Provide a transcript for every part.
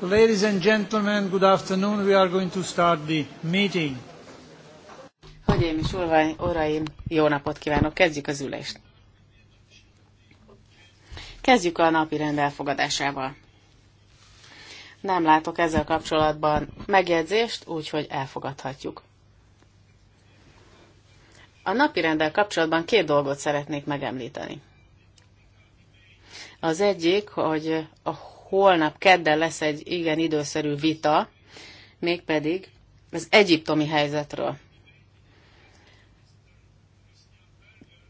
Ladies and gentlemen, good afternoon. We are going to start the meeting. Hölgyeim és uraim, jó napot kívánok! Kezdjük az ülést. Kezdjük a napi rend elfogadásával. Nem látok ezzel kapcsolatban megjegyzést, úgyhogy elfogadhatjuk. A napi rendel kapcsolatban két dolgot szeretnék megemlíteni. Az egyik, hogy a holnap kedden lesz egy igen időszerű vita, mégpedig az egyiptomi helyzetről.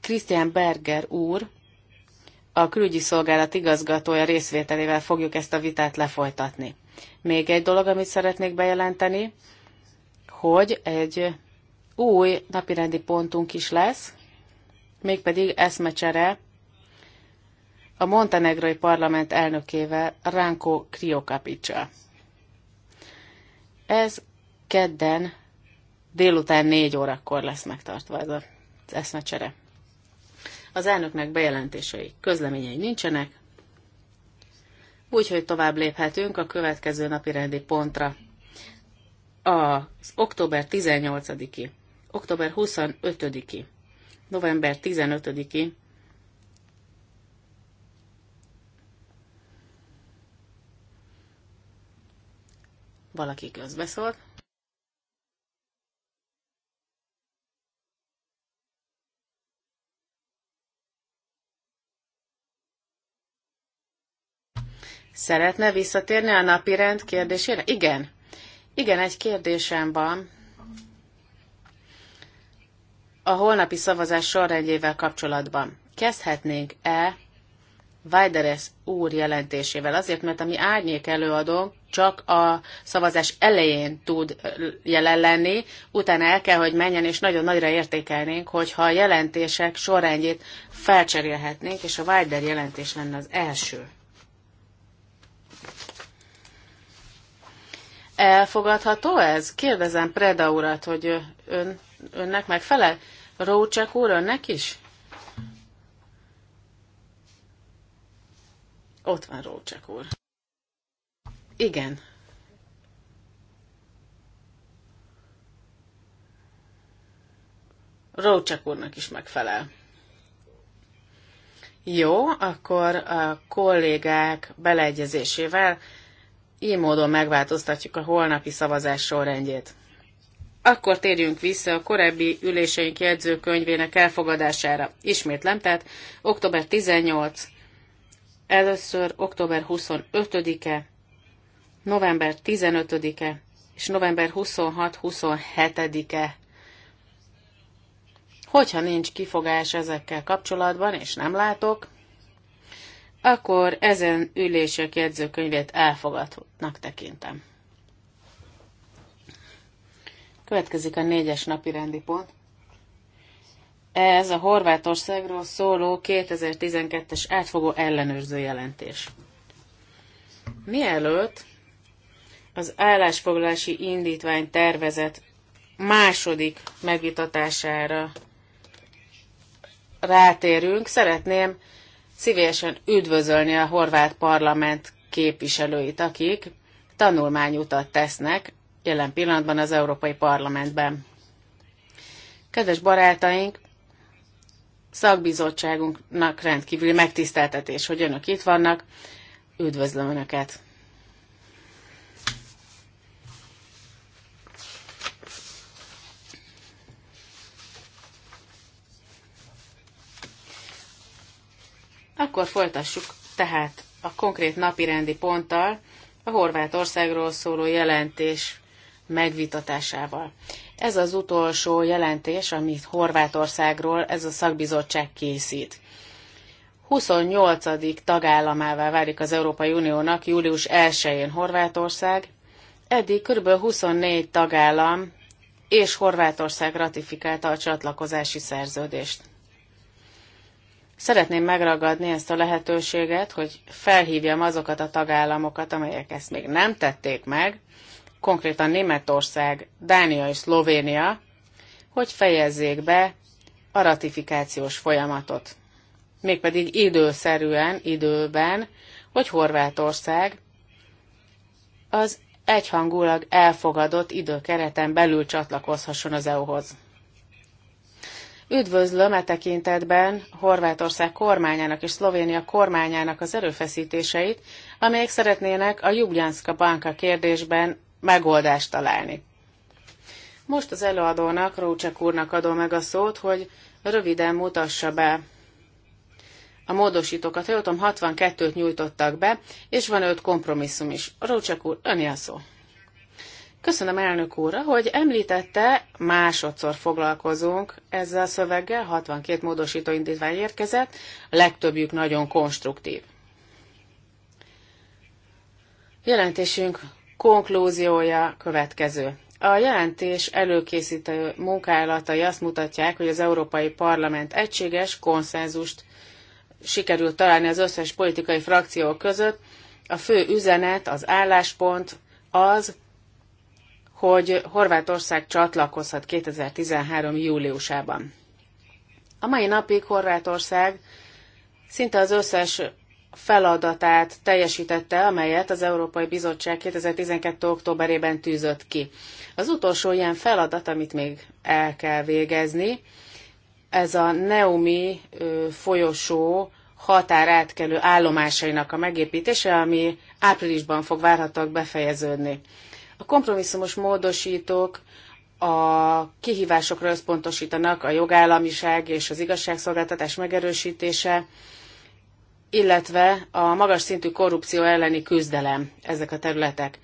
Christian Berger úr, a külügyi szolgálat igazgatója részvételével fogjuk ezt a vitát lefolytatni. Még egy dolog, amit szeretnék bejelenteni, hogy egy új napirendi pontunk is lesz, mégpedig eszmecsere a Montenegrói parlament elnökével, Ránko Kriokapicsa. Ez kedden délután négy órakor lesz megtartva ez az eszmecsere. Az elnöknek bejelentései, közleményei nincsenek, úgyhogy tovább léphetünk a következő napi rendi pontra. Az október 18-i, október 25-i, november 15-i Valaki közbeszólt. Szeretne visszatérni a napi rend kérdésére? Igen. Igen, egy kérdésem van. A holnapi szavazás sorrendjével kapcsolatban. Kezdhetnénk-e Vajderes úr jelentésével, azért, mert a mi árnyék előadó, csak a szavazás elején tud jelen lenni, utána el kell, hogy menjen, és nagyon nagyra értékelnénk, hogyha a jelentések sorrendjét felcserélhetnénk, és a Vajder jelentés lenne az első. Elfogadható ez? Kérdezem Preda urat, hogy ön, önnek megfelel? Rócsek úr, önnek is? Ott van Rócsek úr. Igen. Rócsek úrnak is megfelel. Jó, akkor a kollégák beleegyezésével így módon megváltoztatjuk a holnapi szavazás sorrendjét. Akkor térjünk vissza a korábbi üléseink jegyzőkönyvének elfogadására. Ismétlem, tehát október 18 Először október 25-e, november 15-e és november 26-27-e. Hogyha nincs kifogás ezekkel kapcsolatban, és nem látok, akkor ezen ülések jegyzőkönyvét elfogadnak tekintem. Következik a négyes napi rendi pont. Ez a Horvátországról szóló 2012-es átfogó ellenőrző jelentés. Mielőtt az állásfoglalási indítvány tervezet második megvitatására rátérünk, szeretném szívesen üdvözölni a horvát parlament képviselőit, akik tanulmányutat tesznek jelen pillanatban az Európai Parlamentben. Kedves barátaink, szakbizottságunknak rendkívüli megtiszteltetés, hogy önök itt vannak. Üdvözlöm Önöket! Akkor folytassuk tehát a konkrét napirendi ponttal, a Horvátországról szóló jelentés megvitatásával. Ez az utolsó jelentés, amit Horvátországról ez a szakbizottság készít. 28. tagállamává válik az Európai Uniónak július 1-én Horvátország. Eddig kb. 24 tagállam és Horvátország ratifikálta a csatlakozási szerződést. Szeretném megragadni ezt a lehetőséget, hogy felhívjam azokat a tagállamokat, amelyek ezt még nem tették meg, konkrétan Németország, Dánia és Szlovénia, hogy fejezzék be a ratifikációs folyamatot. Mégpedig időszerűen, időben, hogy Horvátország az egyhangulag elfogadott időkereten belül csatlakozhasson az EU-hoz. Üdvözlöm e tekintetben Horvátország kormányának és Szlovénia kormányának az erőfeszítéseit, amelyek szeretnének a Jubljanszka banka kérdésben megoldást találni. Most az előadónak, Rócsek úrnak adom meg a szót, hogy röviden mutassa be a módosítókat. Ha jöttem, 62-t nyújtottak be, és van öt kompromisszum is. Rócsek úr, öni a szó. Köszönöm elnök úrra, hogy említette, másodszor foglalkozunk ezzel a szöveggel, 62 módosító indítvány érkezett, a legtöbbjük nagyon konstruktív. Jelentésünk konklúziója következő. A jelentés előkészítő munkálatai azt mutatják, hogy az Európai Parlament egységes konszenzust sikerült találni az összes politikai frakció között. A fő üzenet, az álláspont az, hogy Horvátország csatlakozhat 2013. júliusában. A mai napig Horvátország szinte az összes feladatát teljesítette, amelyet az Európai Bizottság 2012. októberében tűzött ki. Az utolsó ilyen feladat, amit még el kell végezni, ez a Neumi folyosó határátkelő állomásainak a megépítése, ami áprilisban fog várhatóak befejeződni. A kompromisszumos módosítók a kihívásokra összpontosítanak, a jogállamiság és az igazságszolgáltatás megerősítése, illetve a magas szintű korrupció elleni küzdelem ezek a területek.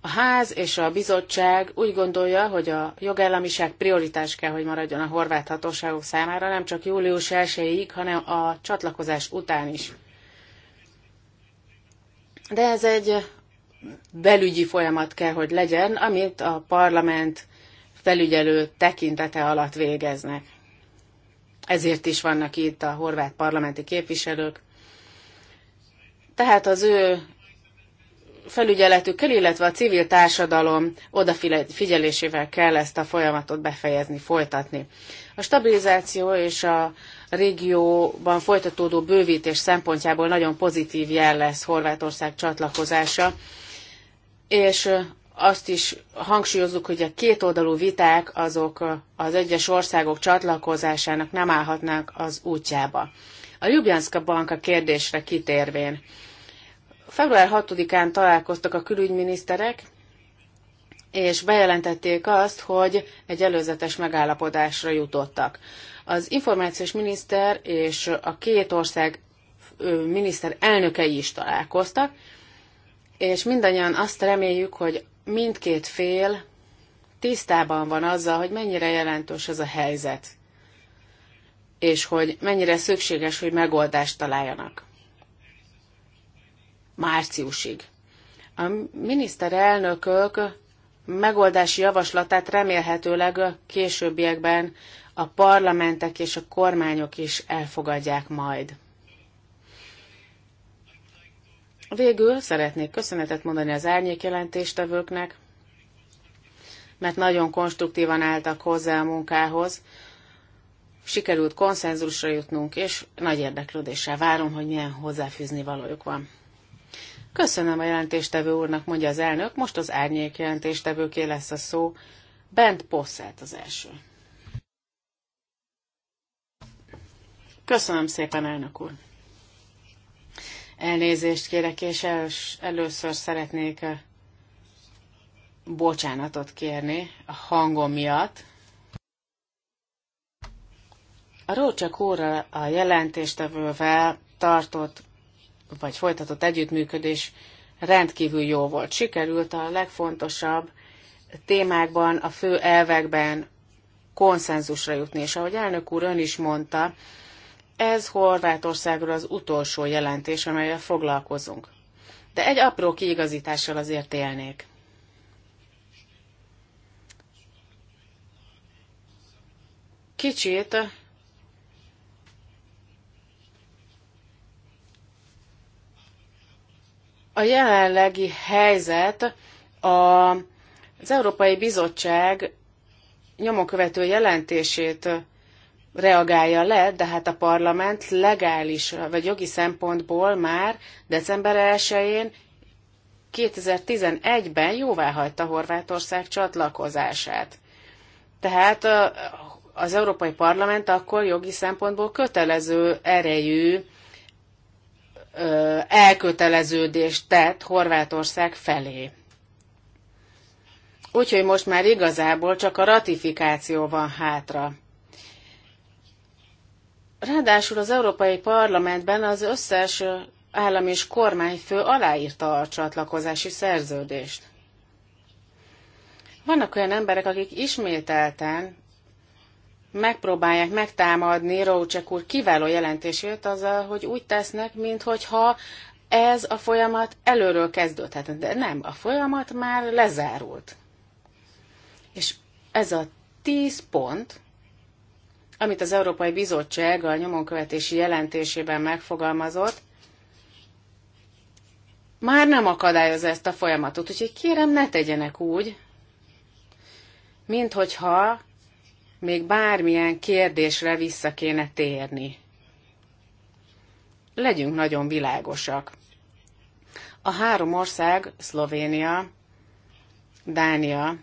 A ház és a bizottság úgy gondolja, hogy a jogállamiság prioritás kell, hogy maradjon a horvát hatóságok számára, nem csak július 1-ig, hanem a csatlakozás után is. De ez egy belügyi folyamat kell, hogy legyen, amit a parlament felügyelő tekintete alatt végeznek. Ezért is vannak itt a horvát parlamenti képviselők, tehát az ő felügyeletükkel, illetve a civil társadalom odafigyelésével kell ezt a folyamatot befejezni, folytatni. A stabilizáció és a régióban folytatódó bővítés szempontjából nagyon pozitív jel lesz Horvátország csatlakozása, és azt is hangsúlyozzuk, hogy a kétoldalú viták azok az egyes országok csatlakozásának nem állhatnak az útjába. A Ljubljanszka banka kérdésre kitérvén. Február 6-án találkoztak a külügyminiszterek, és bejelentették azt, hogy egy előzetes megállapodásra jutottak. Az információs miniszter és a két ország miniszter elnökei is találkoztak, és mindannyian azt reméljük, hogy mindkét fél tisztában van azzal, hogy mennyire jelentős ez a helyzet és hogy mennyire szükséges, hogy megoldást találjanak. Márciusig. A miniszterelnökök megoldási javaslatát remélhetőleg a későbbiekben a parlamentek és a kormányok is elfogadják majd. Végül szeretnék köszönetet mondani az árnyék jelentéstevőknek, mert nagyon konstruktívan álltak hozzá a munkához, sikerült konszenzusra jutnunk, és nagy érdeklődéssel várom, hogy milyen hozzáfűzni valójuk van. Köszönöm a jelentéstevő úrnak, mondja az elnök, most az árnyék jelentéstevőké lesz a szó. Bent Posselt az első. Köszönöm szépen, elnök úr. Elnézést kérek, és először szeretnék eh, bocsánatot kérni a hangom miatt, a Rócsak óra a jelentéstevővel tartott, vagy folytatott együttműködés rendkívül jó volt. Sikerült a legfontosabb témákban, a fő elvekben konszenzusra jutni, és ahogy elnök úr ön is mondta, ez Horvátországról az utolsó jelentés, amelyel foglalkozunk. De egy apró kiigazítással azért élnék. Kicsit A jelenlegi helyzet a, az Európai Bizottság nyomokövető jelentését reagálja le, de hát a parlament legális vagy jogi szempontból már december 1-én 2011-ben hagyta Horvátország csatlakozását. Tehát az Európai Parlament akkor jogi szempontból kötelező erejű elköteleződést tett Horvátország felé. Úgyhogy most már igazából csak a ratifikáció van hátra. Ráadásul az Európai Parlamentben az összes állam és kormányfő aláírta a csatlakozási szerződést. Vannak olyan emberek, akik ismételten megpróbálják megtámadni Rócsek úr kiváló jelentését azzal, hogy úgy tesznek, minthogyha ez a folyamat előről kezdődhet, De nem, a folyamat már lezárult. És ez a tíz pont, amit az Európai Bizottság a nyomonkövetési jelentésében megfogalmazott, már nem akadályozza ezt a folyamatot. Úgyhogy kérem, ne tegyenek úgy, mint hogyha még bármilyen kérdésre vissza kéne térni. Legyünk nagyon világosak. A három ország, Szlovénia, Dánia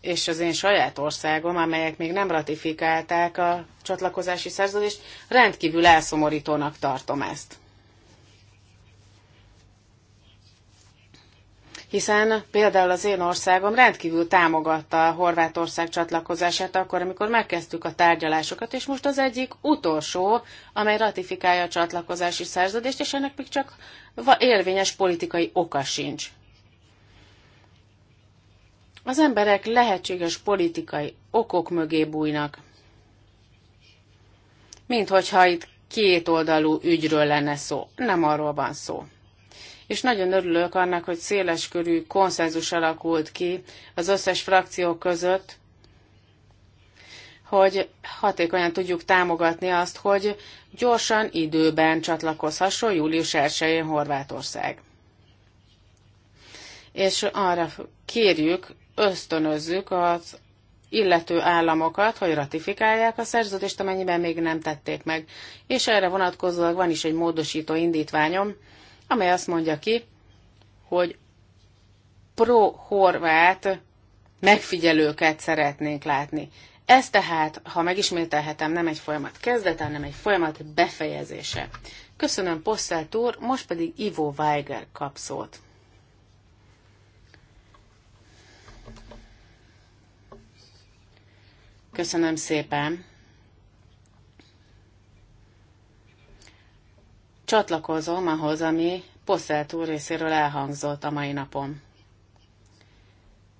és az én saját országom, amelyek még nem ratifikálták a csatlakozási szerződést, rendkívül elszomorítónak tartom ezt. hiszen például az én országom rendkívül támogatta a Horvátország csatlakozását akkor, amikor megkezdtük a tárgyalásokat, és most az egyik utolsó, amely ratifikálja a csatlakozási szerződést, és ennek még csak érvényes politikai oka sincs. Az emberek lehetséges politikai okok mögé bújnak. Mint hogyha itt kétoldalú ügyről lenne szó. Nem arról van szó és nagyon örülök annak, hogy széleskörű konszenzus alakult ki az összes frakció között, hogy hatékonyan tudjuk támogatni azt, hogy gyorsan, időben csatlakozhasson július 1-én Horvátország. És arra kérjük, ösztönözzük az illető államokat, hogy ratifikálják a szerződést, amennyiben még nem tették meg. És erre vonatkozólag van is egy módosító indítványom, amely azt mondja ki, hogy pro-horvát megfigyelőket szeretnénk látni. Ez tehát, ha megismételhetem, nem egy folyamat kezdete, hanem egy folyamat befejezése. Köszönöm Posselt úr, most pedig Ivo Weiger kap szót. Köszönöm szépen. csatlakozom ahhoz, ami Poszelt úr részéről elhangzott a mai napon.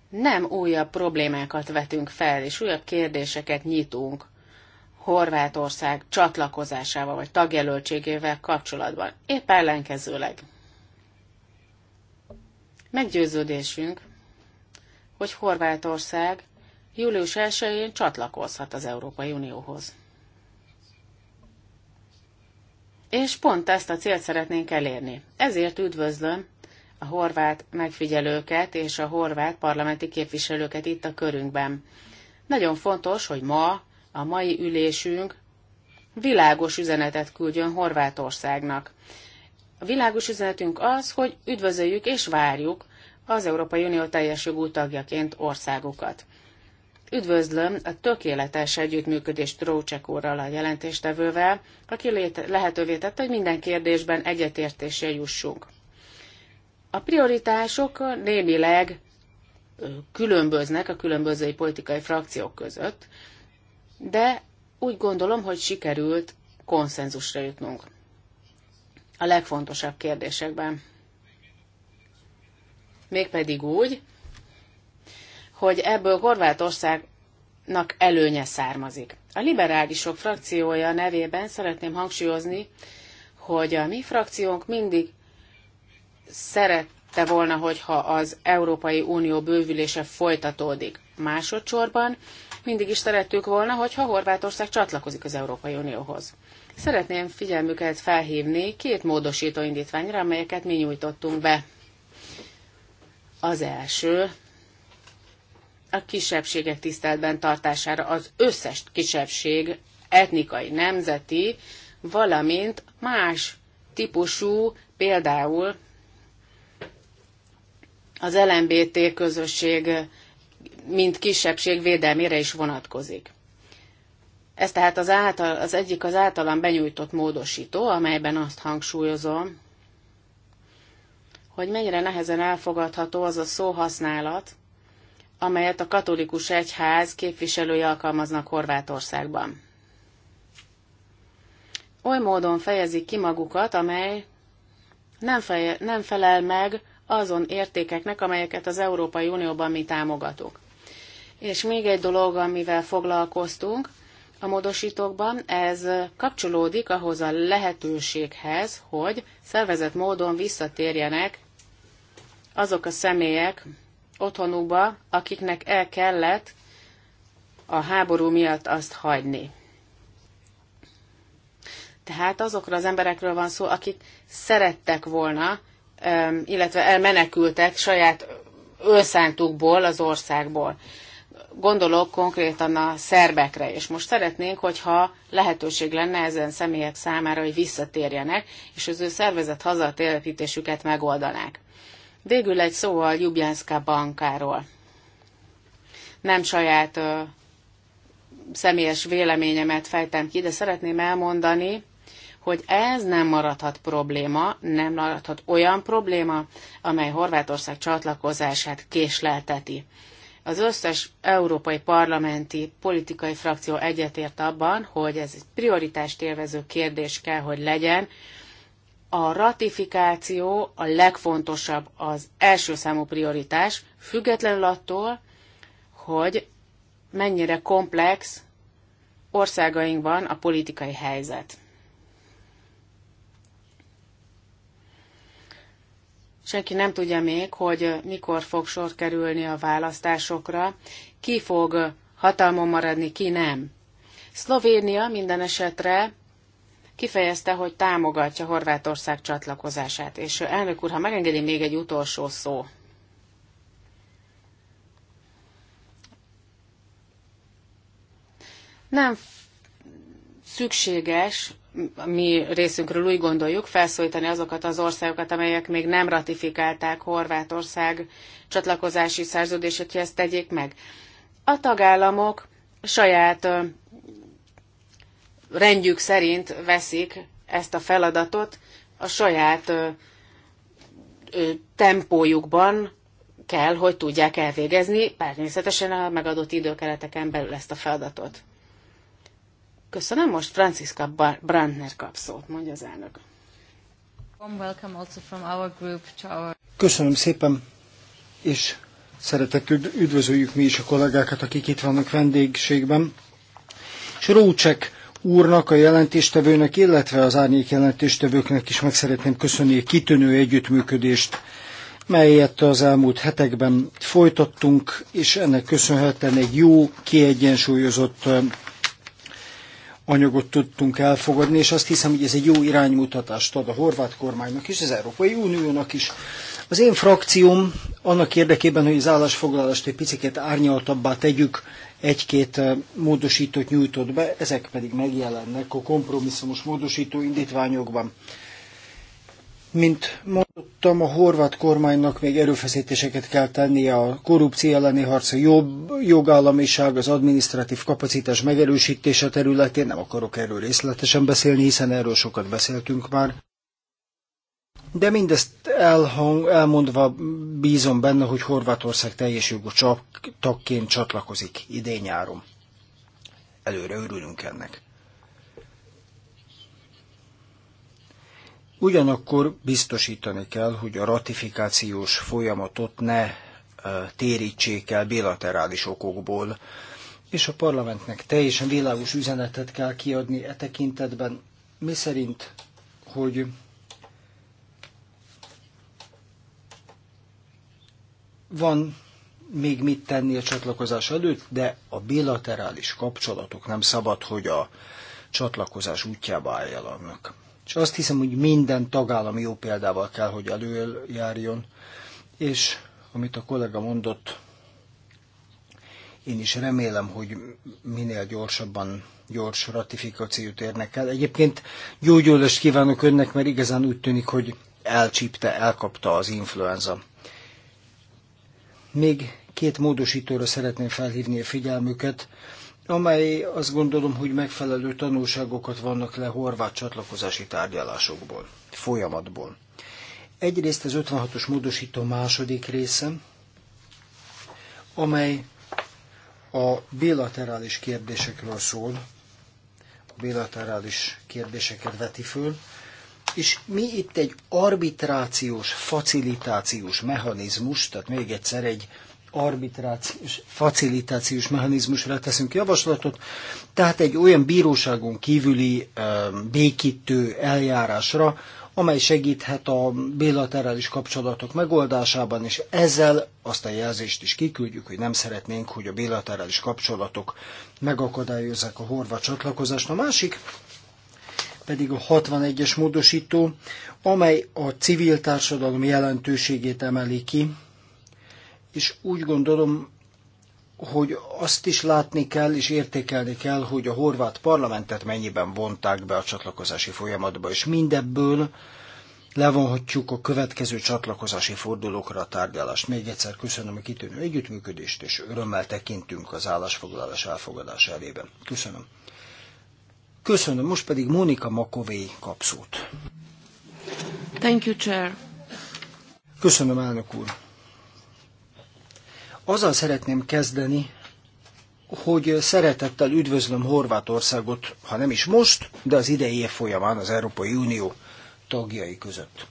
Nem újabb problémákat vetünk fel, és újabb kérdéseket nyitunk Horvátország csatlakozásával vagy tagjelöltségével kapcsolatban. Épp ellenkezőleg. Meggyőződésünk, hogy Horvátország július 1-én csatlakozhat az Európai Unióhoz. És pont ezt a célt szeretnénk elérni. Ezért üdvözlöm a horvát megfigyelőket és a horvát parlamenti képviselőket itt a körünkben. Nagyon fontos, hogy ma a mai ülésünk világos üzenetet küldjön Horvátországnak. A világos üzenetünk az, hogy üdvözöljük és várjuk az Európai Unió teljes jogú tagjaként országukat. Üdvözlöm a tökéletes együttműködést Trócsek úrral a jelentéstevővel, aki lehetővé tette, hogy minden kérdésben egyetértésre jussunk. A prioritások némileg különböznek a különböző politikai frakciók között, de úgy gondolom, hogy sikerült konszenzusra jutnunk a legfontosabb kérdésekben. Mégpedig úgy, hogy ebből Horvátországnak előnye származik. A liberálisok frakciója nevében szeretném hangsúlyozni, hogy a mi frakciónk mindig szerette volna, hogyha az Európai Unió bővülése folytatódik. Másodszorban mindig is szerettük volna, hogyha Horvátország csatlakozik az Európai Unióhoz. Szeretném figyelmüket felhívni két módosító indítványra, amelyeket mi nyújtottunk be. Az első a kisebbségek tiszteletben tartására az összes kisebbség etnikai, nemzeti, valamint más típusú, például az LMBT közösség, mint kisebbség védelmére is vonatkozik. Ez tehát az, által, az egyik az általam benyújtott módosító, amelyben azt hangsúlyozom, hogy mennyire nehezen elfogadható az a szóhasználat, amelyet a katolikus egyház képviselői alkalmaznak Horvátországban. Oly módon fejezik ki magukat, amely nem, feje, nem felel meg azon értékeknek, amelyeket az Európai Unióban mi támogatunk. És még egy dolog, amivel foglalkoztunk a módosítókban, ez kapcsolódik ahhoz a lehetőséghez, hogy szervezett módon visszatérjenek azok a személyek, otthonukba, akiknek el kellett a háború miatt azt hagyni. Tehát azokról az emberekről van szó, akik szerettek volna, illetve elmenekültek saját őszántukból az országból. Gondolok konkrétan a szerbekre, és most szeretnénk, hogyha lehetőség lenne ezen személyek számára, hogy visszatérjenek, és az ő szervezet hazatérítésüket megoldanák. Végül egy szó a Ljubljanszka bankáról. Nem saját ö, személyes véleményemet fejtem ki, de szeretném elmondani, hogy ez nem maradhat probléma, nem maradhat olyan probléma, amely Horvátország csatlakozását késlelteti. Az összes európai parlamenti politikai frakció egyetért abban, hogy ez egy prioritást élvező kérdés kell, hogy legyen, a ratifikáció a legfontosabb, az első számú prioritás, függetlenül attól, hogy mennyire komplex országainkban a politikai helyzet. Senki nem tudja még, hogy mikor fog sor kerülni a választásokra, ki fog hatalmon maradni, ki nem. Szlovénia minden esetre kifejezte, hogy támogatja Horvátország csatlakozását. És elnök úr, ha megengedi még egy utolsó szó. Nem szükséges, mi részünkről úgy gondoljuk, felszólítani azokat az országokat, amelyek még nem ratifikálták Horvátország csatlakozási szerződését, hogy ezt tegyék meg. A tagállamok saját rendjük szerint veszik ezt a feladatot a saját tempójukban kell, hogy tudják elvégezni, természetesen a megadott időkereteken belül ezt a feladatot. Köszönöm, most Franciska Brandner kap szót, mondja az elnök. Köszönöm szépen, és szeretettel üdvözöljük mi is a kollégákat, akik itt vannak vendégségben. És Rócsek úrnak, a jelentéstevőnek, illetve az árnyék jelentéstevőknek is meg szeretném köszönni a kitűnő együttműködést, melyet az elmúlt hetekben folytattunk, és ennek köszönhetően egy jó, kiegyensúlyozott anyagot tudtunk elfogadni, és azt hiszem, hogy ez egy jó iránymutatást ad a horvát kormánynak és az Európai Uniónak is. Az én frakcióm annak érdekében, hogy az állásfoglalást egy picit árnyaltabbá tegyük, egy-két módosítót nyújtott be, ezek pedig megjelennek a kompromisszumos módosító indítványokban. Mint mondottam, a horvát kormánynak még erőfeszítéseket kell tennie a korrupció elleni harc, a jobb jogállamiság, az adminisztratív kapacitás megerősítése területén. Nem akarok erről részletesen beszélni, hiszen erről sokat beszéltünk már. De mindezt elhang, elmondva bízom benne, hogy Horvátország teljes jogú tagként csatlakozik idén nyáron. Előre örülünk ennek. Ugyanakkor biztosítani kell, hogy a ratifikációs folyamatot ne e, térítsék el bilaterális okokból, és a parlamentnek teljesen világos üzenetet kell kiadni e tekintetben, mi szerint, hogy Van még mit tenni a csatlakozás előtt, de a bilaterális kapcsolatok nem szabad, hogy a csatlakozás útjába álljanak. És azt hiszem, hogy minden tagállam jó példával kell, hogy előjárjon, és amit a kollega mondott, én is remélem, hogy minél gyorsabban gyors ratifikációt érnek el. Egyébként gyógyulást kívánok önnek, mert igazán úgy tűnik, hogy elcsípte, elkapta az influenza. Még két módosítóra szeretném felhívni a figyelmüket, amely azt gondolom, hogy megfelelő tanulságokat vannak le horvát csatlakozási tárgyalásokból, folyamatból. Egyrészt az 56-os módosító második része, amely a bilaterális kérdésekről szól, a bilaterális kérdéseket veti föl, és mi itt egy arbitrációs, facilitációs mechanizmus, tehát még egyszer egy arbitrációs, facilitációs mechanizmusra teszünk javaslatot, tehát egy olyan bíróságon kívüli békítő eljárásra, amely segíthet a bilaterális kapcsolatok megoldásában, és ezzel azt a jelzést is kiküldjük, hogy nem szeretnénk, hogy a bilaterális kapcsolatok megakadályozzák a horvát csatlakozást. A másik pedig a 61-es módosító, amely a civil társadalom jelentőségét emeli ki, és úgy gondolom, hogy azt is látni kell és értékelni kell, hogy a horvát parlamentet mennyiben vonták be a csatlakozási folyamatba, és mindebből levonhatjuk a következő csatlakozási fordulókra a tárgyalást. Még egyszer köszönöm a kitűnő együttműködést, és örömmel tekintünk az állásfoglalás elfogadása elében. Köszönöm. Köszönöm, most pedig Monika Makové kap szót. Thank you, Chair. Köszönöm, elnök úr. Azzal szeretném kezdeni, hogy szeretettel üdvözlöm Horvátországot, ha nem is most, de az idei év folyamán az Európai Unió tagjai között.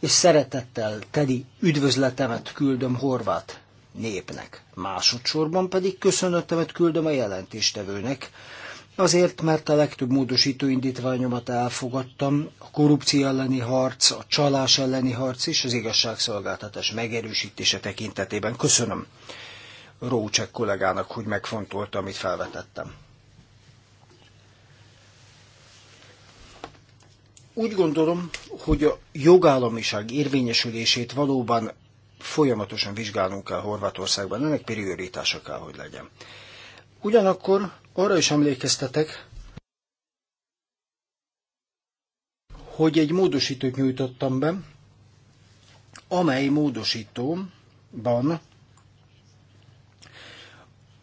És szeretettel teli üdvözletemet küldöm horvát népnek. Másodszorban pedig köszönetemet küldöm a jelentéstevőnek, Azért, mert a legtöbb módosító indítványomat elfogadtam, a korrupció elleni harc, a csalás elleni harc és az igazságszolgáltatás megerősítése tekintetében. Köszönöm Rócsek kollégának, hogy megfontolta, amit felvetettem. Úgy gondolom, hogy a jogállamiság érvényesülését valóban folyamatosan vizsgálnunk kell Horvátországban, ennek prioritása kell, hogy legyen. Ugyanakkor arra is emlékeztetek, hogy egy módosítót nyújtottam be, amely módosítóban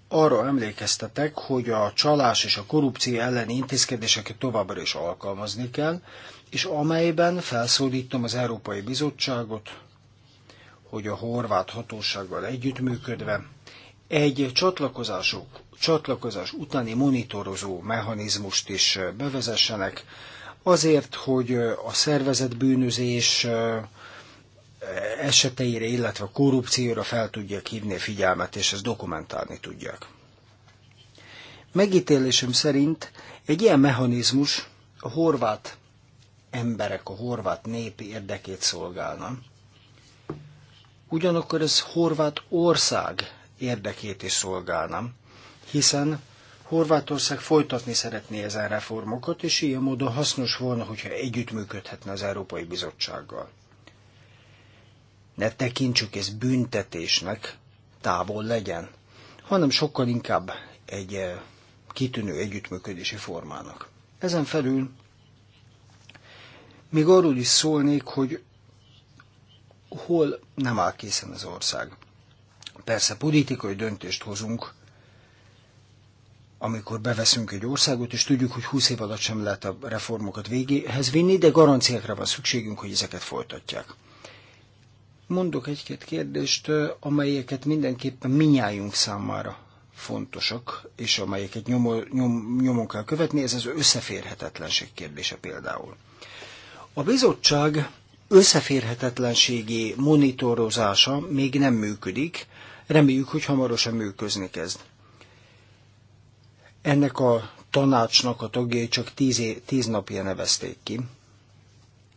arra emlékeztetek, hogy a csalás és a korrupció elleni intézkedéseket továbbra is alkalmazni kell, és amelyben felszólítom az Európai Bizottságot, hogy a horvát hatósággal együttműködve egy csatlakozások, csatlakozás utáni monitorozó mechanizmust is bevezessenek, azért, hogy a szervezet bűnözés eseteire, illetve korrupcióra fel tudják hívni a figyelmet, és ezt dokumentálni tudják. Megítélésem szerint egy ilyen mechanizmus a horvát emberek, a horvát nép érdekét szolgálna. Ugyanakkor ez horvát ország érdekét is szolgálnám, hiszen Horvátország folytatni szeretné ezen reformokat, és ilyen módon hasznos volna, hogyha együttműködhetne az Európai Bizottsággal. Ne tekintsük ezt büntetésnek, távol legyen, hanem sokkal inkább egy eh, kitűnő együttműködési formának. Ezen felül még arról is szólnék, hogy hol nem áll készen az ország. Persze politikai döntést hozunk, amikor beveszünk egy országot, és tudjuk, hogy 20 év alatt sem lehet a reformokat végéhez vinni, de garanciákra van szükségünk, hogy ezeket folytatják. Mondok egy-két kérdést, amelyeket mindenképpen minnyájunk számára fontosak, és amelyeket nyom, nyom, nyomon kell követni, ez az összeférhetetlenség kérdése például. A bizottság összeférhetetlenségi monitorozása még nem működik, Reméljük, hogy hamarosan működni kezd. Ennek a tanácsnak a tagjai csak tíz, tíz napja nevezték ki,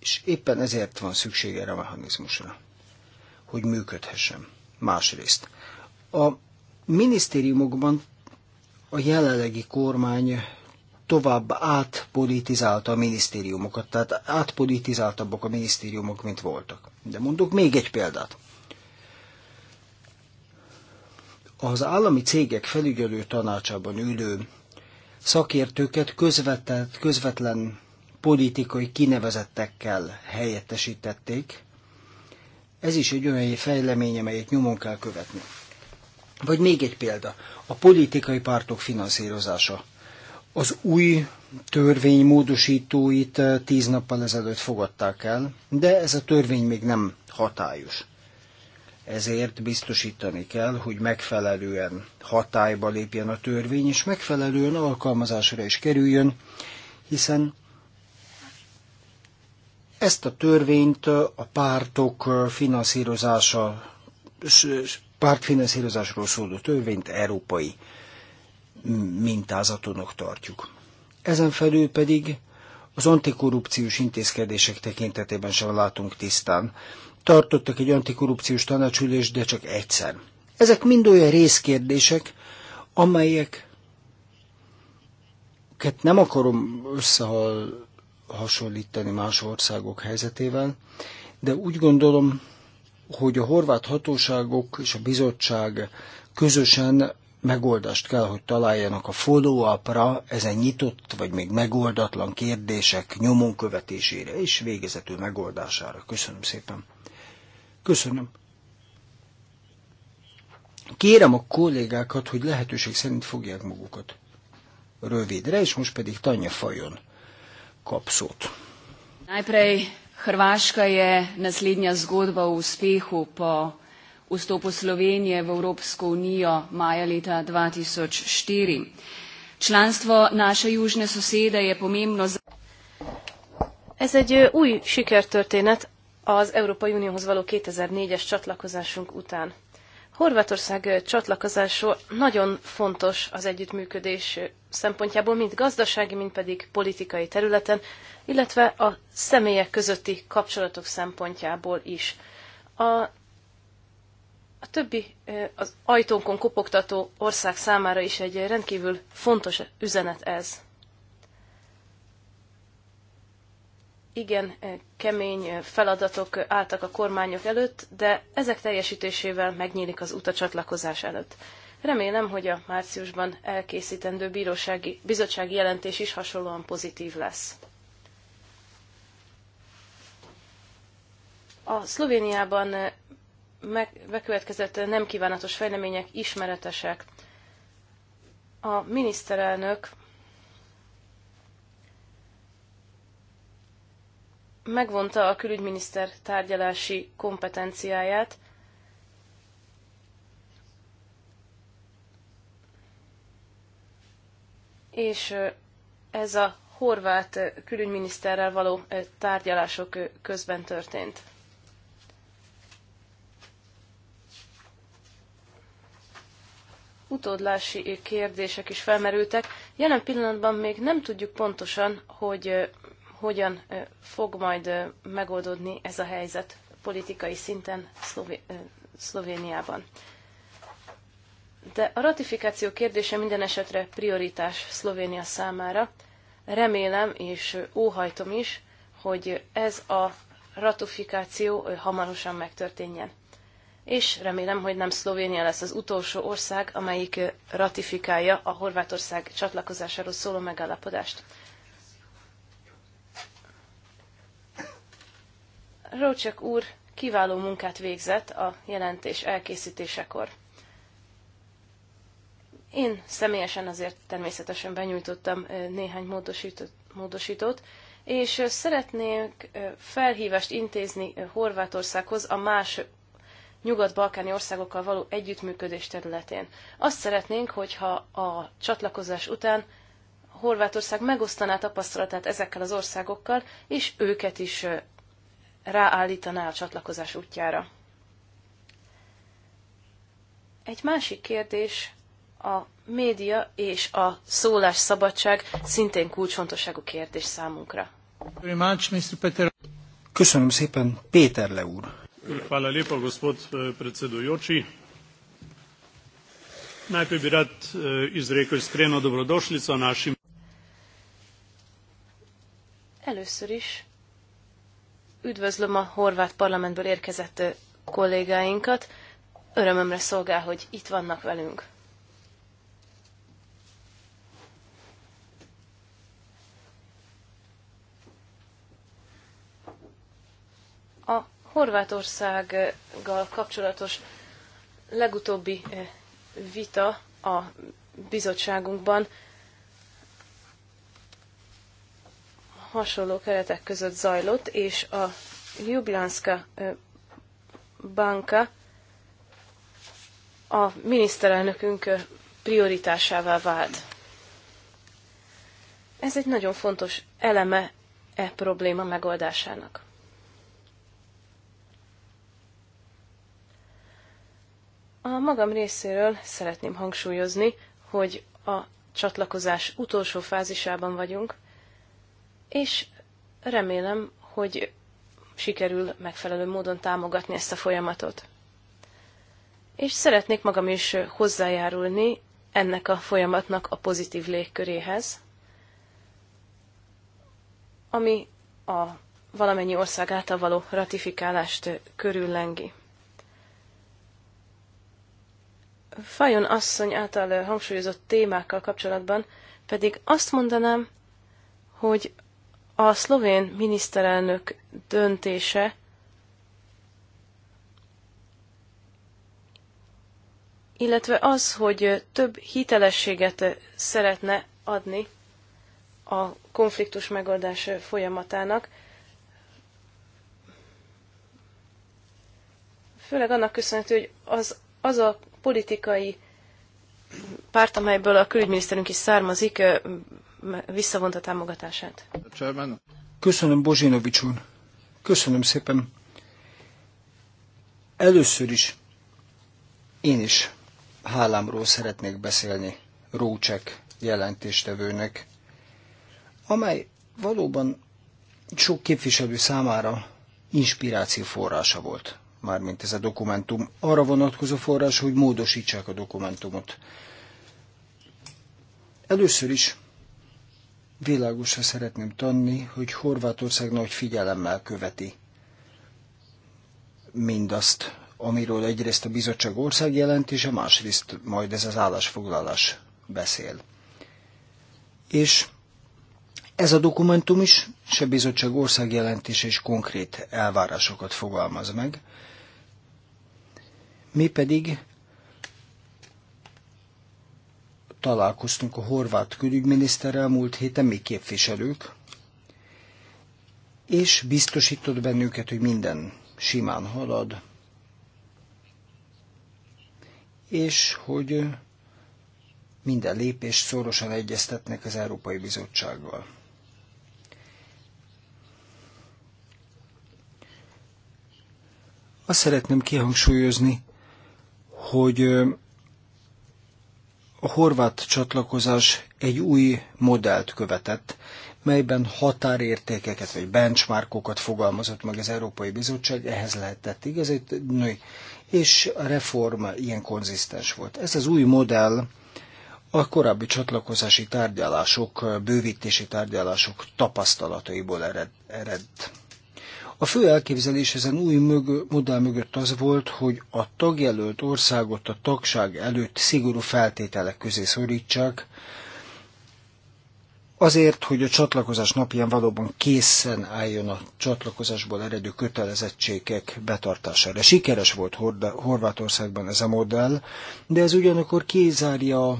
és éppen ezért van szüksége erre a mechanizmusra, hogy működhessen. Másrészt, a minisztériumokban a jelenlegi kormány tovább átpolitizálta a minisztériumokat, tehát átpolitizáltabbak a minisztériumok, mint voltak. De mondok még egy példát. az állami cégek felügyelő tanácsában ülő szakértőket közvetett, közvetlen politikai kinevezettekkel helyettesítették. Ez is egy olyan fejlemény, amelyet nyomon kell követni. Vagy még egy példa, a politikai pártok finanszírozása. Az új törvény módosítóit eh, tíz nappal ezelőtt fogadták el, de ez a törvény még nem hatályos. Ezért biztosítani kell, hogy megfelelően hatályba lépjen a törvény, és megfelelően alkalmazásra is kerüljön, hiszen ezt a törvényt a pártok finanszírozása, pártfinanszírozásról szóló törvényt európai mintázatonok tartjuk. Ezen felül pedig az antikorrupciós intézkedések tekintetében sem látunk tisztán tartottak egy antikorrupciós tanácsülést, de csak egyszer. Ezek mind olyan részkérdések, amelyek nem akarom összehasonlítani más országok helyzetével, de úgy gondolom, hogy a horvát hatóságok és a bizottság közösen megoldást kell, hogy találjanak a follow-upra, ezen nyitott vagy még megoldatlan kérdések nyomon követésére és végezetül megoldására. Köszönöm szépen. Köszönöm. Kérem a kollégákat, hogy lehetőség szerint fogják magukat rövidre, és most pedig Tanya Fajon kap szót. Najprej Hrvaška je naslednja zgodba o uspehu po vstopu Slovenije v Evropsko unijo maja leta 2004. Članstvo naše južne sosede je pomembno za... Ez egy új sikertörténet az Európai Unióhoz való 2004-es csatlakozásunk után. Horvátország csatlakozása nagyon fontos az együttműködés szempontjából, mind gazdasági, mind pedig politikai területen, illetve a személyek közötti kapcsolatok szempontjából is. A, a többi az ajtónkon kopogtató ország számára is egy rendkívül fontos üzenet ez. igen eh, kemény eh, feladatok eh, álltak a kormányok előtt, de ezek teljesítésével megnyílik az a csatlakozás előtt. Remélem, hogy a márciusban elkészítendő bírósági, bizottsági jelentés is hasonlóan pozitív lesz. A Szlovéniában meg, bekövetkezett nem kívánatos fejlemények ismeretesek. A miniszterelnök megvonta a külügyminiszter tárgyalási kompetenciáját, és ez a horvát külügyminiszterrel való tárgyalások közben történt. Utódlási kérdések is felmerültek. Jelen pillanatban még nem tudjuk pontosan, hogy hogyan fog majd megoldódni ez a helyzet politikai szinten Szlovéniában. De a ratifikáció kérdése minden esetre prioritás Szlovénia számára. Remélem és óhajtom is, hogy ez a ratifikáció hamarosan megtörténjen. És remélem, hogy nem Szlovénia lesz az utolsó ország, amelyik ratifikálja a Horvátország csatlakozásáról szóló megállapodást. Rócsek úr kiváló munkát végzett a jelentés elkészítésekor. Én személyesen azért természetesen benyújtottam néhány módosítót, módosítót és szeretnék felhívást intézni Horvátországhoz a más nyugat-balkáni országokkal való együttműködés területén. Azt szeretnénk, hogyha a csatlakozás után Horvátország megosztaná tapasztalatát ezekkel az országokkal, és őket is ráállítaná a csatlakozás útjára. Egy másik kérdés a média és a szólásszabadság szintén kulcsfontosságú kérdés számunkra. Köszönöm szépen, Péter Le úr. gospod eh, eh, Először is Üdvözlöm a horvát parlamentből érkezett kollégáinkat. Örömömre szolgál, hogy itt vannak velünk. A Horvátországgal kapcsolatos legutóbbi vita a bizottságunkban hasonló keretek között zajlott, és a Ljubljanska banka a miniszterelnökünk prioritásává vált. Ez egy nagyon fontos eleme e probléma megoldásának. A magam részéről szeretném hangsúlyozni, hogy a csatlakozás utolsó fázisában vagyunk, és remélem, hogy sikerül megfelelő módon támogatni ezt a folyamatot. És szeretnék magam is hozzájárulni ennek a folyamatnak a pozitív légköréhez, ami a valamennyi ország által való ratifikálást körüllengi. Fajon asszony által hangsúlyozott témákkal kapcsolatban pedig azt mondanám, hogy a szlovén miniszterelnök döntése illetve az, hogy több hitelességet szeretne adni a konfliktus megoldás folyamatának, főleg annak köszönhető, hogy az, az a politikai párt, amelyből a külügyminiszterünk is származik, visszavonta támogatását. Köszönöm Bozsinovics úr. Köszönöm szépen. Először is én is hálámról szeretnék beszélni Rócsek jelentéstevőnek, amely valóban sok képviselő számára inspiráció forrása volt, mármint ez a dokumentum. Arra vonatkozó forrás, hogy módosítsák a dokumentumot. Először is Világosra szeretném tanni, hogy Horvátország nagy figyelemmel követi mindazt, amiről egyrészt a bizottság ország a másrészt majd ez az állásfoglalás beszél. És ez a dokumentum is, és a bizottság országjelentése is konkrét elvárásokat fogalmaz meg. Mi pedig találkoztunk a horvát külügyminiszterrel múlt héten, mi képviselők, és biztosított bennünket, hogy minden simán halad, és hogy minden lépés szorosan egyeztetnek az Európai Bizottsággal. Azt szeretném kihangsúlyozni, hogy a horvát csatlakozás egy új modellt követett, melyben határértékeket vagy benchmarkokat fogalmazott meg az Európai Bizottság, ehhez lehetett igazítani, és a reform ilyen konzisztens volt. Ez az új modell a korábbi csatlakozási tárgyalások, bővítési tárgyalások tapasztalataiból ered. ered. A fő elképzelés ezen új mög- modell mögött az volt, hogy a tagjelölt országot a tagság előtt szigorú feltételek közé szorítsák, azért, hogy a csatlakozás napján valóban készen álljon a csatlakozásból eredő kötelezettségek betartására. Sikeres volt Horvátországban ez a modell, de ez ugyanakkor kizárja a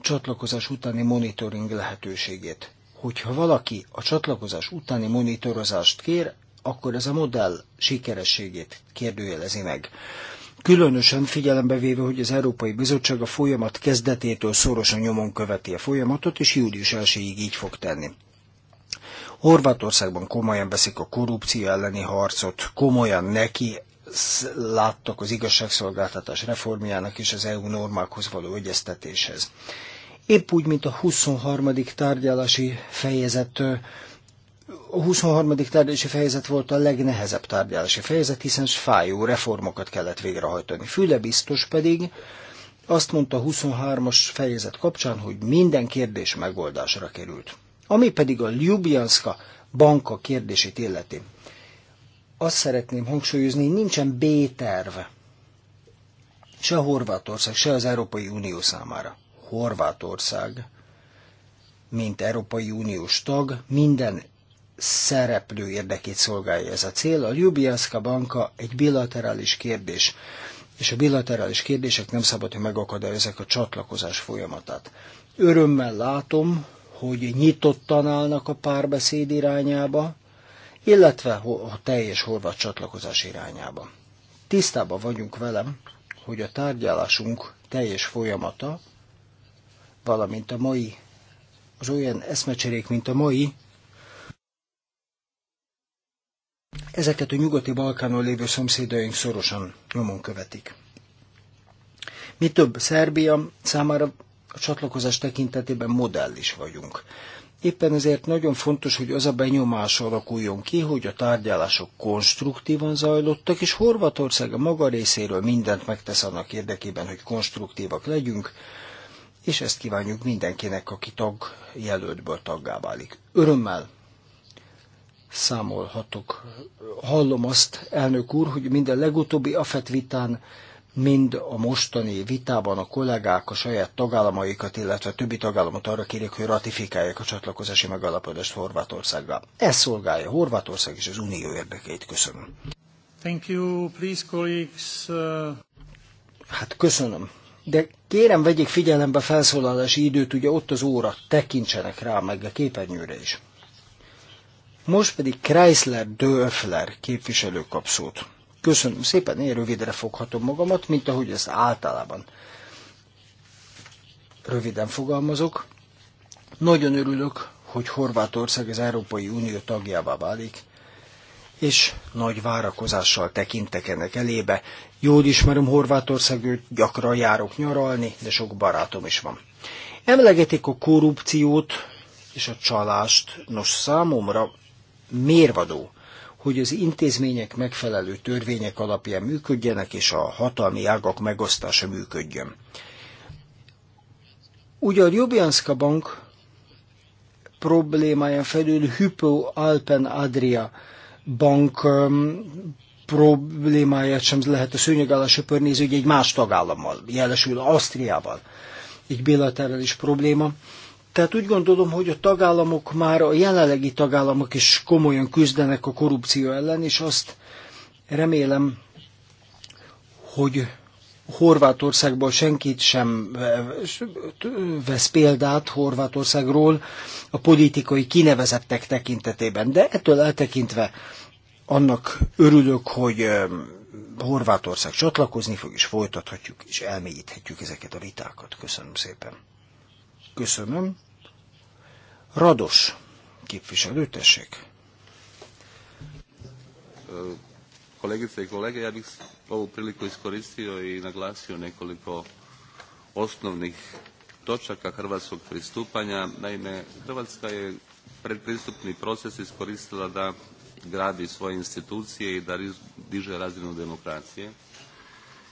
csatlakozás utáni monitoring lehetőségét hogyha valaki a csatlakozás utáni monitorozást kér, akkor ez a modell sikerességét kérdőjelezi meg. Különösen figyelembe véve, hogy az Európai Bizottság a folyamat kezdetétől szorosan nyomon követi a folyamatot, és július 1 így fog tenni. Horvátországban komolyan veszik a korrupció elleni harcot, komolyan neki láttak az igazságszolgáltatás reformjának és az EU normákhoz való egyeztetéshez. Épp úgy, mint a 23. tárgyalási fejezet a 23. tárgyalási fejezet volt a legnehezebb tárgyalási fejezet, hiszen fájó reformokat kellett végrehajtani. Füle biztos pedig azt mondta a 23-as fejezet kapcsán, hogy minden kérdés megoldásra került. Ami pedig a Ljubljanska banka kérdését illeti. Azt szeretném hangsúlyozni, hogy nincsen B-terv se Horvátország, se az Európai Unió számára. Horvátország, mint Európai Uniós tag, minden szereplő érdekét szolgálja ez a cél. A Ljubljanszka banka egy bilaterális kérdés, és a bilaterális kérdések nem szabad, hogy megakadályozzák a csatlakozás folyamatát. Örömmel látom, hogy nyitottan állnak a párbeszéd irányába, illetve a teljes horvát csatlakozás irányába. Tisztában vagyunk velem, hogy a tárgyalásunk teljes folyamata valamint a mai, az olyan eszmecserék, mint a mai, ezeket a nyugati Balkánon lévő szomszédaink szorosan nyomon követik. Mi több, Szerbia számára a csatlakozás tekintetében modell is vagyunk. Éppen ezért nagyon fontos, hogy az a benyomás alakuljon ki, hogy a tárgyalások konstruktívan zajlottak, és Horvatország a maga részéről mindent megtesz annak érdekében, hogy konstruktívak legyünk, és ezt kívánjuk mindenkinek, aki tag jelöltből taggá válik. Örömmel számolhatok. Hallom azt, elnök úr, hogy mind a legutóbbi AFET vitán, mind a mostani vitában a kollégák a saját tagállamaikat, illetve a többi tagállamot arra kérik, hogy ratifikálják a csatlakozási megállapodást Horvátországgal. Ez szolgálja Horvátország és az Unió érdekeit. Köszönöm. Thank you, please, colleagues. Uh, hát köszönöm, de kérem vegyék figyelembe a felszólalási időt, ugye ott az óra, tekintsenek rá meg a képernyőre is. Most pedig Chrysler Dörfler képviselő kap szót. Köszönöm szépen, én rövidre foghatom magamat, mint ahogy ezt általában röviden fogalmazok. Nagyon örülök, hogy Horvátország az Európai Unió tagjává válik, és nagy várakozással tekintek ennek elébe. Jól ismerem Horvátországot, gyakran járok nyaralni, de sok barátom is van. Emlegetik a korrupciót és a csalást, nos számomra mérvadó, hogy az intézmények megfelelő törvények alapján működjenek, és a hatalmi ágak megosztása működjön. Ugye a Ljubljanska Bank problémáján felül Hypo Alpen Adria bank problémáját sem lehet a szőnyeg alá söpörnéző, egy más tagállammal, jelesül Ausztriával egy bilaterális probléma. Tehát úgy gondolom, hogy a tagállamok már, a jelenlegi tagállamok is komolyan küzdenek a korrupció ellen, és azt remélem, hogy Horvátországból senkit sem vesz példát Horvátországról a politikai kinevezettek tekintetében. De ettől eltekintve annak örülök, hogy Horvátország csatlakozni fog, és folytathatjuk, és elmélyíthetjük ezeket a vitákat. Köszönöm szépen. Köszönöm. Rados képviselő, tessék. Kolegice i kolege, ja bih ovu priliku iskoristio i naglasio nekoliko osnovnih točaka hrvatskog pristupanja. Naime, Hrvatska je predpristupni proces iskoristila da gradi svoje institucije i da diže razinu demokracije.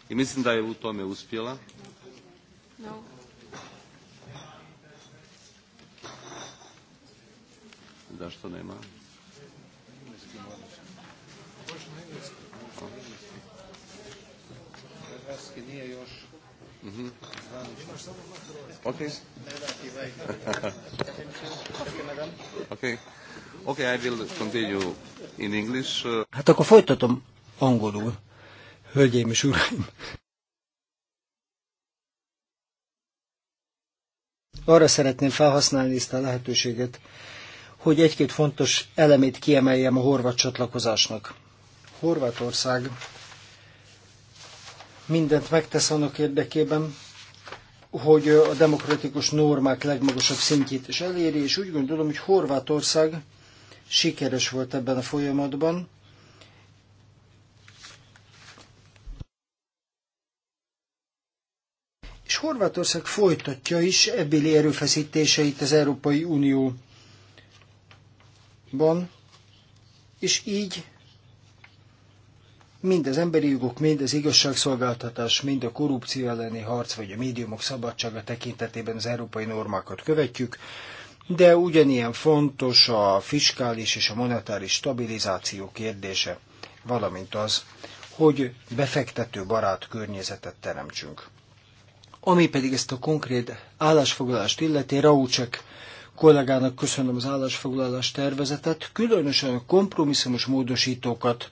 I mislim da je u tome uspjela. Zašto nema? Hrvatski nije još Mm -hmm. Okay. okay. Okay, I will continue in English. Uh, hát akkor folytatom angolul, hölgyeim és uraim. Arra szeretném felhasználni ezt a lehetőséget, hogy egy-két fontos elemét kiemeljem a horvát csatlakozásnak. Horvátország mindent megtesz annak érdekében, hogy a demokratikus normák legmagasabb szintjét is eléri, és úgy gondolom, hogy Horvátország sikeres volt ebben a folyamatban. És Horvátország folytatja is ebbéli erőfeszítéseit az Európai Unióban, és így mind az emberi jogok, mind az igazságszolgáltatás, mind a korrupció elleni harc, vagy a médiumok szabadsága tekintetében az európai normákat követjük de ugyanilyen fontos a fiskális és a monetáris stabilizáció kérdése, valamint az, hogy befektető barát környezetet teremtsünk. Ami pedig ezt a konkrét állásfoglalást illeti, Raúcsek kollégának köszönöm az állásfoglalás tervezetet, különösen a kompromisszumos módosítókat,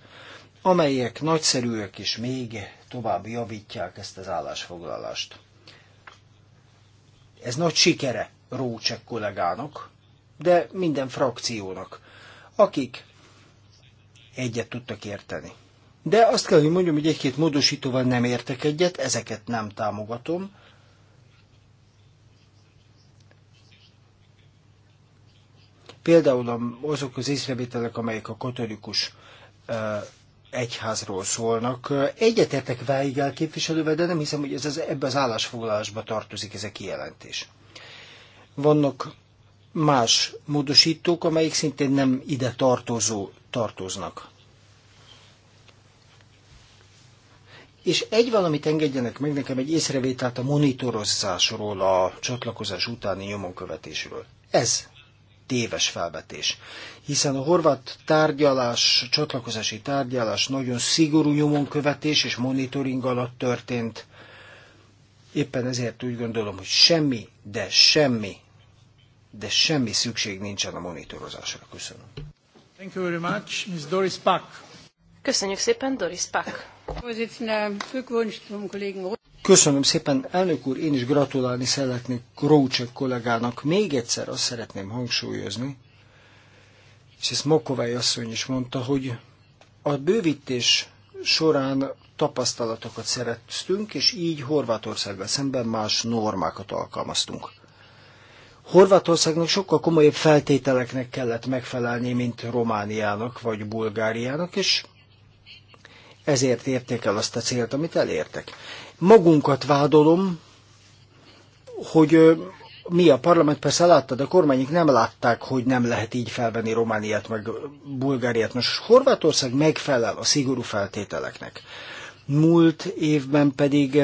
amelyek nagyszerűek és még tovább javítják ezt az állásfoglalást. Ez nagy sikere Rócsek kollégának, de minden frakciónak, akik egyet tudtak érteni. De azt kell, hogy mondjam, hogy egy-két módosítóval nem értek egyet, ezeket nem támogatom. Például azok az észrevételek, amelyek a katolikus egyházról szólnak. Egyetértek Weigel képviselővel, de nem hiszem, hogy ez az, ebbe az állásfoglalásba tartozik ez a kijelentés. Vannak más módosítók, amelyik szintén nem ide tartozó tartoznak. És egy valamit engedjenek meg nekem egy észrevételt a monitorozásról, a csatlakozás utáni nyomonkövetésről. Ez téves felvetés. Hiszen a horvát tárgyalás, csatlakozási tárgyalás nagyon szigorú nyomonkövetés és monitoring alatt történt. Éppen ezért úgy gondolom, hogy semmi, de semmi de semmi szükség nincsen a monitorozásra. Köszönöm. Thank you very much, Ms. Doris Pack. Köszönjük szépen, Doris Pack. Köszönöm szépen, elnök úr, én is gratulálni szeretnék Krócsek kollégának. Még egyszer azt szeretném hangsúlyozni, és ezt Mokovály asszony is mondta, hogy a bővítés során tapasztalatokat szereztünk, és így Horvátországgal szemben más normákat alkalmaztunk. Horvátországnak sokkal komolyabb feltételeknek kellett megfelelni, mint Romániának vagy Bulgáriának, és ezért érték el azt a célt, amit elértek. Magunkat vádolom, hogy mi a parlament persze látta, de a kormányok nem látták, hogy nem lehet így felvenni Romániát meg Bulgáriát. Most Horvátország megfelel a szigorú feltételeknek. Múlt évben pedig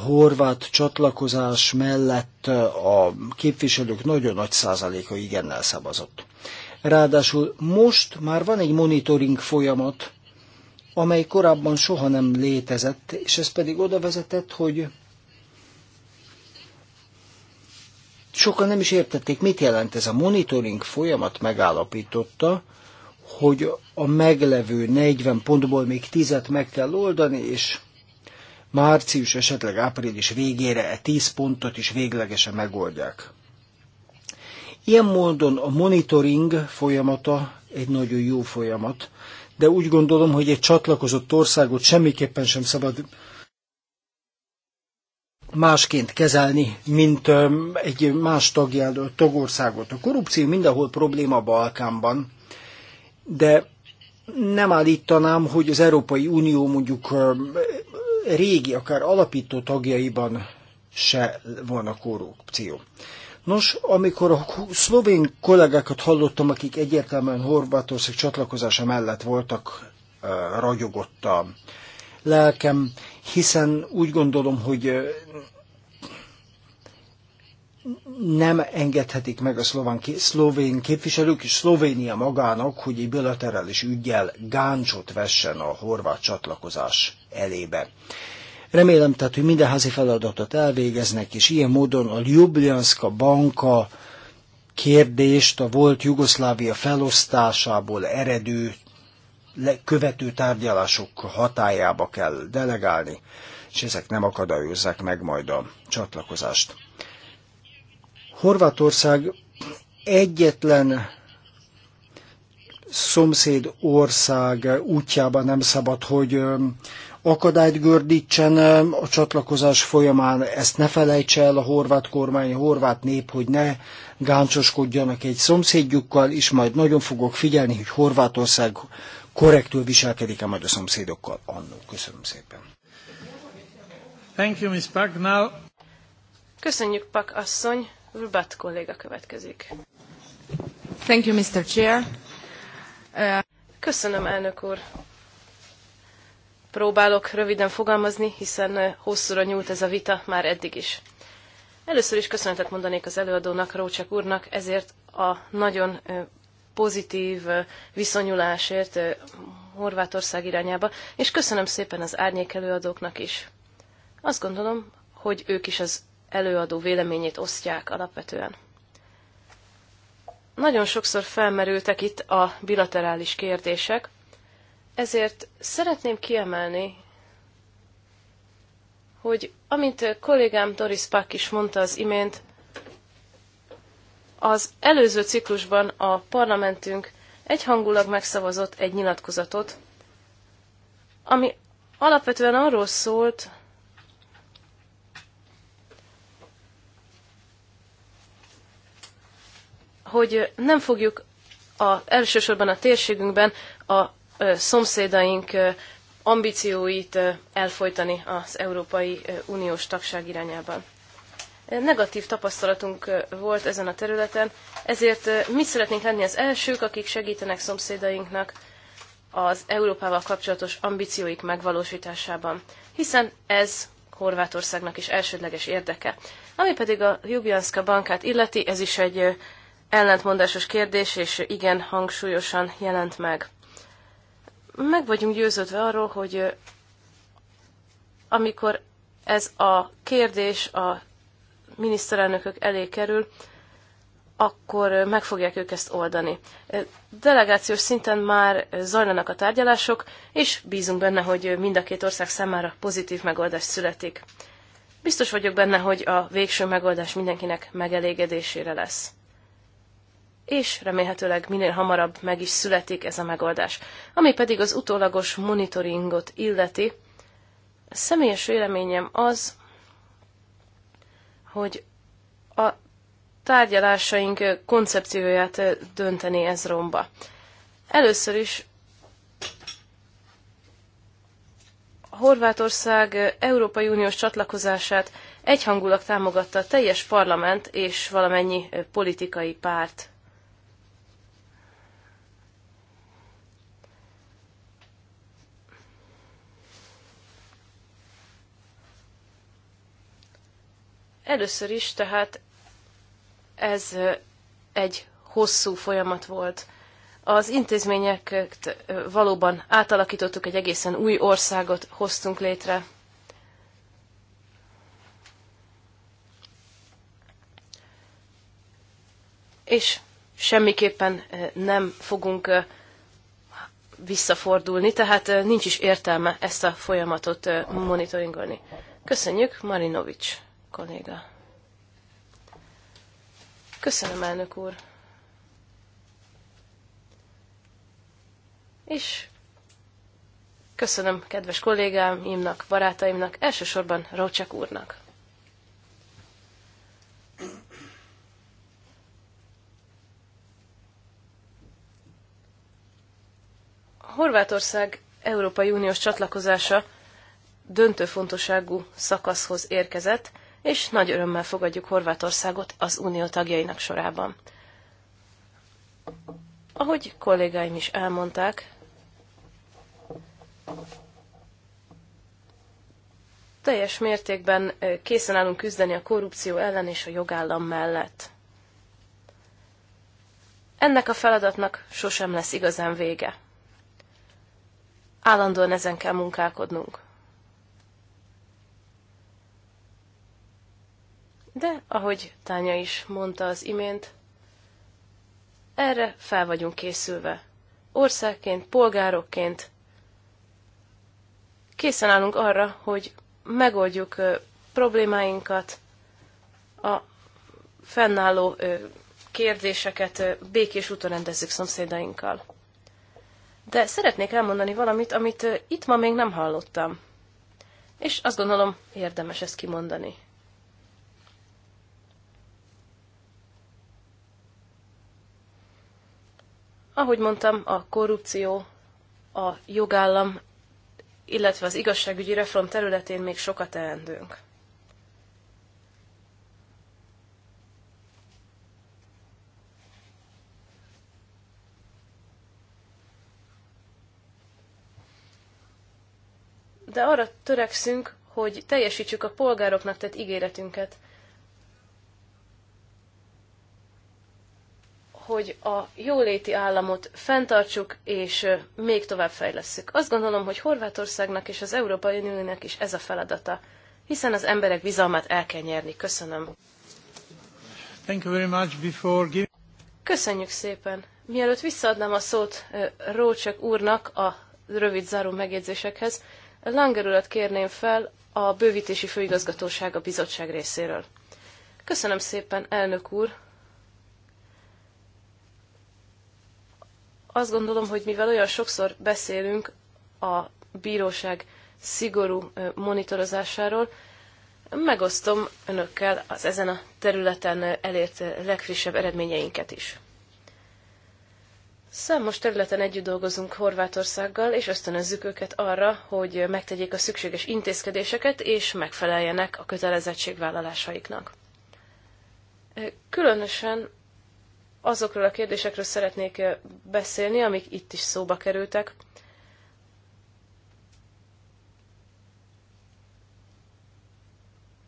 horvát csatlakozás mellett a képviselők nagyon nagy százaléka igennel szavazott. Ráadásul most már van egy monitoring folyamat, amely korábban soha nem létezett, és ez pedig oda vezetett, hogy sokan nem is értették, mit jelent ez. A monitoring folyamat megállapította, hogy a meglevő 40 pontból még 10-et meg kell oldani, és március, esetleg április végére e 10 pontot is véglegesen megoldják. Ilyen módon a monitoring folyamata egy nagyon jó folyamat, de úgy gondolom, hogy egy csatlakozott országot semmiképpen sem szabad másként kezelni, mint egy más tagjel, tagországot. A korrupció mindenhol probléma a Balkánban, de nem állítanám, hogy az Európai Unió mondjuk régi, akár alapító tagjaiban se a korrupció. Nos, amikor a szlovén kollégákat hallottam, akik egyértelműen Horvátország csatlakozása mellett voltak, ragyogott a lelkem, hiszen úgy gondolom, hogy nem engedhetik meg a szlován, szlovén képviselők és Szlovénia magának, hogy egy bilaterális ügyel gáncsot vessen a horvát csatlakozás elébe. Remélem tehát, hogy minden házi feladatot elvégeznek, és ilyen módon a Ljubljanska banka kérdést a volt Jugoszlávia felosztásából eredő követő tárgyalások hatájába kell delegálni, és ezek nem akadályozzák meg majd a csatlakozást. Horvátország egyetlen szomszéd ország útjában nem szabad, hogy akadályt gördítsen a csatlakozás folyamán. Ezt ne felejtse el a horvát kormány, a horvát nép, hogy ne gáncsoskodjanak egy szomszédjukkal, és majd nagyon fogok figyelni, hogy Horvátország korrektül viselkedik-e majd a szomszédokkal. Annó, köszönöm szépen. Thank you, Ms. Pak. Now... Köszönjük, Pak asszony. Rubat kolléga következik. Thank you, Mr. Chair. Uh... Köszönöm, elnök úr. Próbálok röviden fogalmazni, hiszen eh, hosszúra nyúlt ez a vita már eddig is. Először is köszönetet mondanék az előadónak, Rócsak úrnak, ezért a nagyon eh, pozitív eh, viszonyulásért Horvátország irányába, és köszönöm szépen az árnyék előadóknak is. Azt gondolom, hogy ők is az előadó véleményét osztják alapvetően. Nagyon sokszor felmerültek itt a bilaterális kérdések, ezért szeretném kiemelni, hogy amint kollégám Doris Pak is mondta az imént, az előző ciklusban a parlamentünk egyhangulag megszavazott egy nyilatkozatot, ami alapvetően arról szólt, hogy nem fogjuk a, elsősorban a térségünkben a szomszédaink ambícióit elfolytani az Európai Uniós tagság irányában. Negatív tapasztalatunk volt ezen a területen, ezért mi szeretnénk lenni az elsők, akik segítenek szomszédainknak az Európával kapcsolatos ambícióik megvalósításában, hiszen ez Horvátországnak is elsődleges érdeke. Ami pedig a Ljubljanszka bankát illeti, ez is egy ellentmondásos kérdés, és igen hangsúlyosan jelent meg meg vagyunk győződve arról, hogy amikor ez a kérdés a miniszterelnökök elé kerül, akkor meg fogják ők ezt oldani. Delegációs szinten már zajlanak a tárgyalások, és bízunk benne, hogy mind a két ország számára pozitív megoldás születik. Biztos vagyok benne, hogy a végső megoldás mindenkinek megelégedésére lesz és remélhetőleg minél hamarabb meg is születik ez a megoldás. Ami pedig az utólagos monitoringot illeti, a személyes véleményem az, hogy a tárgyalásaink koncepcióját dönteni ez romba. Először is Horvátország Európai Uniós csatlakozását egyhangulag támogatta a teljes parlament és valamennyi politikai párt. Először is, tehát ez egy hosszú folyamat volt. Az intézményeket valóban átalakítottuk, egy egészen új országot hoztunk létre. És semmiképpen nem fogunk visszafordulni, tehát nincs is értelme ezt a folyamatot monitoringolni. Köszönjük, Marinovics! kolléga. Köszönöm, elnök úr. És köszönöm kedves kollégáimnak, barátaimnak, elsősorban Rócsek úrnak. Horvátország Európai Uniós csatlakozása döntő fontosságú szakaszhoz érkezett, és nagy örömmel fogadjuk Horvátországot az unió tagjainak sorában. Ahogy kollégáim is elmondták, teljes mértékben készen állunk küzdeni a korrupció ellen és a jogállam mellett. Ennek a feladatnak sosem lesz igazán vége. Állandóan ezen kell munkálkodnunk. De, ahogy Tánya is mondta az imént, erre fel vagyunk készülve. Országként, polgárokként készen állunk arra, hogy megoldjuk problémáinkat, a fennálló kérdéseket békés úton rendezzük szomszédainkkal. De szeretnék elmondani valamit, amit itt ma még nem hallottam. És azt gondolom, érdemes ezt kimondani. Ahogy mondtam, a korrupció, a jogállam, illetve az igazságügyi reform területén még sokat teendőnk. de arra törekszünk, hogy teljesítsük a polgároknak tett ígéretünket, hogy a jóléti államot fenntartsuk és még tovább fejlesszük. Azt gondolom, hogy Horvátországnak és az Európai Uniónak is ez a feladata, hiszen az emberek bizalmát el kell nyerni. Köszönöm. Thank you very much before Köszönjük szépen. Mielőtt visszaadnám a szót Rócsek úrnak a rövid záró megjegyzésekhez, Langer urat kérném fel a Bővítési Főigazgatóság a bizottság részéről. Köszönöm szépen, elnök úr, azt gondolom, hogy mivel olyan sokszor beszélünk a bíróság szigorú monitorozásáról, megosztom önökkel az ezen a területen elért legfrissebb eredményeinket is. Számos területen együtt dolgozunk Horvátországgal, és ösztönözzük őket arra, hogy megtegyék a szükséges intézkedéseket, és megfeleljenek a kötelezettségvállalásaiknak. Különösen azokról a kérdésekről szeretnék beszélni, amik itt is szóba kerültek.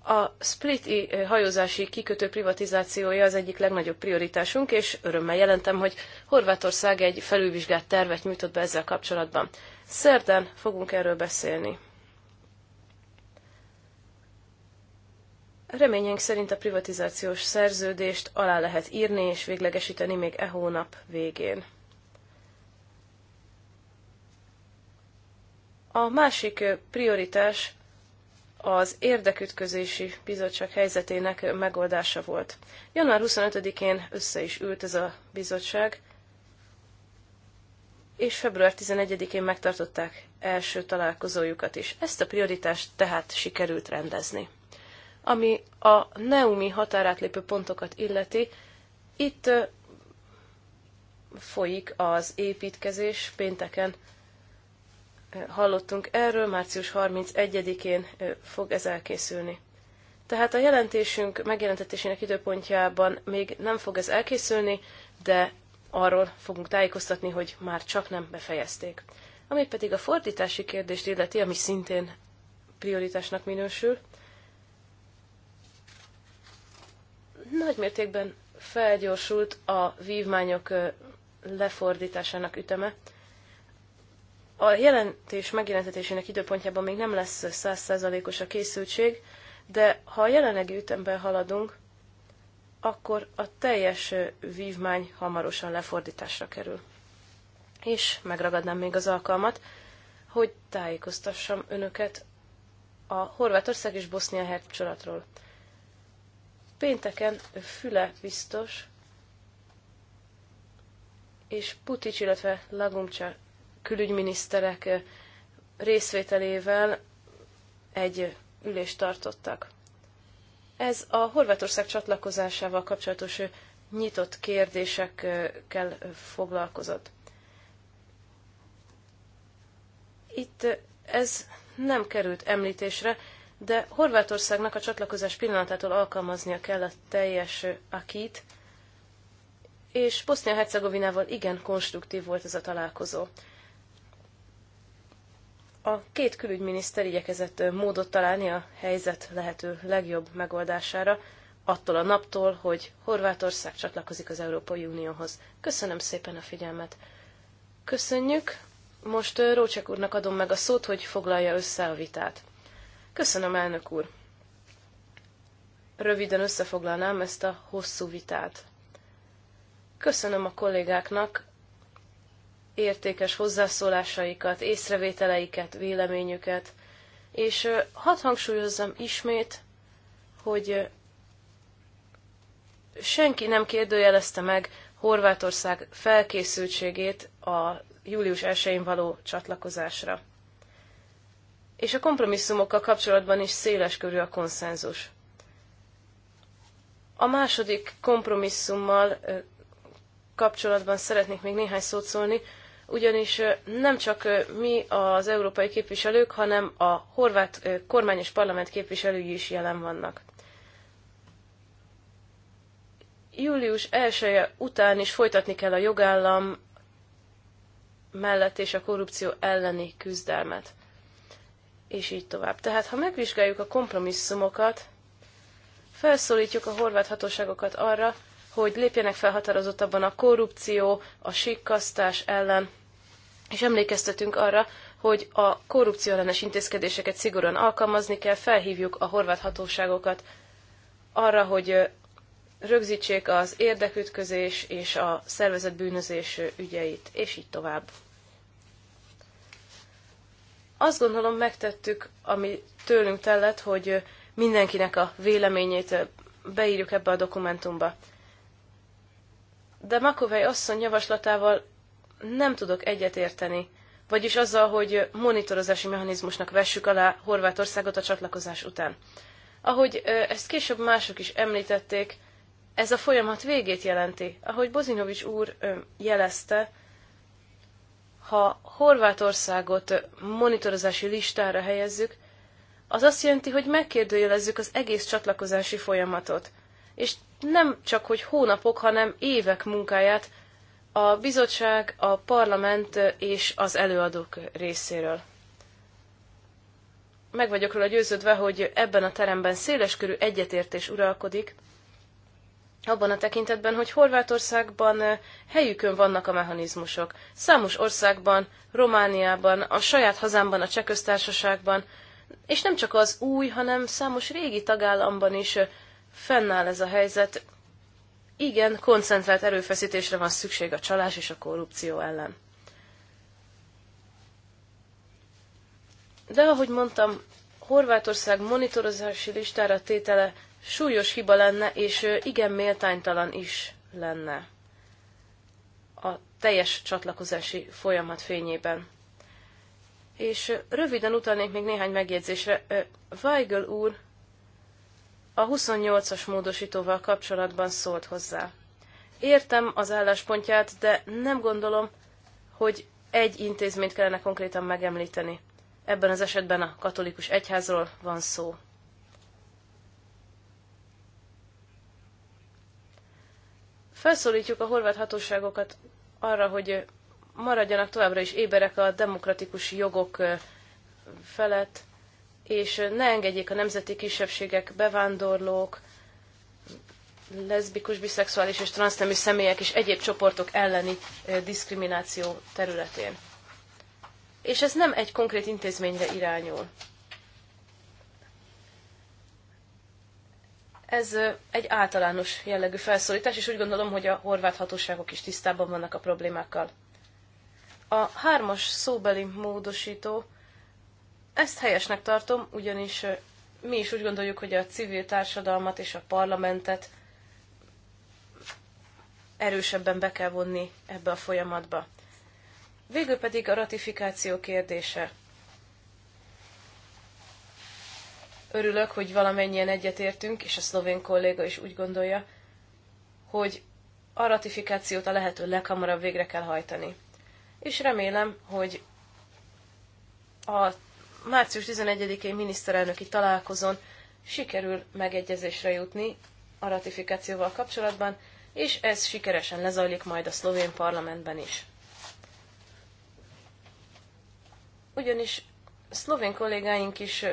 A Spliti hajózási kikötő privatizációja az egyik legnagyobb prioritásunk, és örömmel jelentem, hogy Horvátország egy felülvizsgált tervet nyújtott be ezzel kapcsolatban. Szerdán fogunk erről beszélni. Reményénk szerint a privatizációs szerződést alá lehet írni és véglegesíteni még e hónap végén. A másik prioritás az érdekütközési bizottság helyzetének megoldása volt. Január 25-én össze is ült ez a bizottság, és február 11-én megtartották első találkozójukat is. Ezt a prioritást tehát sikerült rendezni. Ami a Neumi határátlépő pontokat illeti, itt folyik az építkezés pénteken. Hallottunk erről, március 31-én fog ez elkészülni. Tehát a jelentésünk megjelentetésének időpontjában még nem fog ez elkészülni, de arról fogunk tájékoztatni, hogy már csak nem befejezték. Ami pedig a fordítási kérdést illeti, ami szintén prioritásnak minősül, nagymértékben felgyorsult a vívmányok lefordításának üteme. A jelentés megjelentetésének időpontjában még nem lesz százszázalékos a készültség, de ha a jelenlegi ütemben haladunk, akkor a teljes vívmány hamarosan lefordításra kerül. És megragadnám még az alkalmat, hogy tájékoztassam önöket a Horvátország és Bosznia hercsolatról. Pénteken Füle biztos és Putics, illetve Lagumcsa külügyminiszterek részvételével egy ülést tartottak. Ez a Horvátország csatlakozásával kapcsolatos nyitott kérdésekkel foglalkozott. Itt ez nem került említésre, de Horvátországnak a csatlakozás pillanatától alkalmaznia kell a teljes akit, és Bosznia-Hercegovinával igen konstruktív volt ez a találkozó. A két külügyminiszter igyekezett módot találni a helyzet lehető legjobb megoldására, attól a naptól, hogy Horvátország csatlakozik az Európai Unióhoz. Köszönöm szépen a figyelmet. Köszönjük. Most Rócsek úrnak adom meg a szót, hogy foglalja össze a vitát. Köszönöm, elnök úr. Röviden összefoglalnám ezt a hosszú vitát. Köszönöm a kollégáknak értékes hozzászólásaikat, észrevételeiket, véleményüket, és hadd hangsúlyozzam ismét, hogy senki nem kérdőjelezte meg Horvátország felkészültségét a július 1-én való csatlakozásra és a kompromisszumokkal kapcsolatban is széles körű a konszenzus. A második kompromisszummal kapcsolatban szeretnék még néhány szót szólni, ugyanis nem csak mi az európai képviselők, hanem a horvát kormány és parlament képviselői is jelen vannak. Július 1 -e után is folytatni kell a jogállam mellett és a korrupció elleni küzdelmet és így tovább. Tehát, ha megvizsgáljuk a kompromisszumokat, felszólítjuk a horvát hatóságokat arra, hogy lépjenek fel határozottabban a korrupció, a sikkasztás ellen, és emlékeztetünk arra, hogy a korrupció ellenes intézkedéseket szigorúan alkalmazni kell, felhívjuk a horvát hatóságokat arra, hogy rögzítsék az érdekütközés és a szervezett bűnözés ügyeit, és így tovább. Azt gondolom megtettük, ami tőlünk tellett, hogy mindenkinek a véleményét beírjuk ebbe a dokumentumba. De Makovej asszony javaslatával nem tudok egyetérteni, vagyis azzal, hogy monitorozási mechanizmusnak vessük alá Horvátországot a csatlakozás után. Ahogy ezt később mások is említették, ez a folyamat végét jelenti. Ahogy Bozinovics úr jelezte, ha Horvátországot monitorozási listára helyezzük, az azt jelenti, hogy megkérdőjelezzük az egész csatlakozási folyamatot. És nem csak, hogy hónapok, hanem évek munkáját a bizottság, a parlament és az előadók részéről. Meg vagyok róla győződve, hogy ebben a teremben széleskörű egyetértés uralkodik, abban a tekintetben, hogy Horvátországban helyükön vannak a mechanizmusok. Számos országban, Romániában, a saját hazámban, a Cseh köztársaságban, és nem csak az új, hanem számos régi tagállamban is fennáll ez a helyzet. Igen, koncentrált erőfeszítésre van szükség a csalás és a korrupció ellen. De ahogy mondtam, Horvátország monitorozási listára tétele súlyos hiba lenne, és igen méltánytalan is lenne a teljes csatlakozási folyamat fényében. És röviden utalnék még néhány megjegyzésre. Weigel úr a 28-as módosítóval kapcsolatban szólt hozzá. Értem az álláspontját, de nem gondolom, hogy egy intézményt kellene konkrétan megemlíteni. Ebben az esetben a katolikus egyházról van szó. Felszólítjuk a horvát hatóságokat arra, hogy maradjanak továbbra is éberek a demokratikus jogok felett, és ne engedjék a nemzeti kisebbségek, bevándorlók, leszbikus, biszexuális és transznemű személyek és egyéb csoportok elleni diszkrimináció területén. És ez nem egy konkrét intézményre irányul. Ez egy általános jellegű felszólítás, és úgy gondolom, hogy a horvát hatóságok is tisztában vannak a problémákkal. A hármas szóbeli módosító, ezt helyesnek tartom, ugyanis mi is úgy gondoljuk, hogy a civil társadalmat és a parlamentet erősebben be kell vonni ebbe a folyamatba. Végül pedig a ratifikáció kérdése. örülök, hogy valamennyien egyetértünk, és a szlovén kolléga is úgy gondolja, hogy a ratifikációt a lehető leghamarabb végre kell hajtani. És remélem, hogy a március 11-i miniszterelnöki találkozón sikerül megegyezésre jutni a ratifikációval kapcsolatban, és ez sikeresen lezajlik majd a szlovén parlamentben is. Ugyanis szlovén kollégáink is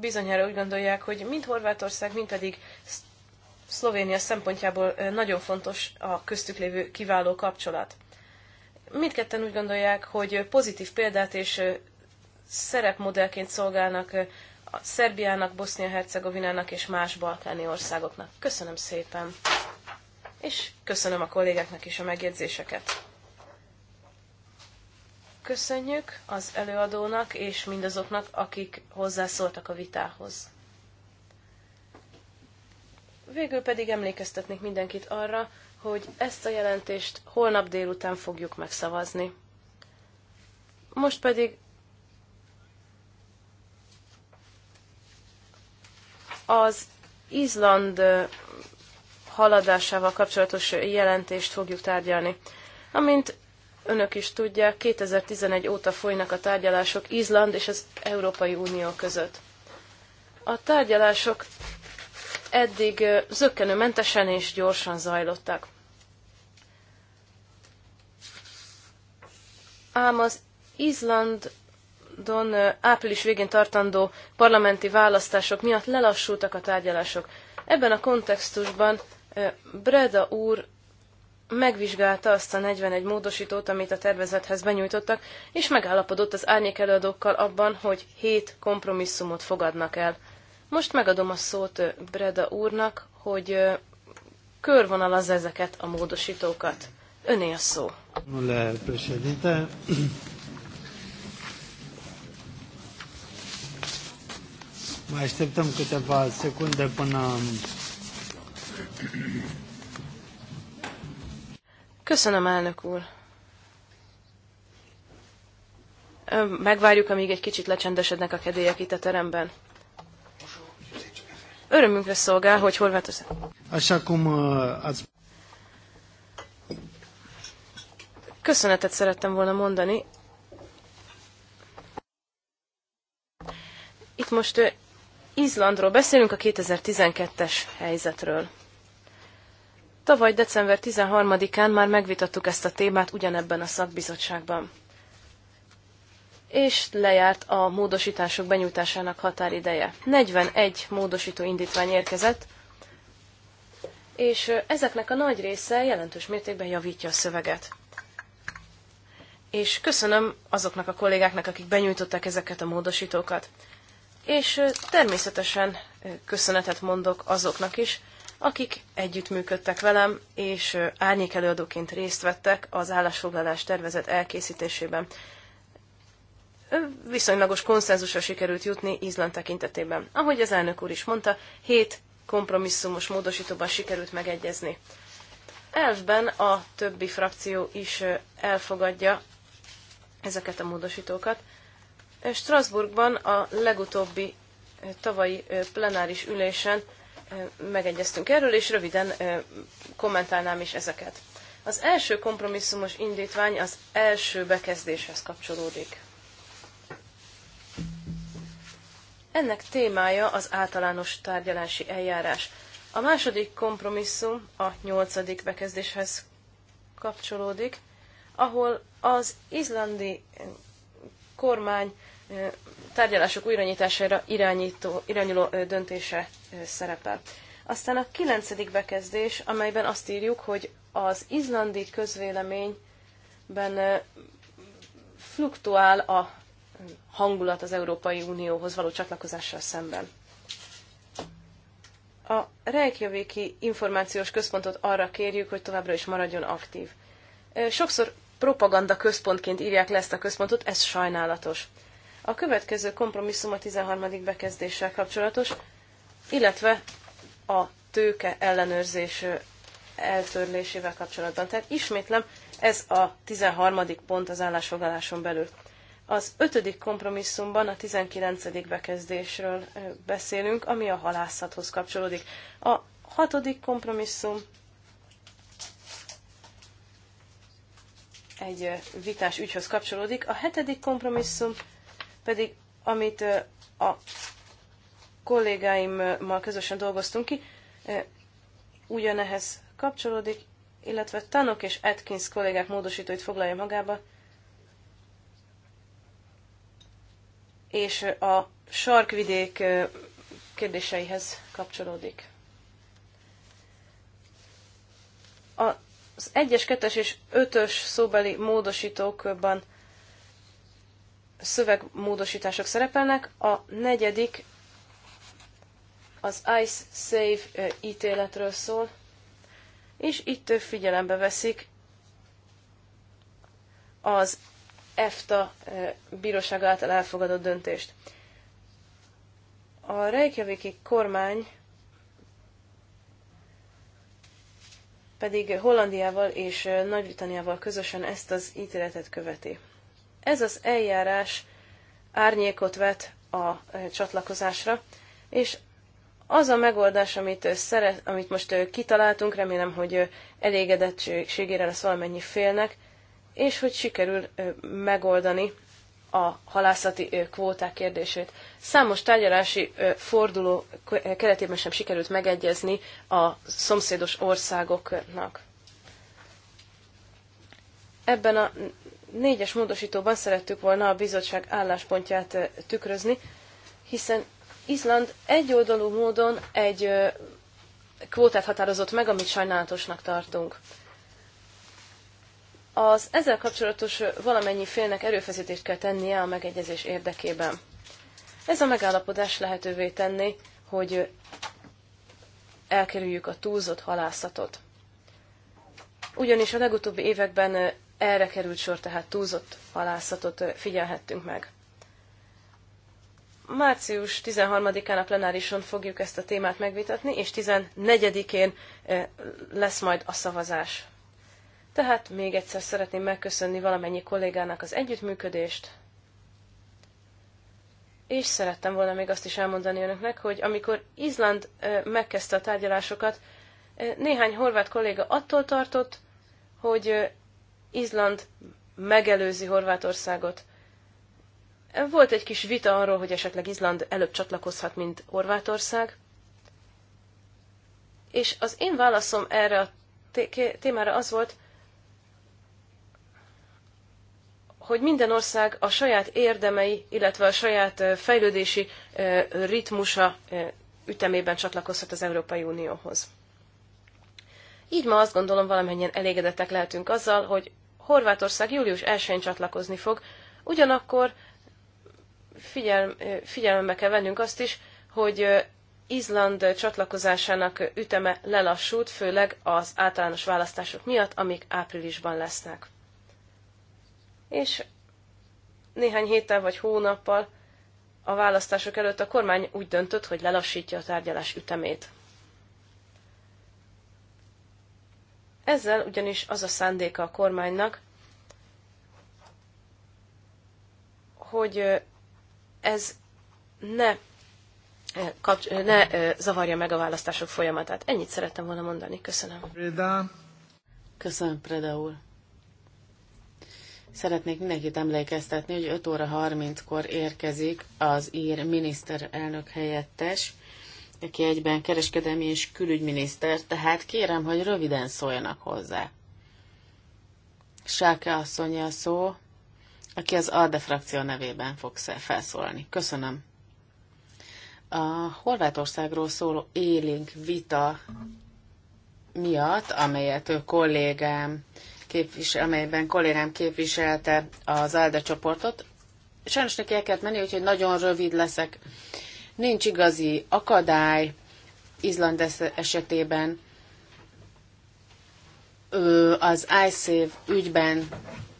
bizonyára úgy gondolják, hogy mind Horvátország, mind pedig Szlovénia szempontjából nagyon fontos a köztük lévő kiváló kapcsolat. Mindketten úgy gondolják, hogy pozitív példát és szerepmodellként szolgálnak a Szerbiának, Bosznia-Hercegovinának és más balkáni országoknak. Köszönöm szépen! És köszönöm a kollégáknak is a megjegyzéseket. Köszönjük az előadónak és mindazoknak, akik hozzászóltak a vitához. Végül pedig emlékeztetnék mindenkit arra, hogy ezt a jelentést holnap délután fogjuk megszavazni. Most pedig az Izland haladásával kapcsolatos jelentést fogjuk tárgyalni. Amint önök is tudják, 2011 óta folynak a tárgyalások Izland és az Európai Unió között. A tárgyalások eddig zöggenőmentesen és gyorsan zajlottak. Ám az Izlandon április végén tartandó parlamenti választások miatt lelassultak a tárgyalások. Ebben a kontextusban Breda úr megvizsgálta azt a 41 módosítót, amit a tervezethez benyújtottak, és megállapodott az árnyék előadókkal abban, hogy hét kompromisszumot fogadnak el. Most megadom a szót Breda úrnak, hogy körvonalaz ezeket a módosítókat. Öné a szó. Mai așteptăm câteva secunde până Köszönöm, elnök úr. Megvárjuk, amíg egy kicsit lecsendesednek a kedélyek itt a teremben. Örömünkre szolgál, hogy az... Köszönetet szerettem volna mondani. Itt most Izlandról beszélünk, a 2012-es helyzetről. Tavaly december 13-án már megvitattuk ezt a témát ugyanebben a szakbizottságban. És lejárt a módosítások benyújtásának határideje. 41 módosító indítvány érkezett, és ezeknek a nagy része jelentős mértékben javítja a szöveget. És köszönöm azoknak a kollégáknak, akik benyújtották ezeket a módosítókat. És természetesen köszönetet mondok azoknak is, akik együttműködtek velem, és árnyékelőadóként részt vettek az állásfoglalás tervezet elkészítésében. Viszonylagos konszenzusra sikerült jutni Izland tekintetében. Ahogy az elnök úr is mondta, hét kompromisszumos módosítóban sikerült megegyezni. Elfben a többi frakció is elfogadja ezeket a módosítókat. Strasbourgban a legutóbbi tavalyi plenáris ülésen megegyeztünk erről, és röviden kommentálnám is ezeket. Az első kompromisszumos indítvány az első bekezdéshez kapcsolódik. Ennek témája az általános tárgyalási eljárás. A második kompromisszum a nyolcadik bekezdéshez kapcsolódik, ahol az izlandi kormány tárgyalások újranyitására irányító, irányuló döntése szerepel. Aztán a kilencedik bekezdés, amelyben azt írjuk, hogy az izlandi közvéleményben fluktuál a hangulat az Európai Unióhoz való csatlakozással szemben. A Reykjavéki Információs Központot arra kérjük, hogy továbbra is maradjon aktív. Sokszor propaganda központként írják le ezt a központot, ez sajnálatos. A következő kompromisszum a 13. bekezdéssel kapcsolatos, illetve a tőke ellenőrzés eltörlésével kapcsolatban. Tehát ismétlem, ez a 13. pont az állásfoglaláson belül. Az ötödik kompromisszumban a 19. bekezdésről beszélünk, ami a halászathoz kapcsolódik. A hatodik kompromisszum egy vitás ügyhöz kapcsolódik, a hetedik kompromisszum pedig amit a kollégáimmal közösen dolgoztunk ki, ugyanehhez kapcsolódik, illetve Tanok és Atkins kollégák módosítóit foglalja magába, és a sarkvidék kérdéseihez kapcsolódik. Az 1-es, 2-es és 5-ös szóbeli módosítókban szövegmódosítások szerepelnek. A negyedik az ICE Save ítéletről szól, és itt figyelembe veszik az EFTA bíróság által elfogadott döntést. A Reykjaviki kormány pedig Hollandiával és Nagy-Britanniával közösen ezt az ítéletet követi. Ez az eljárás árnyékot vet a csatlakozásra, és az a megoldás, amit, szeret, amit most kitaláltunk, remélem, hogy elégedettségére lesz valamennyi félnek, és hogy sikerül megoldani a halászati kvóták kérdését. Számos tárgyalási forduló keretében sem sikerült megegyezni a szomszédos országoknak. Ebben a négyes módosítóban szerettük volna a bizottság álláspontját tükrözni, hiszen Izland egyoldalú módon egy kvótát határozott meg, amit sajnálatosnak tartunk. Az ezzel kapcsolatos valamennyi félnek erőfeszítést kell tennie a megegyezés érdekében. Ez a megállapodás lehetővé tenni, hogy elkerüljük a túlzott halászatot. Ugyanis a legutóbbi években erre került sor, tehát túlzott halászatot figyelhettünk meg. Március 13-án a plenárison fogjuk ezt a témát megvitatni, és 14-én lesz majd a szavazás. Tehát még egyszer szeretném megköszönni valamennyi kollégának az együttműködést, és szerettem volna még azt is elmondani önöknek, hogy amikor Izland megkezdte a tárgyalásokat, néhány horvát kolléga attól tartott, hogy Izland megelőzi Horvátországot. Volt egy kis vita arról, hogy esetleg Izland előbb csatlakozhat, mint Horvátország. És az én válaszom erre a témára az volt, hogy minden ország a saját érdemei, illetve a saját fejlődési ritmusa ütemében csatlakozhat az Európai Unióhoz. Így ma azt gondolom valamennyien elégedettek lehetünk azzal, hogy Horvátország július 1-én csatlakozni fog, ugyanakkor figyel, figyelembe kell vennünk azt is, hogy Izland csatlakozásának üteme lelassult, főleg az általános választások miatt, amik áprilisban lesznek. És néhány héttel vagy hónappal a választások előtt a kormány úgy döntött, hogy lelassítja a tárgyalás ütemét. Ezzel ugyanis az a szándéka a kormánynak, hogy ez ne, kapcs- ne zavarja meg a választások folyamatát. Ennyit szerettem volna mondani. Köszönöm. Preda. Köszönöm, Preda úr. Szeretnék mindenkit emlékeztetni, hogy 5 óra 30-kor érkezik az ír miniszterelnök helyettes, aki egyben kereskedelmi és külügyminiszter, tehát kérem, hogy röviden szóljanak hozzá. Sáke asszony a szó, aki az ALDE frakció nevében fog felszólni. Köszönöm. A Horvátországról szóló élénk vita miatt, amelyet kollégám képvisel, amelyben kollégám képviselte az ALDE csoportot, sajnos neki el kellett menni, úgyhogy nagyon rövid leszek. Nincs igazi akadály Izland esetében. Az iSave ügyben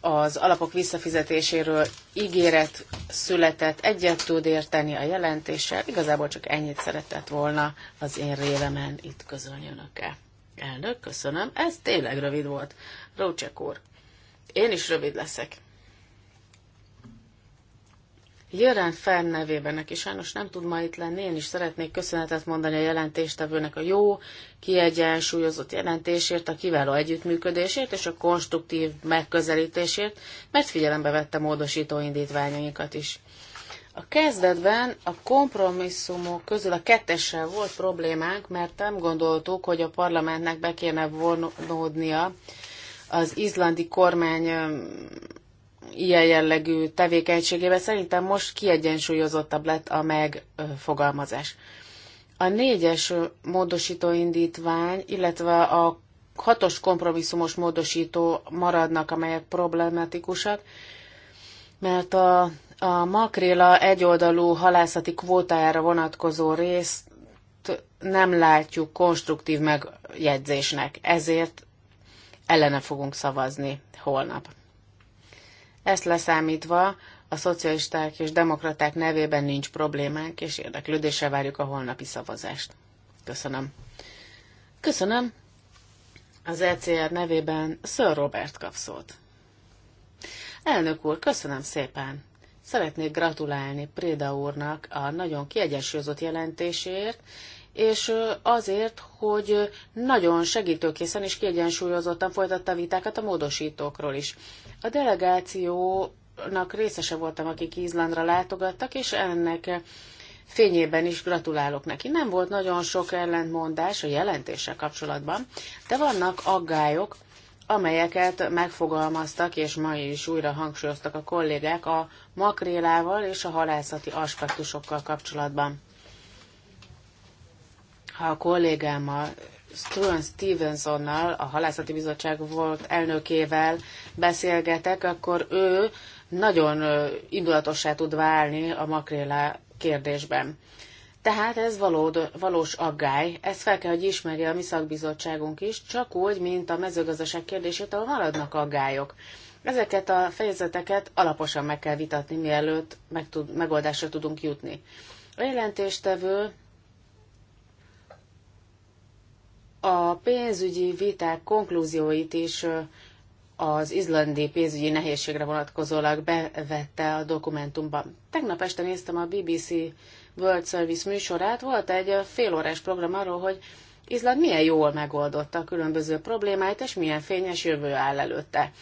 az alapok visszafizetéséről ígéret született, egyet tud érteni a jelentéssel. Igazából csak ennyit szeretett volna az én rélemen itt közölni önökkel. Elnök, köszönöm. Ez tényleg rövid volt. Rócsek úr, én is rövid leszek. Jelen Fern nevében, aki sajnos nem tud ma itt lenni, én is szeretnék köszönetet mondani a jelentéstevőnek a jó, kiegyensúlyozott jelentésért, a kiváló együttműködésért és a konstruktív megközelítésért, mert figyelembe vette módosító indítványainkat is. A kezdetben a kompromisszumok közül a kettessel volt problémánk, mert nem gondoltuk, hogy a parlamentnek be kéne vonódnia az izlandi kormány ilyen jellegű tevékenységével szerintem most kiegyensúlyozottabb lett a megfogalmazás. A négyes módosító indítvány, illetve a hatos kompromisszumos módosító maradnak, amelyek problematikusak, mert a, a makréla egyoldalú halászati kvótájára vonatkozó részt nem látjuk konstruktív megjegyzésnek, ezért ellene fogunk szavazni holnap. Ezt leszámítva a szocialisták és demokraták nevében nincs problémánk, és érdeklődéssel várjuk a holnapi szavazást. Köszönöm. Köszönöm. Az ECR nevében Sir Robert kap szót. Elnök úr, köszönöm szépen. Szeretnék gratulálni Préda úrnak a nagyon kiegyensúlyozott jelentéséért, és azért, hogy nagyon segítőkészen és kiegyensúlyozottan folytatta a vitákat a módosítókról is. A delegációnak részese voltam, akik Izlandra látogattak, és ennek fényében is gratulálok neki. Nem volt nagyon sok ellentmondás a jelentéssel kapcsolatban, de vannak aggályok, amelyeket megfogalmaztak, és ma is újra hangsúlyoztak a kollégák a makrélával és a halászati aspektusokkal kapcsolatban. Ha a kollégámmal, Struan Stevensonnal, a Halászati Bizottság volt elnökével beszélgetek, akkor ő nagyon indulatossá tud válni a makrélá kérdésben. Tehát ez valód, valós aggály, ezt fel kell, hogy ismerje a mi szakbizottságunk is, csak úgy, mint a mezőgazdaság kérdését, ahol maradnak aggályok. Ezeket a fejezeteket alaposan meg kell vitatni, mielőtt meg tud, megoldásra tudunk jutni. A jelentéstevő a pénzügyi viták konklúzióit is az izlandi pénzügyi nehézségre vonatkozólag bevette a dokumentumban. Tegnap este néztem a BBC World Service műsorát, volt egy félórás program arról, hogy Izland milyen jól megoldotta a különböző problémáit, és milyen fényes jövő áll előtte.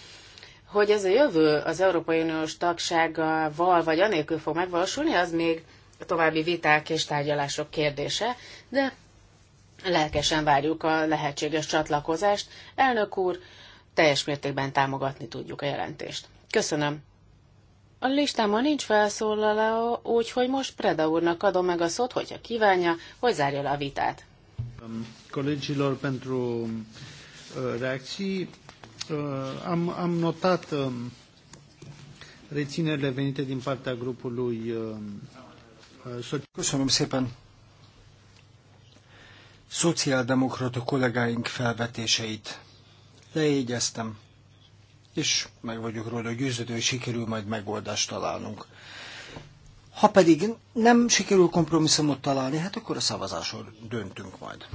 Hogy ez a jövő az Európai Uniós tagsággal vagy anélkül fog megvalósulni, az még további viták és tárgyalások kérdése, de Lelkesen várjuk a lehetséges csatlakozást. Elnök úr, teljes mértékben támogatni tudjuk a jelentést. Köszönöm. A listámon nincs felszólaló, úgyhogy most Preda úrnak adom meg a szót, hogyha kívánja, hogy zárja le a vitát. Um, colegilor pentru uh, reacții. Uh, am, am notat um, reținerile venite din partea grupului um, uh, Köszönöm szépen szociáldemokrata kollégáink felvetéseit. Lejegyeztem, és meg vagyok róla győződő, hogy sikerül majd megoldást találnunk. Ha pedig nem sikerül kompromisszumot találni, hát akkor a szavazáson döntünk majd.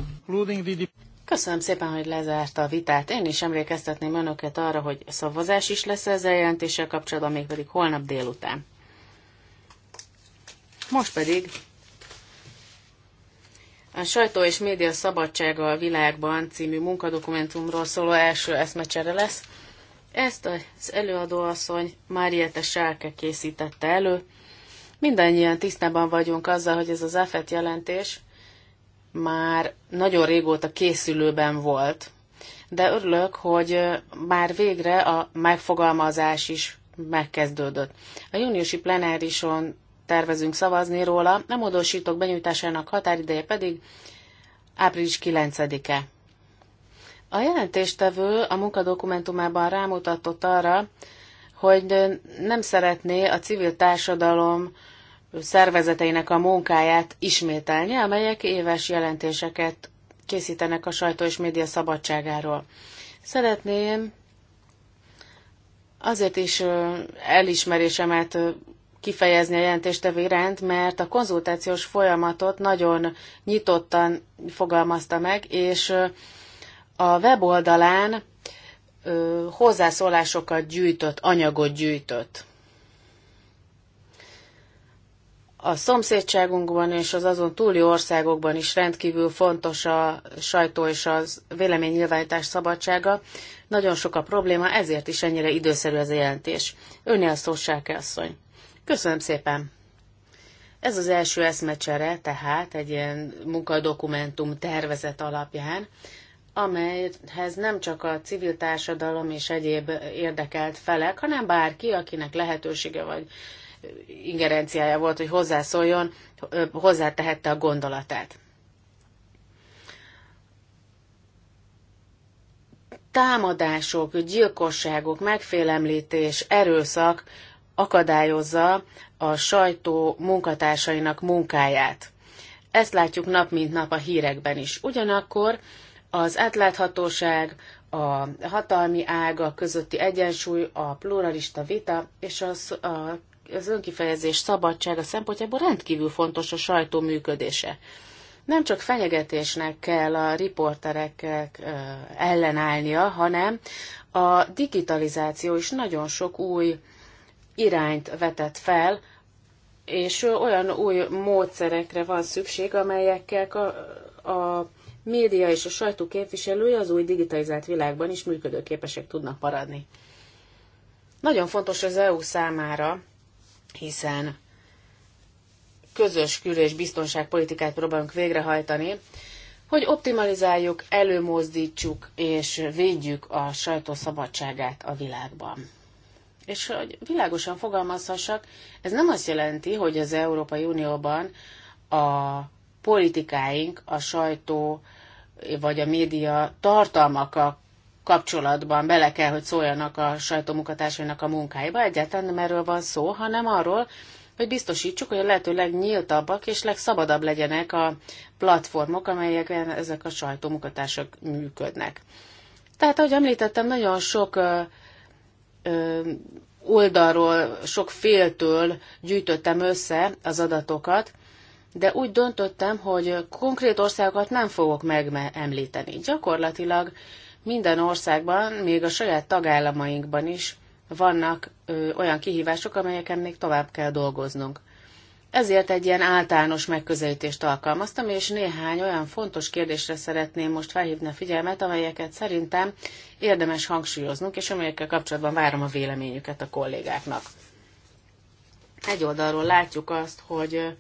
Köszönöm szépen, hogy lezárta a vitát. Én is emlékeztetném önöket arra, hogy szavazás is lesz ezzel jelentéssel kapcsolatban, pedig holnap délután. Most pedig a sajtó és média szabadsága a világban című munkadokumentumról szóló első eszmecsere lesz. Ezt az előadóasszony Máriette Sárke készítette elő. Mindannyian tisztában vagyunk azzal, hogy ez az AFET jelentés már nagyon régóta készülőben volt, de örülök, hogy már végre a megfogalmazás is megkezdődött. A júniusi plenárison tervezünk szavazni róla, a módosítók benyújtásának határideje pedig április 9-e. A jelentéstevő a munkadokumentumában rámutatott arra, hogy nem szeretné a civil társadalom szervezeteinek a munkáját ismételni, amelyek éves jelentéseket készítenek a sajtó és média szabadságáról. Szeretném azért is elismerésemet kifejezni a jelentéstevő iránt, mert a konzultációs folyamatot nagyon nyitottan fogalmazta meg, és a weboldalán hozzászólásokat gyűjtött, anyagot gyűjtött. A szomszédságunkban és az azon túli országokban is rendkívül fontos a sajtó és az véleménynyilvánítás szabadsága. Nagyon sok a probléma, ezért is ennyire időszerű ez a jelentés. Önnél szó, asszony. Köszönöm szépen! Ez az első eszmecsere, tehát egy ilyen munkadokumentum tervezet alapján, amelyhez nem csak a civil társadalom és egyéb érdekelt felek, hanem bárki, akinek lehetősége vagy ingerenciája volt, hogy hozzászóljon, hozzátehette a gondolatát. Támadások, gyilkosságok, megfélemlítés, erőszak akadályozza a sajtó munkatársainak munkáját. Ezt látjuk nap mint nap a hírekben is. Ugyanakkor az átláthatóság, a hatalmi ága közötti egyensúly, a pluralista vita és az, a, az önkifejezés szabadsága szempontjából rendkívül fontos a sajtó működése. Nem csak fenyegetésnek kell a riporterek ellenállnia, hanem a digitalizáció is nagyon sok új irányt vetett fel, és olyan új módszerekre van szükség, amelyekkel a, a média és a sajtó képviselői az új digitalizált világban is működőképesek tudnak maradni. Nagyon fontos az EU számára, hiszen közös kül- és biztonságpolitikát próbálunk végrehajtani, hogy optimalizáljuk, előmozdítsuk és védjük a sajtó szabadságát a világban. És hogy világosan fogalmazhassak, ez nem azt jelenti, hogy az Európai Unióban a politikáink, a sajtó vagy a média tartalmakkal kapcsolatban bele kell, hogy szóljanak a sajtómunkatársainak a munkáiba. Egyáltalán nem erről van szó, hanem arról, hogy biztosítsuk, hogy a lehető legnyíltabbak és legszabadabb legyenek a platformok, amelyeken ezek a sajtómunkatársak működnek. Tehát, ahogy említettem, nagyon sok oldalról, sok féltől gyűjtöttem össze az adatokat, de úgy döntöttem, hogy konkrét országokat nem fogok megemlíteni. Gyakorlatilag minden országban, még a saját tagállamainkban is vannak ö, olyan kihívások, amelyeken még tovább kell dolgoznunk. Ezért egy ilyen általános megközelítést alkalmaztam, és néhány olyan fontos kérdésre szeretném most felhívni a figyelmet, amelyeket szerintem érdemes hangsúlyoznunk, és amelyekkel kapcsolatban várom a véleményüket a kollégáknak. Egy oldalról látjuk azt, hogy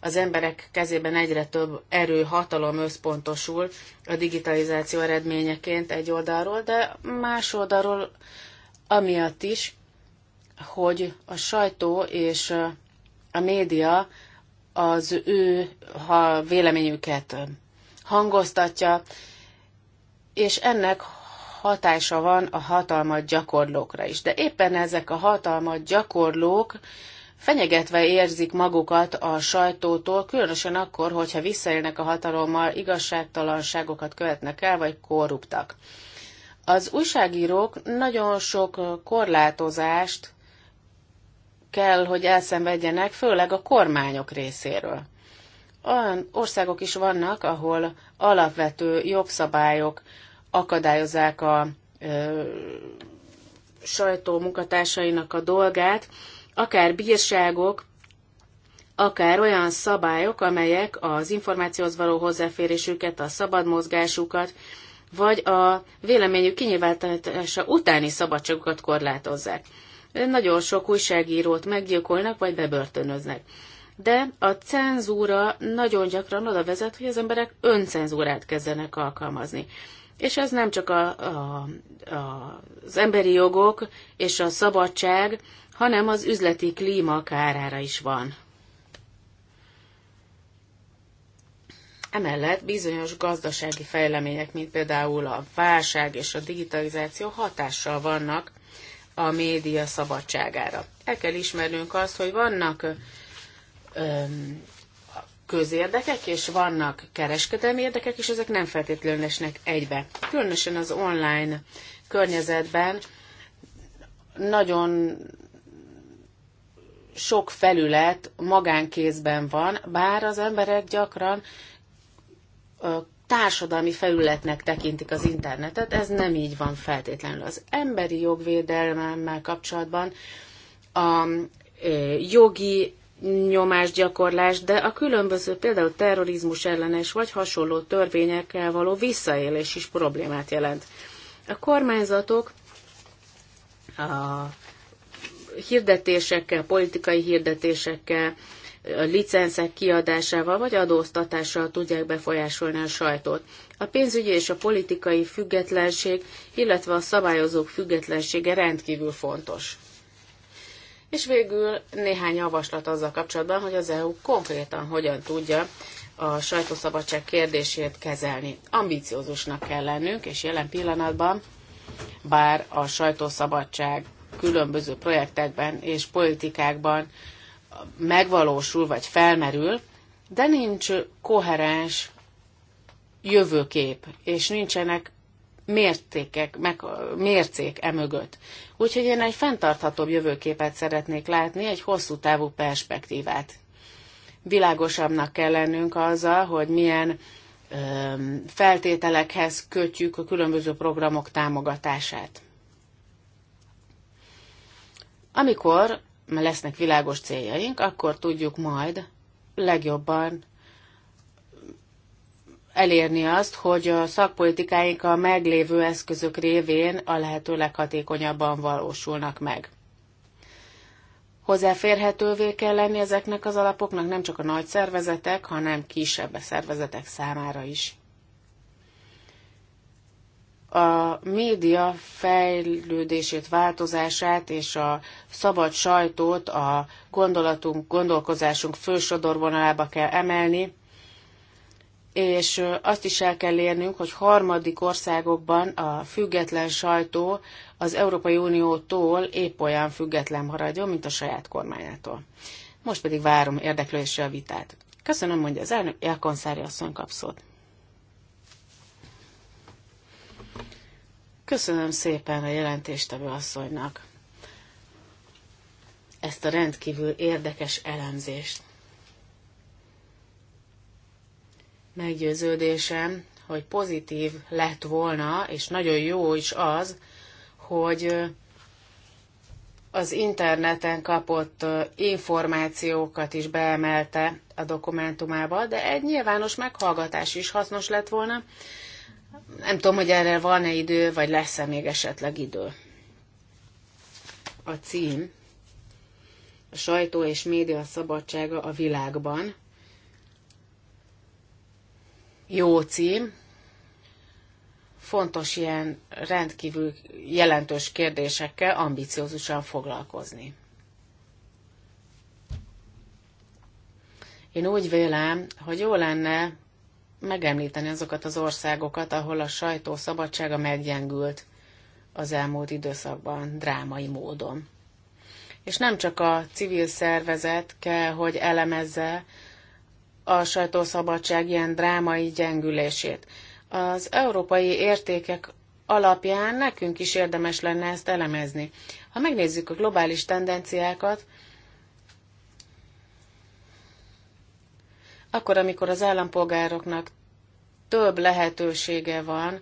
az emberek kezében egyre több erő, hatalom összpontosul a digitalizáció eredményeként egy oldalról, de más oldalról amiatt is, hogy a sajtó és a média az ő ha véleményüket hangoztatja, és ennek hatása van a hatalmat gyakorlókra is. De éppen ezek a hatalmat gyakorlók fenyegetve érzik magukat a sajtótól, különösen akkor, hogyha visszaélnek a hatalommal, igazságtalanságokat követnek el, vagy korruptak. Az újságírók nagyon sok korlátozást kell, hogy elszenvedjenek, főleg a kormányok részéről. Olyan országok is vannak, ahol alapvető jogszabályok akadályozzák a ö, sajtó munkatársainak a dolgát, akár bírságok, akár olyan szabályok, amelyek az információhoz való hozzáférésüket, a szabad mozgásukat, vagy a véleményük kinyilvánítása utáni szabadságukat korlátozzák nagyon sok újságírót meggyilkolnak, vagy bebörtönöznek. De a cenzúra nagyon gyakran oda vezet, hogy az emberek öncenzúrát kezdenek alkalmazni. És ez nem csak a, a, a, az emberi jogok és a szabadság, hanem az üzleti klíma kárára is van. Emellett bizonyos gazdasági fejlemények, mint például a válság és a digitalizáció hatással vannak a média szabadságára. El kell ismernünk azt, hogy vannak öm, közérdekek, és vannak kereskedelmi érdekek, és ezek nem feltétlenül esnek egybe. Különösen az online környezetben nagyon sok felület magánkézben van, bár az emberek gyakran társadalmi felületnek tekintik az internetet, ez nem így van feltétlenül. Az emberi jogvédelmemmel kapcsolatban a e, jogi nyomásgyakorlás, de a különböző például terrorizmus ellenes vagy hasonló törvényekkel való visszaélés is problémát jelent. A kormányzatok a hirdetésekkel, politikai hirdetésekkel, licenszek kiadásával vagy adóztatással tudják befolyásolni a sajtót. A pénzügyi és a politikai függetlenség, illetve a szabályozók függetlensége rendkívül fontos. És végül néhány javaslat azzal kapcsolatban, hogy az EU konkrétan hogyan tudja a sajtószabadság kérdését kezelni. Ambiciózusnak kell lennünk, és jelen pillanatban, bár a sajtószabadság különböző projektekben és politikákban megvalósul vagy felmerül, de nincs koherens jövőkép, és nincsenek mértékek, meg, mércék emögött. Úgyhogy én egy fenntarthatóbb jövőképet szeretnék látni, egy hosszú távú perspektívát. Világosabbnak kell lennünk azzal, hogy milyen ö, feltételekhez kötjük a különböző programok támogatását. Amikor lesznek világos céljaink, akkor tudjuk majd legjobban elérni azt, hogy a szakpolitikáink a meglévő eszközök révén a lehető leghatékonyabban valósulnak meg. Hozzáférhetővé kell lenni ezeknek az alapoknak nem csak a nagy szervezetek, hanem kisebb szervezetek számára is a média fejlődését, változását és a szabad sajtót a gondolatunk, gondolkozásunk fősodorvonalába kell emelni, és azt is el kell érnünk, hogy harmadik országokban a független sajtó az Európai Uniótól épp olyan független maradjon, mint a saját kormányától. Most pedig várom érdeklődésre a vitát. Köszönöm, mondja az elnök, Szári asszony kapszót. Köszönöm szépen a jelentéstevő asszonynak ezt a rendkívül érdekes elemzést. Meggyőződésem, hogy pozitív lett volna, és nagyon jó is az, hogy az interneten kapott információkat is beemelte a dokumentumába, de egy nyilvános meghallgatás is hasznos lett volna, nem tudom, hogy erre van-e idő, vagy lesz-e még esetleg idő. A cím a sajtó és média szabadsága a világban. Jó cím. Fontos ilyen rendkívül jelentős kérdésekkel ambiciózusan foglalkozni. Én úgy vélem, hogy jó lenne megemlíteni azokat az országokat, ahol a sajtó szabadsága meggyengült az elmúlt időszakban drámai módon. És nem csak a civil szervezet kell, hogy elemezze a sajtószabadság ilyen drámai gyengülését. Az európai értékek alapján nekünk is érdemes lenne ezt elemezni. Ha megnézzük a globális tendenciákat, akkor, amikor az állampolgároknak több lehetősége van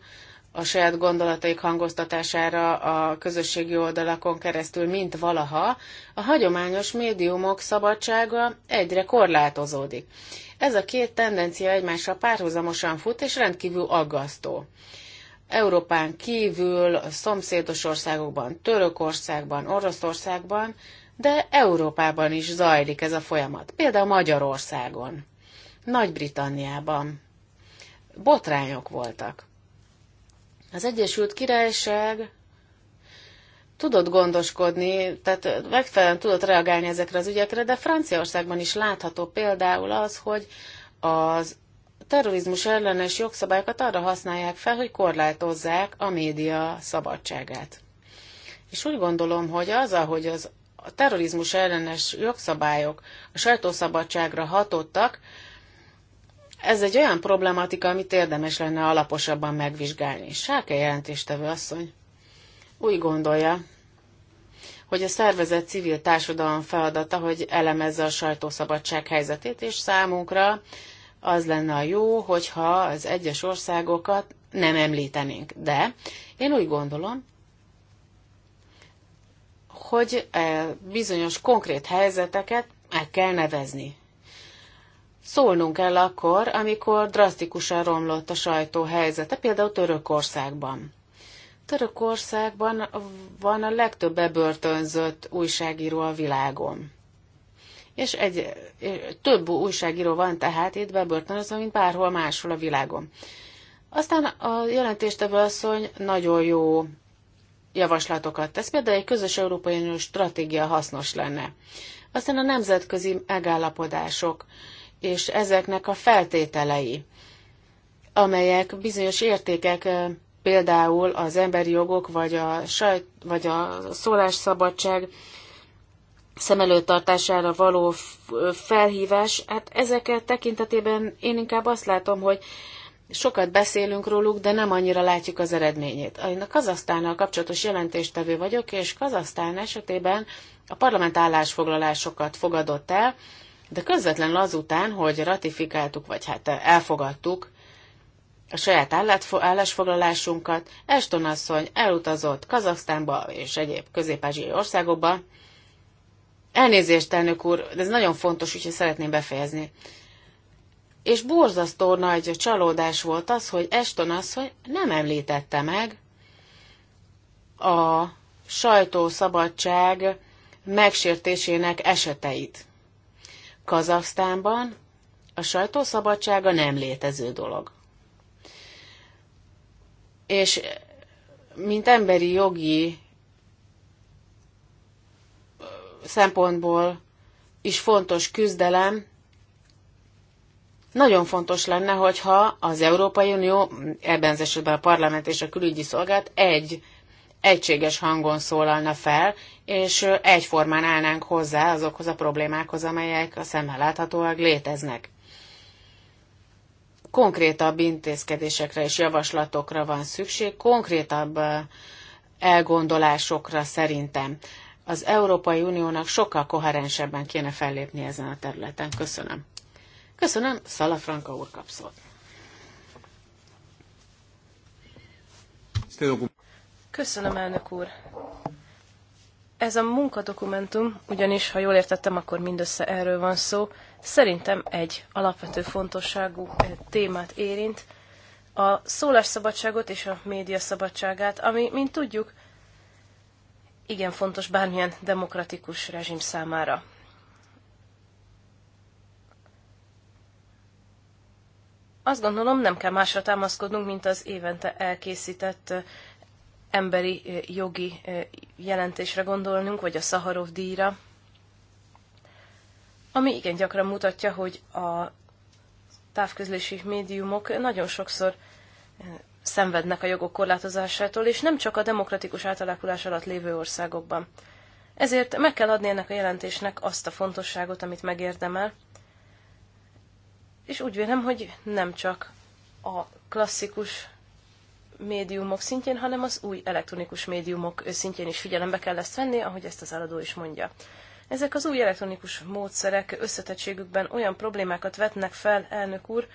a saját gondolataik hangoztatására a közösségi oldalakon keresztül, mint valaha, a hagyományos médiumok szabadsága egyre korlátozódik. Ez a két tendencia egymásra párhuzamosan fut, és rendkívül aggasztó. Európán kívül, a szomszédos országokban, Törökországban, Oroszországban, de Európában is zajlik ez a folyamat, például Magyarországon. Nagy-Britanniában botrányok voltak. Az Egyesült Királyság tudott gondoskodni, tehát megfelelően tudott reagálni ezekre az ügyekre, de Franciaországban is látható például az, hogy az terrorizmus ellenes jogszabályokat arra használják fel, hogy korlátozzák a média szabadságát. És úgy gondolom, hogy az, ahogy az a terrorizmus ellenes jogszabályok a sajtószabadságra hatottak, ez egy olyan problematika, amit érdemes lenne alaposabban megvizsgálni. Sáke jelentéstevő asszony úgy gondolja, hogy a szervezet civil társadalom feladata, hogy elemezze a sajtószabadság helyzetét, és számunkra az lenne a jó, hogyha az egyes országokat nem említenénk. De én úgy gondolom, hogy eh, bizonyos konkrét helyzeteket meg kell nevezni. Szólnunk kell akkor, amikor drasztikusan romlott a sajtó helyzete, például Törökországban. Törökországban van a legtöbb bebörtönzött újságíró a világon. És egy, több újságíró van tehát itt bebörtönözve, mint bárhol máshol a világon. Aztán a jelentéstevő asszony nagyon jó javaslatokat tesz, például egy közös európai stratégia hasznos lenne. Aztán a nemzetközi megállapodások és ezeknek a feltételei, amelyek bizonyos értékek, például az emberi jogok, vagy a, sajt, vagy a szólásszabadság szem előtartására való felhívás, hát ezeket tekintetében én inkább azt látom, hogy sokat beszélünk róluk, de nem annyira látjuk az eredményét. Én a Kazasztánnal kapcsolatos jelentéstevő vagyok, és Kazasztán esetében a parlament állásfoglalásokat fogadott el, de közvetlenül azután, hogy ratifikáltuk, vagy hát elfogadtuk a saját állásfoglalásunkat, Eston asszony elutazott Kazaksztánba és egyéb közép-ázsiai országokba. Elnézést, elnök úr, de ez nagyon fontos, úgyhogy szeretném befejezni. És borzasztó nagy csalódás volt az, hogy Eston asszony nem említette meg a sajtószabadság megsértésének eseteit. Kazasztánban a sajtószabadsága nem létező dolog. És mint emberi jogi szempontból is fontos küzdelem, nagyon fontos lenne, hogyha az Európai Unió, ebben az esetben a parlament és a külügyi szolgált egy egységes hangon szólalna fel, és egyformán állnánk hozzá azokhoz a problémákhoz, amelyek a szemmel láthatóak léteznek. Konkrétabb intézkedésekre és javaslatokra van szükség, konkrétabb elgondolásokra szerintem. Az Európai Uniónak sokkal koherensebben kéne fellépni ezen a területen. Köszönöm. Köszönöm, Franka úr kapszott. Köszönöm, elnök úr. Ez a munkadokumentum, ugyanis, ha jól értettem, akkor mindössze erről van szó, szerintem egy alapvető fontosságú eh, témát érint, a szólásszabadságot és a média szabadságát, ami, mint tudjuk, igen fontos bármilyen demokratikus rezsim számára. Azt gondolom, nem kell másra támaszkodnunk, mint az évente elkészített eh, emberi jogi jelentésre gondolnunk, vagy a Szaharov díjra, ami igen gyakran mutatja, hogy a távközlési médiumok nagyon sokszor szenvednek a jogok korlátozásától, és nem csak a demokratikus átalakulás alatt lévő országokban. Ezért meg kell adni ennek a jelentésnek azt a fontosságot, amit megérdemel, és úgy vélem, hogy nem csak a klasszikus médiumok szintjén, hanem az új elektronikus médiumok szintjén is figyelembe kell ezt venni, ahogy ezt az eladó is mondja. Ezek az új elektronikus módszerek összetettségükben olyan problémákat vetnek fel, elnök úr,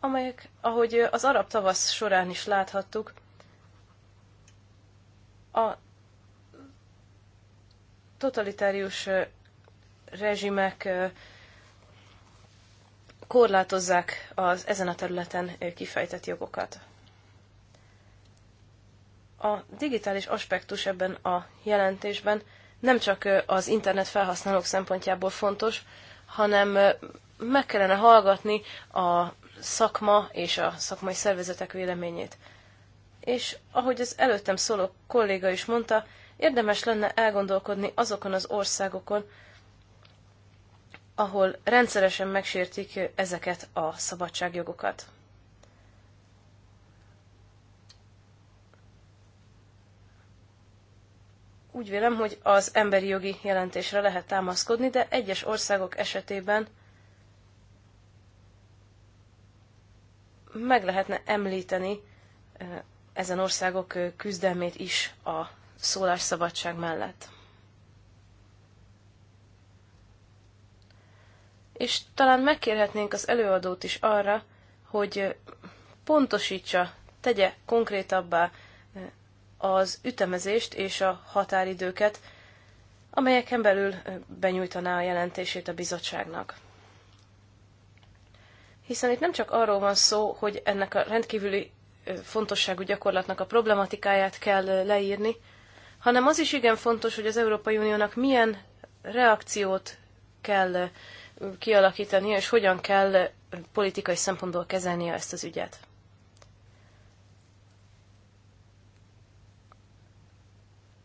amelyek, ahogy az arab tavasz során is láthattuk, a totalitárius rezsimek korlátozzák az ezen a területen kifejtett jogokat. A digitális aspektus ebben a jelentésben nem csak az internet felhasználók szempontjából fontos, hanem meg kellene hallgatni a szakma és a szakmai szervezetek véleményét. És ahogy az előttem szóló kolléga is mondta, érdemes lenne elgondolkodni azokon az országokon, ahol rendszeresen megsértik ezeket a szabadságjogokat. Úgy vélem, hogy az emberi jogi jelentésre lehet támaszkodni, de egyes országok esetében meg lehetne említeni eh, ezen országok eh, küzdelmét is a szólásszabadság mellett. és talán megkérhetnénk az előadót is arra, hogy pontosítsa, tegye konkrétabbá az ütemezést és a határidőket, amelyeken belül benyújtaná a jelentését a bizottságnak. Hiszen itt nem csak arról van szó, hogy ennek a rendkívüli fontosságú gyakorlatnak a problematikáját kell leírni, hanem az is igen fontos, hogy az Európai Uniónak milyen reakciót kell kialakítania, és hogyan kell politikai szempontból kezelnie ezt az ügyet.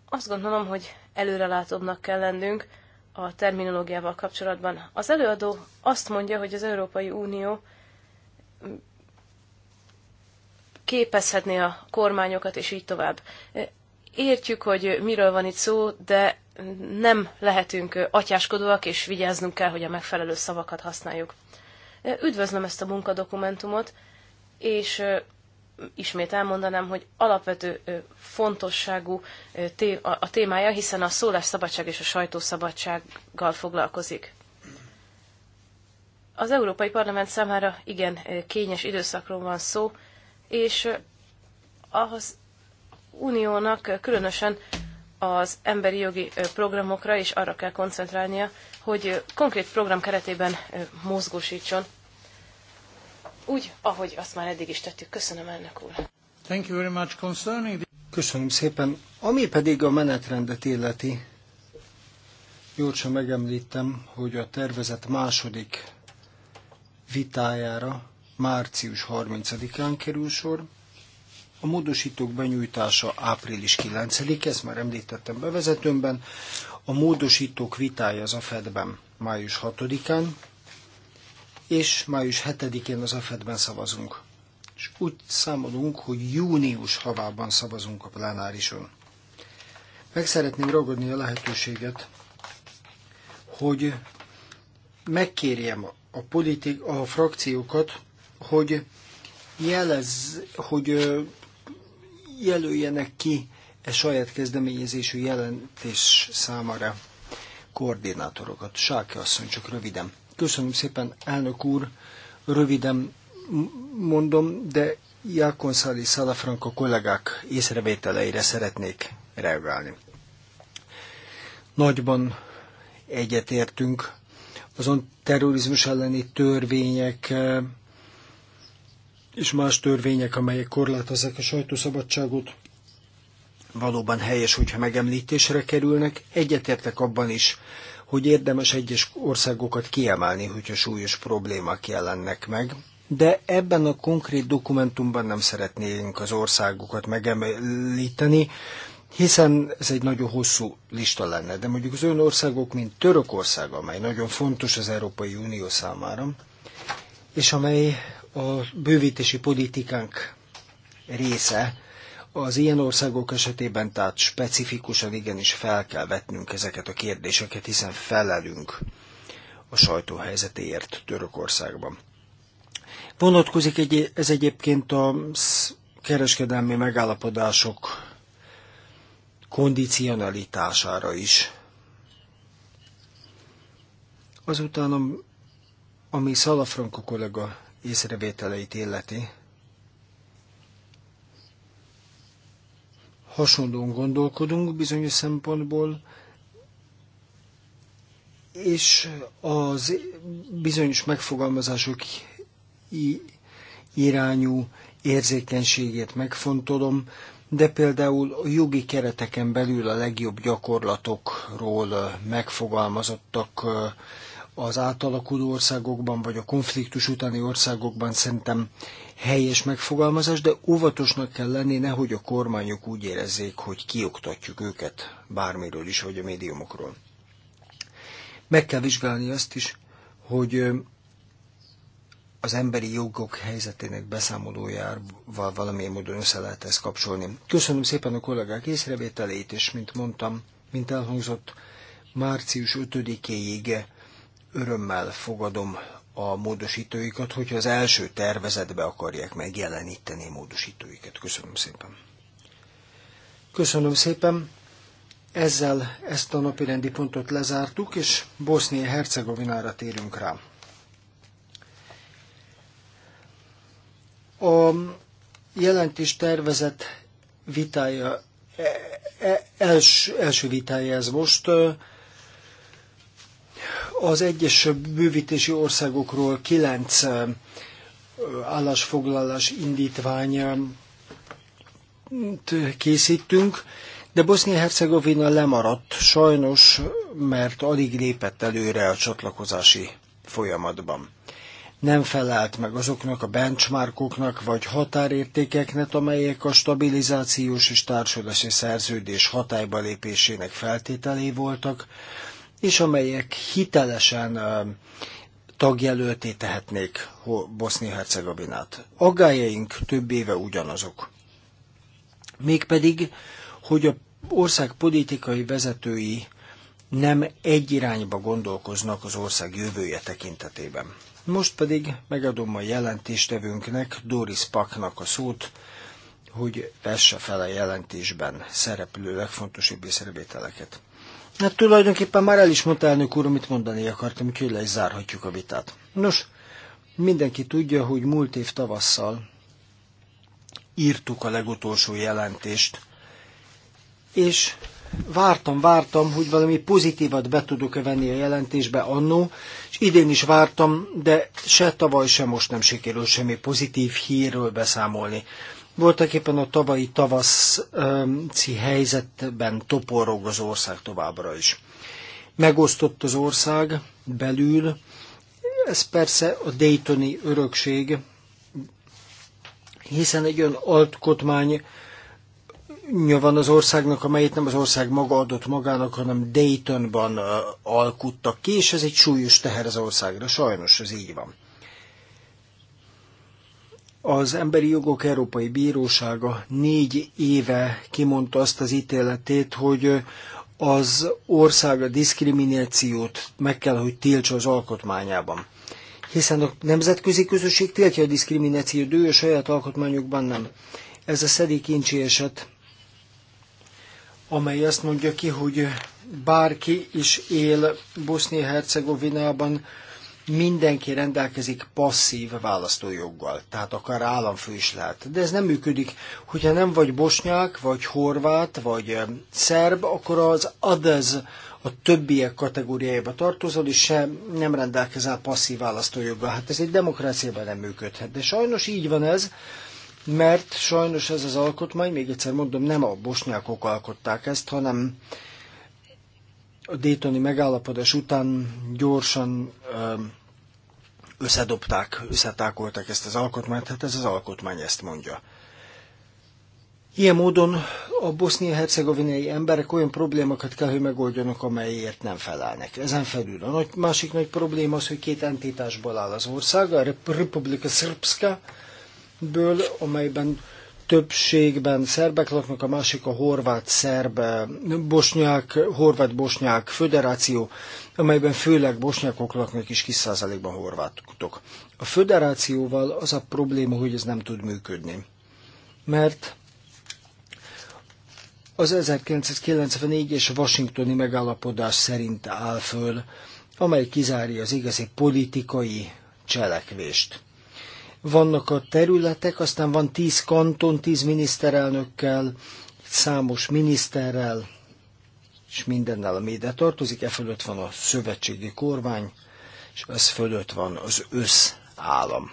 Azt gondolom, hogy előrelátóbbnak kell lennünk a terminológiával kapcsolatban. Az előadó azt mondja, hogy az Európai Unió képezhetné a kormányokat, és így tovább. Értjük, hogy miről van itt szó, de nem lehetünk atyáskodóak, és vigyáznunk kell, hogy a megfelelő szavakat használjuk. Üdvözlöm ezt a munkadokumentumot, és ismét elmondanám, hogy alapvető fontosságú a témája, hiszen a szólásszabadság és a sajtószabadsággal foglalkozik. Az Európai Parlament számára igen kényes időszakról van szó, és az uniónak különösen az emberi jogi programokra, és arra kell koncentrálnia, hogy konkrét program keretében mozgósítson. Úgy, ahogy azt már eddig is tettük. Köszönöm, elnök úr. Thank you very much concerning the... Köszönöm szépen. Ami pedig a menetrendet illeti, gyorsan megemlítem, hogy a tervezet második vitájára március 30-án kerül sor, a módosítók benyújtása április 9 ez ezt már említettem bevezetőmben. A módosítók vitája az AFED-ben május 6-án, és május 7-én az AFED-ben szavazunk. És úgy számolunk, hogy június havában szavazunk a plenárison. Meg szeretném ragadni a lehetőséget, hogy megkérjem a, politik, a frakciókat, hogy jelez, hogy jelöljenek ki e saját kezdeményezésű jelentés számára koordinátorokat. Sáke asszony, csak röviden. Köszönöm szépen, elnök úr, röviden mondom, de Jákonszáli Szalafranka kollégák észrevételeire szeretnék reagálni. Nagyban egyetértünk azon terrorizmus elleni törvények és más törvények, amelyek korlátozzák a sajtószabadságot, valóban helyes, hogyha megemlítésre kerülnek. Egyetértek abban is, hogy érdemes egyes országokat kiemelni, hogyha súlyos problémák jelennek meg. De ebben a konkrét dokumentumban nem szeretnénk az országokat megemlíteni, hiszen ez egy nagyon hosszú lista lenne. De mondjuk az olyan országok, mint Törökország, amely nagyon fontos az Európai Unió számára, és amely a bővítési politikánk része. Az ilyen országok esetében tehát specifikusan igenis fel kell vetnünk ezeket a kérdéseket, hiszen felelünk a sajtóhelyzetéért Törökországban. Vonatkozik egy, ez egyébként a kereskedelmi megállapodások kondicionalitására is. Azután, ami Szalafranko kollega észrevételeit illeti, hasonlóan gondolkodunk bizonyos szempontból, és az bizonyos megfogalmazások irányú érzékenységét megfontolom, de például a jogi kereteken belül a legjobb gyakorlatokról megfogalmazottak az átalakuló országokban, vagy a konfliktus utáni országokban szerintem helyes megfogalmazás, de óvatosnak kell lenni, nehogy a kormányok úgy érezzék, hogy kioktatjuk őket bármiről is, vagy a médiumokról. Meg kell vizsgálni azt is, hogy az emberi jogok helyzetének beszámolójával valamilyen módon össze lehet ezt kapcsolni. Köszönöm szépen a kollégák észrevételét, és mint mondtam, mint elhangzott, március 5-éig örömmel fogadom a módosítóikat, hogyha az első tervezetbe akarják megjeleníteni a módosítóikat. Köszönöm szépen. Köszönöm szépen. Ezzel ezt a rendi pontot lezártuk, és Bosznia-Hercegovinára térünk rá. A jelentés tervezet vitája, e, e, els, első vitája ez most, az egyes bővítési országokról kilenc állásfoglalás indítványt készítünk, de Bosznia-Hercegovina lemaradt sajnos, mert alig lépett előre a csatlakozási folyamatban. Nem felelt meg azoknak a benchmarkoknak vagy határértékeknek, amelyek a stabilizációs és társadalmi szerződés hatályba lépésének feltételé voltak, és amelyek hitelesen tagjelölté tehetnék Bosznia-Hercegovinát. Aggájaink több éve ugyanazok. Mégpedig, hogy a ország politikai vezetői nem egy irányba gondolkoznak az ország jövője tekintetében. Most pedig megadom a jelentéstevőnknek, Doris Paknak a szót, hogy vesse fel a jelentésben szereplő legfontosabb észrevételeket. Hát tulajdonképpen már el is mondta elnök úr, amit mondani akartam, úgyhogy le is zárhatjuk a vitát. Nos, mindenki tudja, hogy múlt év tavasszal írtuk a legutolsó jelentést, és vártam, vártam, hogy valami pozitívat be tudok-e venni a jelentésbe annó, és idén is vártam, de se tavaly, se most nem sikerült semmi pozitív hírről beszámolni voltak éppen a tavalyi tavaszi helyzetben toporog az ország továbbra is. Megosztott az ország belül, ez persze a Daytoni örökség, hiszen egy olyan alkotmány van az országnak, amelyet nem az ország maga adott magának, hanem Daytonban alkuttak ki, és ez egy súlyos teher az országra. Sajnos ez így van. Az Emberi Jogok Európai Bírósága négy éve kimondta azt az ítéletét, hogy az ország a diszkriminációt meg kell, hogy tiltsa az alkotmányában. Hiszen a nemzetközi közösség tiltja a diszkriminációt, ő a saját alkotmányokban nem. Ez a Szedi Kincsi eset, amely azt mondja ki, hogy bárki is él Bosznia-Hercegovinában, mindenki rendelkezik passzív választójoggal, tehát akár államfő is lehet. De ez nem működik, hogyha nem vagy bosnyák, vagy horvát, vagy szerb, akkor az adez a többiek kategóriájába tartozol, és sem nem rendelkezel passzív választójoggal. Hát ez egy demokráciában nem működhet. De sajnos így van ez, mert sajnos ez az alkotmány, még egyszer mondom, nem a bosnyákok alkották ezt, hanem a Daytoni megállapodás után gyorsan összedobták, összetákoltak ezt az alkotmányt, hát ez az alkotmány ezt mondja. Ilyen módon a bosznia-hercegovinai emberek olyan problémákat kell, hogy megoldjanak, amelyért nem felelnek. Ezen felül a nagy, másik nagy probléma az, hogy két entitásból áll az ország, a Republika Srpska, ből, amelyben többségben szerbek laknak, a másik a horvát-szerb, bosnyák, horvát-bosnyák föderáció, amelyben főleg bosnyákok laknak is kis százalékban horvátok. A föderációval az a probléma, hogy ez nem tud működni. Mert az 1994-es washingtoni megállapodás szerint áll föl, amely kizárja az igazi politikai cselekvést vannak a területek, aztán van tíz kanton, tíz miniszterelnökkel, számos miniszterrel, és mindennel, ami ide tartozik, e fölött van a szövetségi kormány, és ez fölött van az összállam.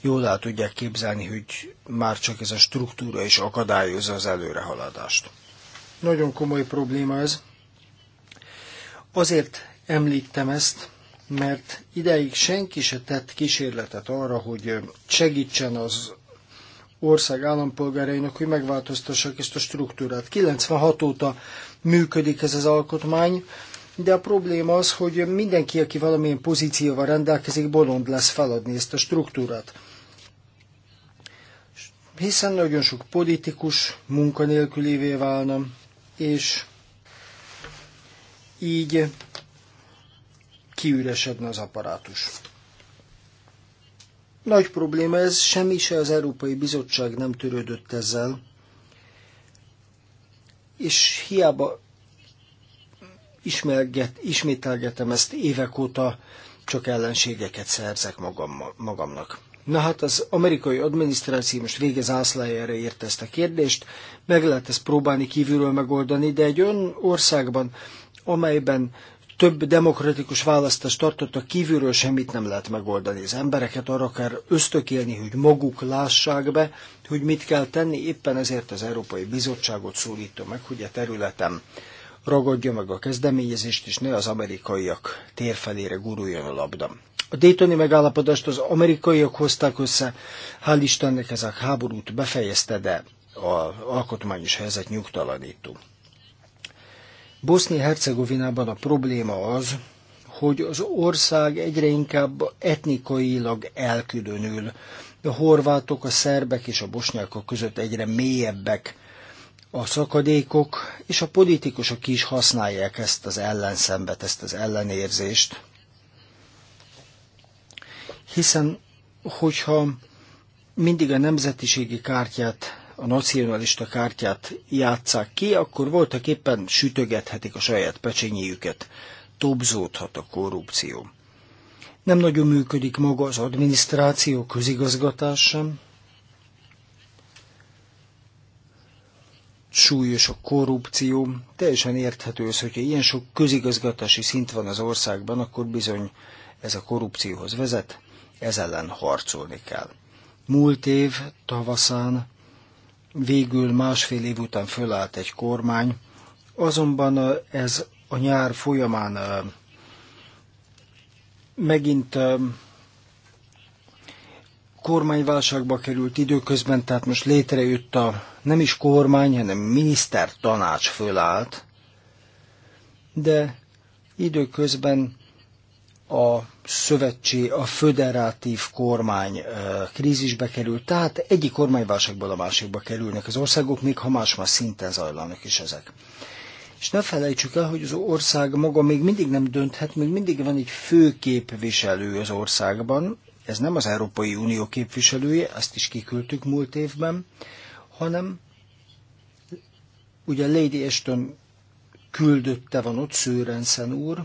Jól el tudják képzelni, hogy már csak ez a struktúra is akadályozza az előrehaladást. Nagyon komoly probléma ez. Azért említem ezt, mert ideig senki se tett kísérletet arra, hogy segítsen az ország állampolgárainak, hogy megváltoztassák ezt a struktúrát. 96 óta működik ez az alkotmány, de a probléma az, hogy mindenki, aki valamilyen pozícióval rendelkezik, bolond lesz feladni ezt a struktúrát. Hiszen nagyon sok politikus munkanélkülévé válna, és így kiüresedne az aparátus. Nagy probléma ez, semmi se az Európai Bizottság nem törődött ezzel, és hiába ismerget, ismételgetem ezt évek óta, csak ellenségeket szerzek magam, magamnak. Na hát az amerikai adminisztráció most vége zászlájára érte ezt a kérdést, meg lehet ezt próbálni kívülről megoldani, de egy olyan országban, amelyben több demokratikus választást tartottak, kívülről semmit nem lehet megoldani. Az embereket arra kell ösztökélni, hogy maguk lássák be, hogy mit kell tenni, éppen ezért az Európai Bizottságot szólítja meg, hogy a területem ragadja meg a kezdeményezést, és ne az amerikaiak térfelére guruljon a labda. A Daytoni megállapodást az amerikaiak hozták össze, hál' Istennek ez a háborút befejezte, de a alkotmányos helyzet nyugtalanító. Bosznia-Hercegovinában a probléma az, hogy az ország egyre inkább etnikailag elkülönül. A horvátok, a szerbek és a bosnyákok között egyre mélyebbek a szakadékok, és a politikusok is használják ezt az ellenszembet, ezt az ellenérzést. Hiszen, hogyha mindig a nemzetiségi kártyát a nacionalista kártyát játszák ki, akkor voltak éppen sütögethetik a saját pecsényéjüket, Tobzódhat a korrupció. Nem nagyon működik maga az adminisztráció, közigazgatás sem. Súlyos a korrupció. Teljesen érthető az, hogyha ilyen sok közigazgatási szint van az országban, akkor bizony ez a korrupcióhoz vezet, ez ellen harcolni kell. Múlt év tavaszán végül másfél év után fölállt egy kormány, azonban ez a nyár folyamán megint kormányválságba került időközben, tehát most létrejött a nem is kormány, hanem miniszter tanács fölállt, de időközben a szövetség, a föderatív kormány krízisbe kerül, tehát egyik kormányválságból a másikba kerülnek az országok, még ha más más szinten zajlanak is ezek. És ne felejtsük el, hogy az ország maga még mindig nem dönthet, még mindig van egy fő képviselő az országban, ez nem az Európai Unió képviselője, ezt is kiküldtük múlt évben, hanem ugye Lady Ashton küldötte van ott Szőrenszen úr,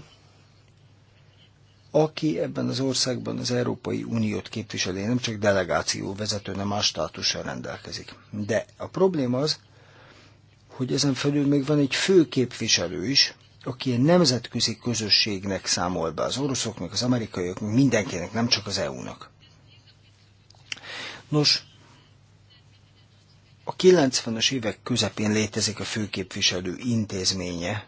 aki ebben az országban az Európai Uniót képviseli, nem csak delegáció vezető, nem más státussal rendelkezik. De a probléma az, hogy ezen felül még van egy fő képviselő is, aki egy nemzetközi közösségnek számol be, az oroszoknak, az amerikaiaknak, mindenkinek, nem csak az EU-nak. Nos, a 90-es évek közepén létezik a főképviselő intézménye.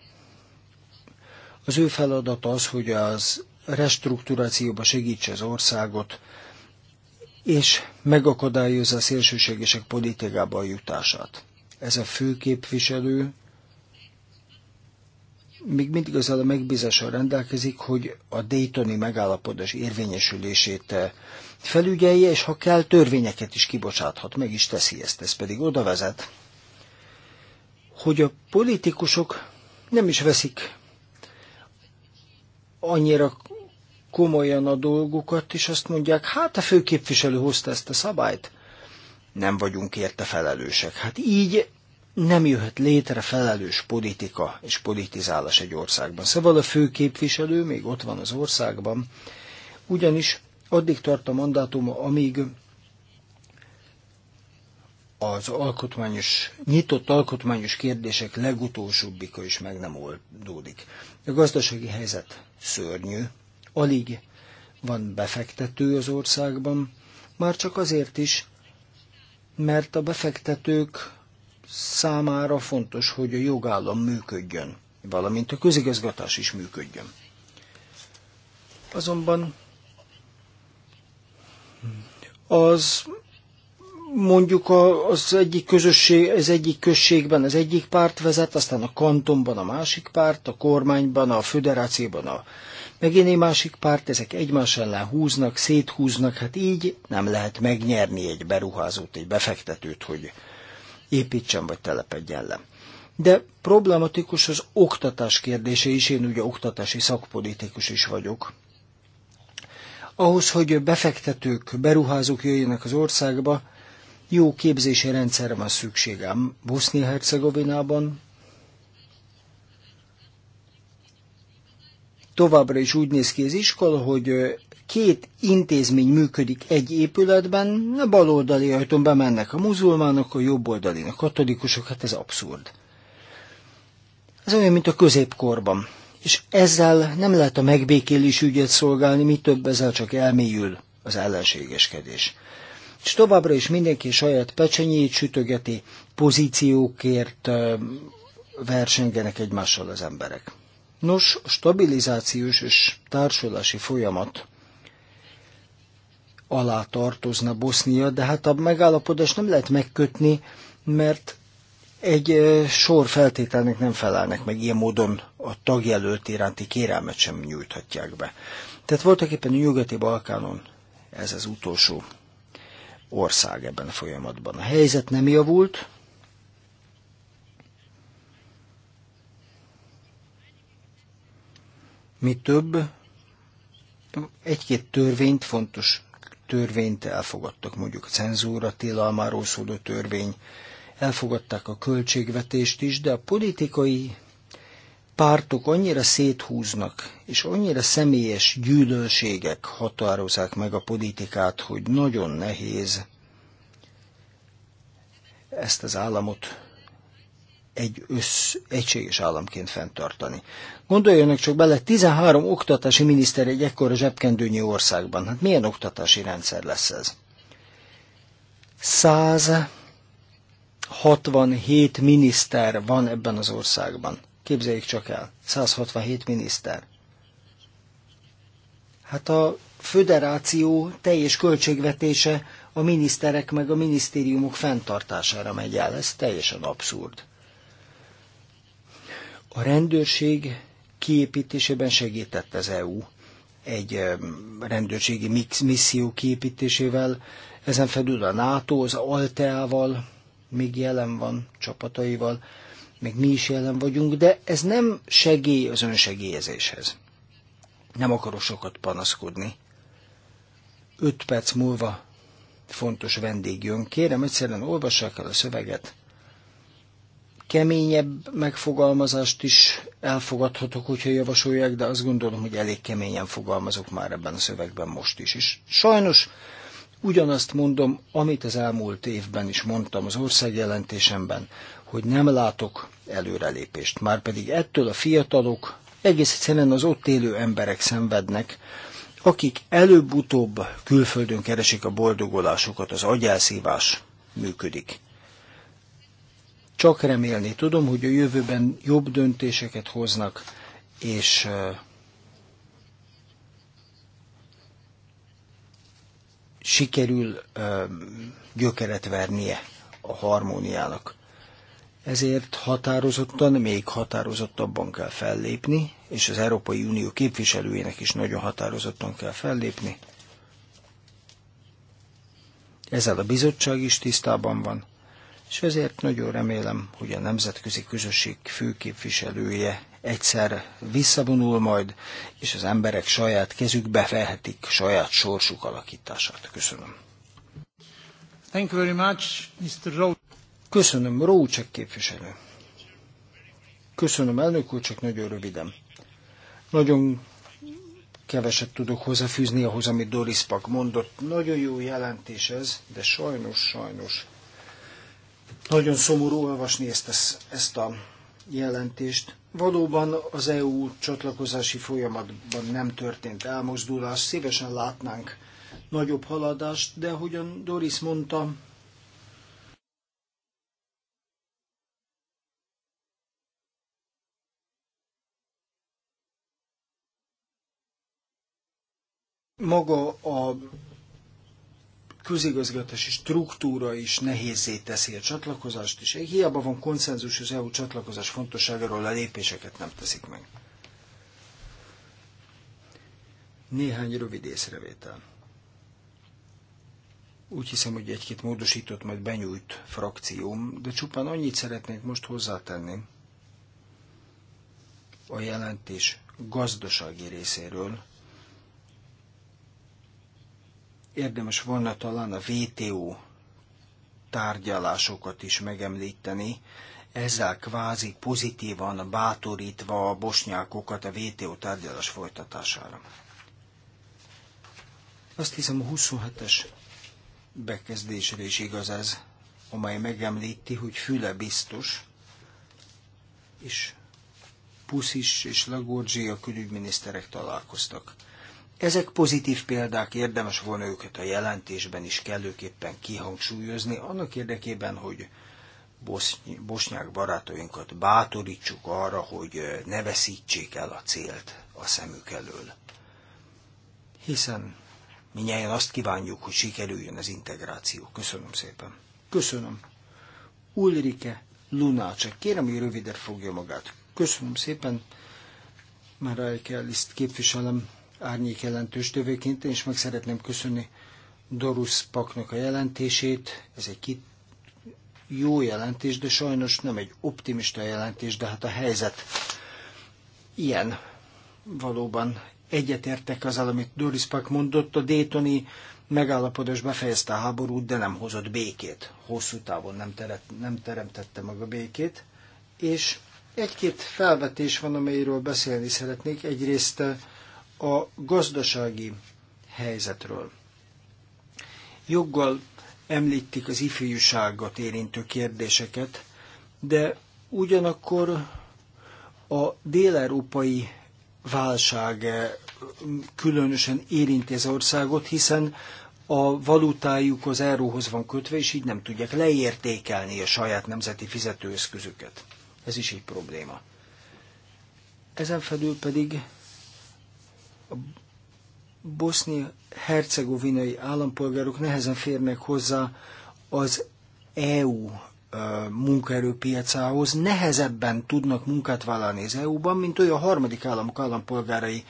Az ő feladata az, hogy az restruktúrációba segítse az országot, és megakadályozza a szélsőségesek politikába a jutását. Ez a főképviselő még mindig azzal a megbízással rendelkezik, hogy a Daytoni megállapodás érvényesülését felügyelje, és ha kell, törvényeket is kibocsáthat, meg is teszi ezt, ez pedig oda vezet, hogy a politikusok nem is veszik annyira komolyan a dolgukat, és azt mondják, hát a főképviselő hozta ezt a szabályt, nem vagyunk érte felelősek. Hát így nem jöhet létre felelős politika és politizálás egy országban. Szóval a főképviselő még ott van az országban, ugyanis addig tart a mandátuma, amíg az alkotmányos, nyitott alkotmányos kérdések legutolsóbbika is meg nem oldódik. A gazdasági helyzet szörnyű, Alig van befektető az országban, már csak azért is, mert a befektetők számára fontos, hogy a jogállam működjön, valamint a közigazgatás is működjön. Azonban az mondjuk az egyik közösség, az egyik községben az egyik párt vezet, aztán a kantonban a másik párt, a kormányban, a föderációban a megint egy másik párt, ezek egymás ellen húznak, széthúznak, hát így nem lehet megnyerni egy beruházót, egy befektetőt, hogy építsen vagy telepedjen le. De problematikus az oktatás kérdése is, én ugye oktatási szakpolitikus is vagyok. Ahhoz, hogy befektetők, beruházók jöjjenek az országba, jó képzési rendszerre van szükségem. Bosznia-Hercegovinában Továbbra is úgy néz ki az iskola, hogy két intézmény működik egy épületben, a baloldali ajtón bemennek a muzulmánok, a jobboldali a katolikusok, hát ez abszurd. Ez olyan, mint a középkorban. És ezzel nem lehet a megbékélés ügyet szolgálni, mi több, ezzel csak elmélyül az ellenségeskedés. És továbbra is mindenki saját pecsenyét sütögeti, pozíciókért versengenek egymással az emberek. Nos, a stabilizációs és társulási folyamat alá tartozna Bosznia, de hát a megállapodást nem lehet megkötni, mert egy sor feltételnek nem felelnek meg, ilyen módon a tagjelölt iránti kérelmet sem nyújthatják be. Tehát voltak éppen a nyugati Balkánon ez az utolsó ország ebben a folyamatban. A helyzet nem javult, Mi több, egy-két törvényt, fontos törvényt elfogadtak, mondjuk a cenzúra tilalmáról szóló törvény, elfogadták a költségvetést is, de a politikai pártok annyira széthúznak, és annyira személyes gyűlölségek határozzák meg a politikát, hogy nagyon nehéz ezt az államot egy össz, egységes államként fenntartani. Gondoljanak csak bele, 13 oktatási miniszter egy ekkora zsebkendőnyi országban. Hát milyen oktatási rendszer lesz ez? 167 miniszter van ebben az országban. Képzeljék csak el, 167 miniszter. Hát a föderáció teljes költségvetése a miniszterek meg a minisztériumok fenntartására megy el. Ez teljesen abszurd. A rendőrség kiépítésében segített az EU egy rendőrségi mix misszió kiépítésével, ezen felül a NATO, az Alteával még jelen van csapataival, még mi is jelen vagyunk, de ez nem segély az önsegélyezéshez. Nem akarok sokat panaszkodni. Öt perc múlva fontos vendég jön. Kérem, egyszerűen olvassák el a szöveget, keményebb megfogalmazást is elfogadhatok, hogyha javasolják, de azt gondolom, hogy elég keményen fogalmazok már ebben a szövegben most is. És sajnos ugyanazt mondom, amit az elmúlt évben is mondtam az országjelentésemben, hogy nem látok előrelépést. Márpedig ettől a fiatalok, egész egyszerűen az ott élő emberek szenvednek, akik előbb-utóbb külföldön keresik a boldogulásukat, az agyelszívás működik. Csak remélni tudom, hogy a jövőben jobb döntéseket hoznak, és sikerül gyökeret vernie a harmóniának. Ezért határozottan, még határozottabban kell fellépni, és az Európai Unió képviselőjének is nagyon határozottan kell fellépni. Ezzel a bizottság is tisztában van, és ezért nagyon remélem, hogy a nemzetközi közösség főképviselője egyszer visszavonul majd, és az emberek saját kezükbe vehetik saját sorsuk alakítását. Köszönöm. Thank you very much, Mr. Ro. Köszönöm, Rócsek képviselő. Köszönöm, elnök úr, csak nagyon röviden. Nagyon keveset tudok hozzáfűzni ahhoz, amit Doris Pak mondott. Nagyon jó jelentés ez, de sajnos, sajnos nagyon szomorú olvasni ezt, ezt a jelentést. Valóban az EU csatlakozási folyamatban nem történt elmozdulás, szívesen látnánk nagyobb haladást, de ahogyan Doris mondta, maga a közigazgatási struktúra is nehézé teszi a csatlakozást, és hiába van konszenzus az EU csatlakozás fontosságáról, a lépéseket nem teszik meg. Néhány rövid észrevétel. Úgy hiszem, hogy egy-két módosított majd benyújt frakcióm, de csupán annyit szeretnék most hozzátenni a jelentés gazdasági részéről, érdemes volna talán a VTO tárgyalásokat is megemlíteni, ezzel kvázi pozitívan bátorítva a bosnyákokat a VTO tárgyalás folytatására. Azt hiszem a 27-es bekezdésre is igaz ez, amely megemlíti, hogy Füle biztos, és Puszis és Lagorgyi a külügyminiszterek találkoztak. Ezek pozitív példák, érdemes volna őket a jelentésben is kellőképpen kihangsúlyozni, annak érdekében, hogy boszny- bosnyák barátainkat bátorítsuk arra, hogy eh, ne veszítsék el a célt a szemük elől. Hiszen minnyáján azt kívánjuk, hogy sikerüljön az integráció. Köszönöm szépen. Köszönöm. Ulrike Lunácsek, kérem, hogy rövider fogja magát. Köszönöm szépen. Már el kell, ezt képviselem árnyék jelentős tövéként, és meg szeretném köszönni Dorusz Paknak a jelentését. Ez egy kit jó jelentés, de sajnos nem egy optimista jelentés, de hát a helyzet ilyen valóban egyetértek azzal, amit Doris Pak mondott, a Daytoni megállapodás befejezte a háborút, de nem hozott békét. Hosszú távon nem, teret, nem teremtette meg a békét. És egy-két felvetés van, amelyről beszélni szeretnék. Egyrészt a gazdasági helyzetről. Joggal említik az ifjúságot érintő kérdéseket, de ugyanakkor a déleurópai válság eh, különösen érinti az országot, hiszen a valutájuk az euróhoz van kötve, és így nem tudják leértékelni a saját nemzeti fizetőeszközüket. Ez is egy probléma. Ezen felül pedig a bosznia-hercegovinai állampolgárok nehezen férnek hozzá az EU munkaerőpiacához, nehezebben tudnak munkát vállalni az EU-ban, mint olyan harmadik államok állampolgárai,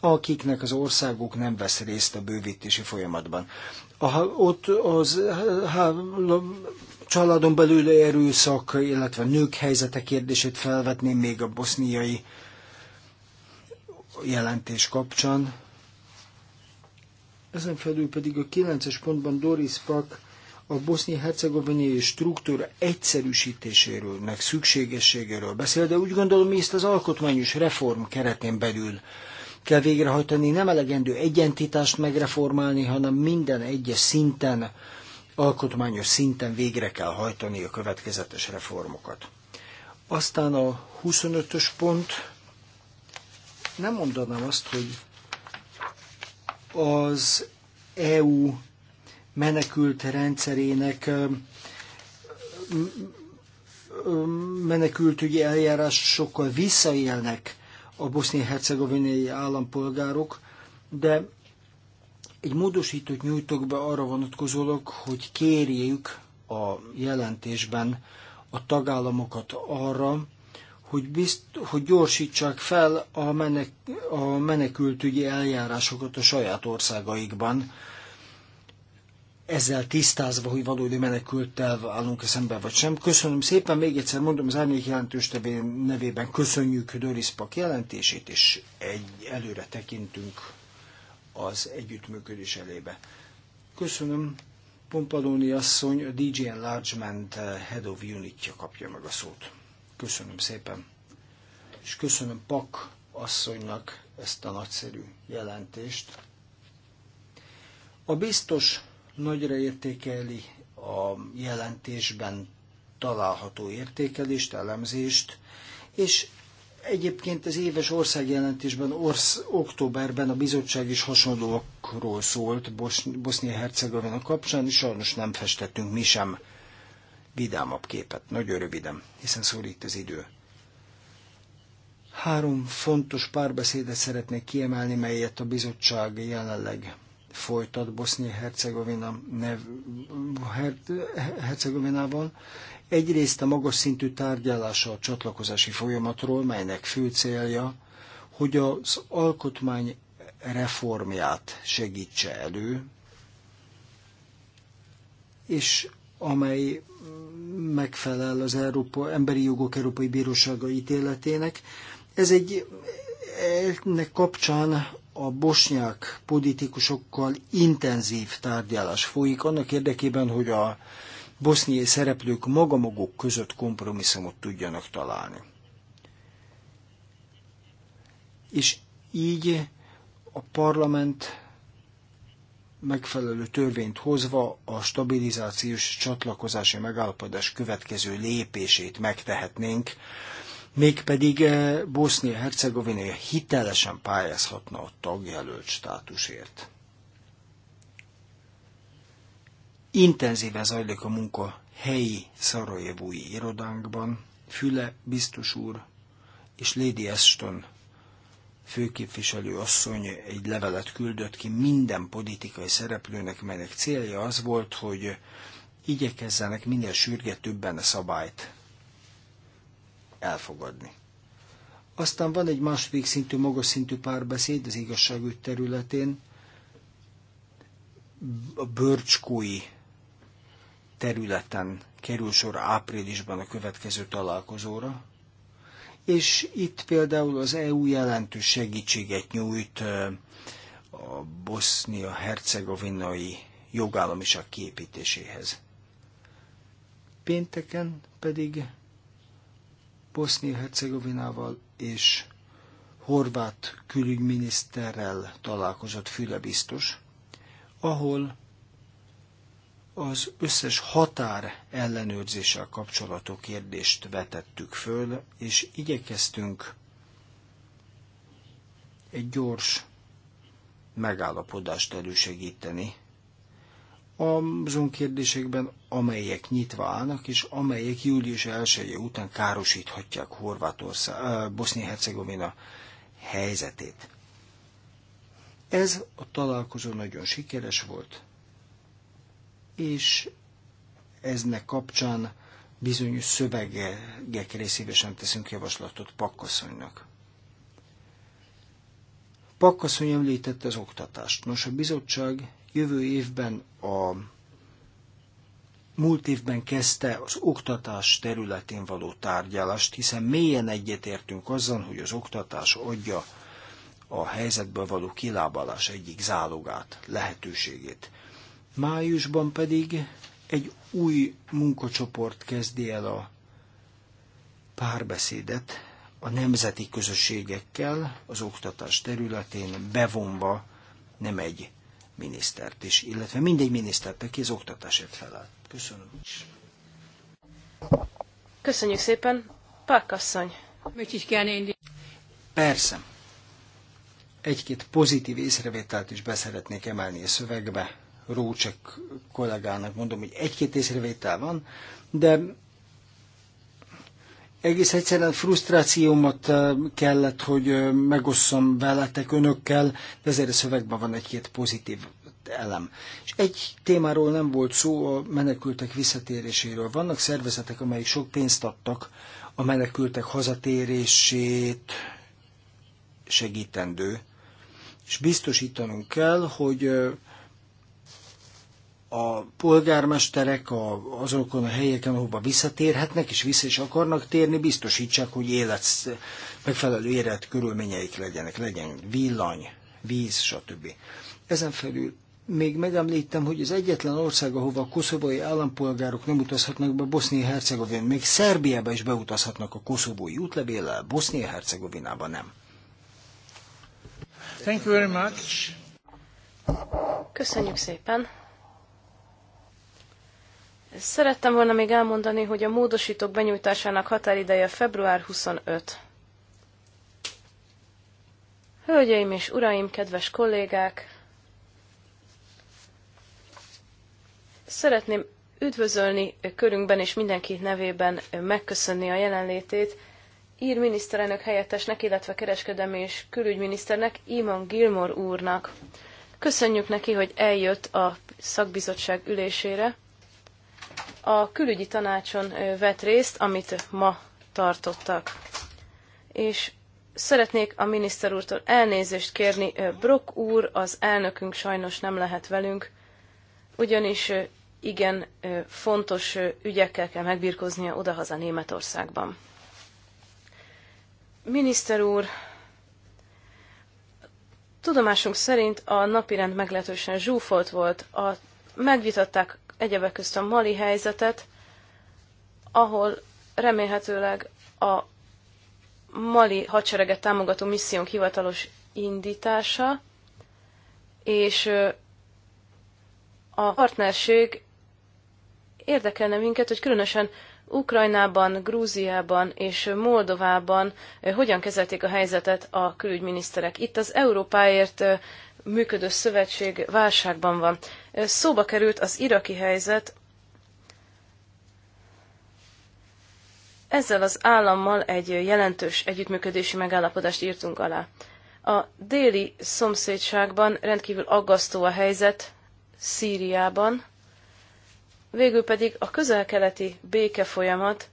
akiknek az országok nem vesz részt a bővítési folyamatban. A, ott az ha, családon belül erőszak, illetve nők helyzete kérdését felvetném még a boszniai jelentés kapcsán. Ezen felül pedig a 9-es pontban Doris Pak a boszni hercegovinai struktúra egyszerűsítéséről, meg szükségességéről beszél, de úgy gondolom, hogy ezt az alkotmányos reform keretén belül kell végrehajtani. Nem elegendő egyentitást megreformálni, hanem minden egyes szinten, alkotmányos szinten végre kell hajtani a következetes reformokat. Aztán a 25-ös pont, nem mondanám azt, hogy az EU menekült rendszerének menekültügyi sokkal visszaélnek a bosznia-hercegovinai állampolgárok, de egy módosítót nyújtok be arra vonatkozólag, hogy kérjük a jelentésben a tagállamokat arra, hogy, bizt, hogy gyorsítsák fel a, menek, a menekültügyi eljárásokat a saját országaikban, ezzel tisztázva, hogy valódi menekülttel állunk-e szemben vagy sem. Köszönöm szépen, még egyszer mondom, az árnyék jelentős nevében köszönjük Doris Pak jelentését, és egy, előre tekintünk az együttműködés elébe. Köszönöm. Pompaloni asszony a DJ Enlargement eh, Head of Unitja kapja meg a szót. Köszönöm szépen. És köszönöm Pak asszonynak ezt a nagyszerű jelentést. A biztos nagyra értékeli a jelentésben található értékelést, elemzést, és egyébként az éves országjelentésben orsz, októberben a bizottság is hasonlókról szólt Bosz, Bosznia-Hercegovina kapcsán, és sajnos nem festettünk mi sem vidámabb képet, nagyon röviden, hiszen szólít az idő. Három fontos párbeszédet szeretnék kiemelni, melyet a bizottság jelenleg folytat Bosznia-Hercegovina Hercegovinával. Egyrészt a magas szintű tárgyalása a csatlakozási folyamatról, melynek fő célja, hogy az alkotmány reformját segítse elő, és amely megfelel az Európa, Emberi Jogok Európai Bírósága ítéletének. Ez egy ennek kapcsán a bosnyák politikusokkal intenzív tárgyalás folyik annak érdekében, hogy a boszniai szereplők maga maguk között kompromisszumot tudjanak találni. És így a parlament megfelelő törvényt hozva a stabilizációs csatlakozási megállapodás következő lépését megtehetnénk, mégpedig eh, Bosznia-Hercegovina hitelesen pályázhatna a tagjelölt státusért. Intenzíve zajlik a munka helyi szarajevói irodánkban, Füle biztos úr és Lady Ashton főképviselő asszony egy levelet küldött ki minden politikai szereplőnek, melynek célja az volt, hogy igyekezzenek minél sürgetőbben a szabályt elfogadni. Aztán van egy második szintű, magas szintű párbeszéd az igazságügy területén, a bőrcskói területen kerül sor áprilisban a következő találkozóra és itt például az EU jelentős segítséget nyújt a bosznia-hercegovinai jogállamiság képítéséhez. Pénteken pedig Bosznia-Hercegovinával és horvát külügyminiszterrel találkozott Füle biztos, ahol az összes határ ellenőrzéssel kapcsolatú kérdést vetettük föl, és igyekeztünk egy gyors megállapodást elősegíteni azon kérdésekben, amelyek nyitva állnak, és amelyek július 1 -e után károsíthatják Horvátország, Bosznia-Hercegovina helyzetét. Ez a találkozó nagyon sikeres volt, és eznek kapcsán bizonyos szövegek részében sem teszünk javaslatot pakkaszonynak. Pakkaszony említette az oktatást. Nos, a bizottság jövő évben a múlt évben kezdte az oktatás területén való tárgyalást, hiszen mélyen egyetértünk azzal, hogy az oktatás adja a helyzetből való kilábalás egyik zálogát, lehetőségét. Májusban pedig egy új munkacsoport kezdi el a párbeszédet a nemzeti közösségekkel az oktatás területén bevonva nem egy minisztert is, illetve mindegy minisztert, aki az oktatásért felel. Köszönöm. Köszönjük szépen. Pákasszony. Mit is kell Persze. Egy-két pozitív észrevételt is beszeretnék emelni a szövegbe, Rócsek kollégának mondom, hogy egy-két észrevétel van, de egész egyszerűen frusztrációmat kellett, hogy megosszam veletek, önökkel, de ezért a szövegben van egy-két pozitív elem. És egy témáról nem volt szó, a menekültek visszatéréséről. Vannak szervezetek, amelyek sok pénzt adtak a menekültek hazatérését segítendő, és biztosítanunk kell, hogy a polgármesterek a, azokon a helyeken, ahova visszatérhetnek, és vissza is akarnak térni, biztosítsák, hogy élet, megfelelő élet körülményeik legyenek, legyen villany, víz, stb. Ezen felül még megemlítem, hogy az egyetlen ország, ahova a koszovói állampolgárok nem utazhatnak be, Bosznia-Hercegovina, még Szerbiába is beutazhatnak a koszovói útlevéllel, Bosznia-Hercegovinában nem. Thank you very much. Köszönjük szépen. Szerettem volna még elmondani, hogy a módosítók benyújtásának határideje február 25. Hölgyeim és uraim, kedves kollégák! Szeretném üdvözölni körünkben és mindenki nevében megköszönni a jelenlétét ír miniszterelnök helyettesnek, illetve kereskedelmi és külügyminiszternek, Iman Gilmore úrnak. Köszönjük neki, hogy eljött a szakbizottság ülésére, a külügyi tanácson vett részt, amit ma tartottak. És szeretnék a miniszter úrtól elnézést kérni. Brock úr, az elnökünk sajnos nem lehet velünk, ugyanis igen fontos ügyekkel kell megbirkóznia odahaza Németországban. Miniszter úr, tudomásunk szerint a napirend meglehetősen zsúfolt volt, a, megvitatták egyebek közt a mali helyzetet, ahol remélhetőleg a mali hadsereget támogató missziónk hivatalos indítása, és a partnerség érdekelne minket, hogy különösen Ukrajnában, Grúziában és Moldovában hogyan kezelték a helyzetet a külügyminiszterek. Itt az Európáért működő szövetség válságban van. Szóba került az iraki helyzet. Ezzel az állammal egy jelentős együttműködési megállapodást írtunk alá. A déli szomszédságban rendkívül aggasztó a helyzet, Szíriában, végül pedig a közel-keleti béke folyamat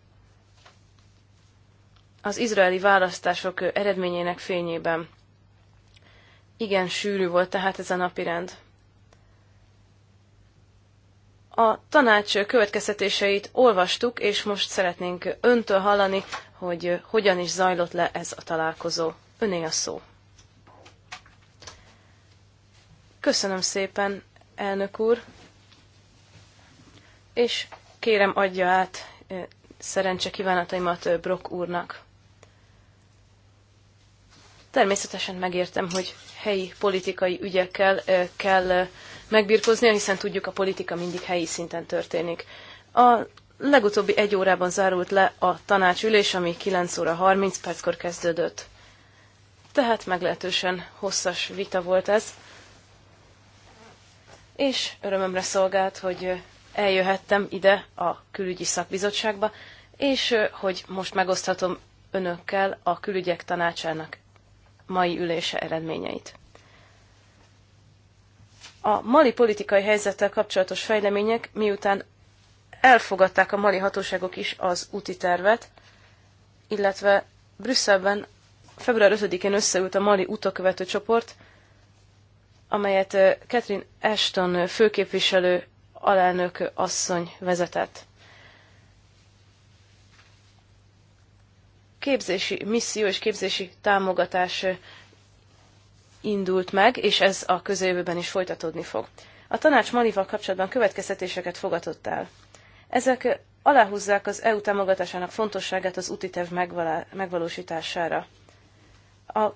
az izraeli választások eredményének fényében. Igen, sűrű volt tehát ez a napirend. A tanács következtetéseit olvastuk, és most szeretnénk öntől hallani, hogy hogyan is zajlott le ez a találkozó. Öné a szó. Köszönöm szépen, elnök úr, és kérem adja át eh, szerencse kívánataimat eh, Brock úrnak. Természetesen megértem, hogy helyi politikai ügyekkel kell megbírkozni. hiszen tudjuk, a politika mindig helyi szinten történik. A legutóbbi egy órában zárult le a tanácsülés, ami 9 óra 30 perckor kezdődött. Tehát meglehetősen hosszas vita volt ez. És örömömre szolgált, hogy eljöhettem ide a külügyi szakbizottságba, és hogy most megoszthatom önökkel a külügyek tanácsának mai ülése eredményeit. A mali politikai helyzettel kapcsolatos fejlemények, miután elfogadták a mali hatóságok is az úti tervet, illetve Brüsszelben február 5-én összeült a mali utakövető csoport, amelyet eh, Catherine Ashton főképviselő alelnök asszony vezetett. képzési misszió és képzési támogatás indult meg, és ez a közeljövőben is folytatódni fog. A tanács Malival kapcsolatban következtetéseket fogadott el. Ezek aláhúzzák az EU támogatásának fontosságát az utitev megvalósítására. A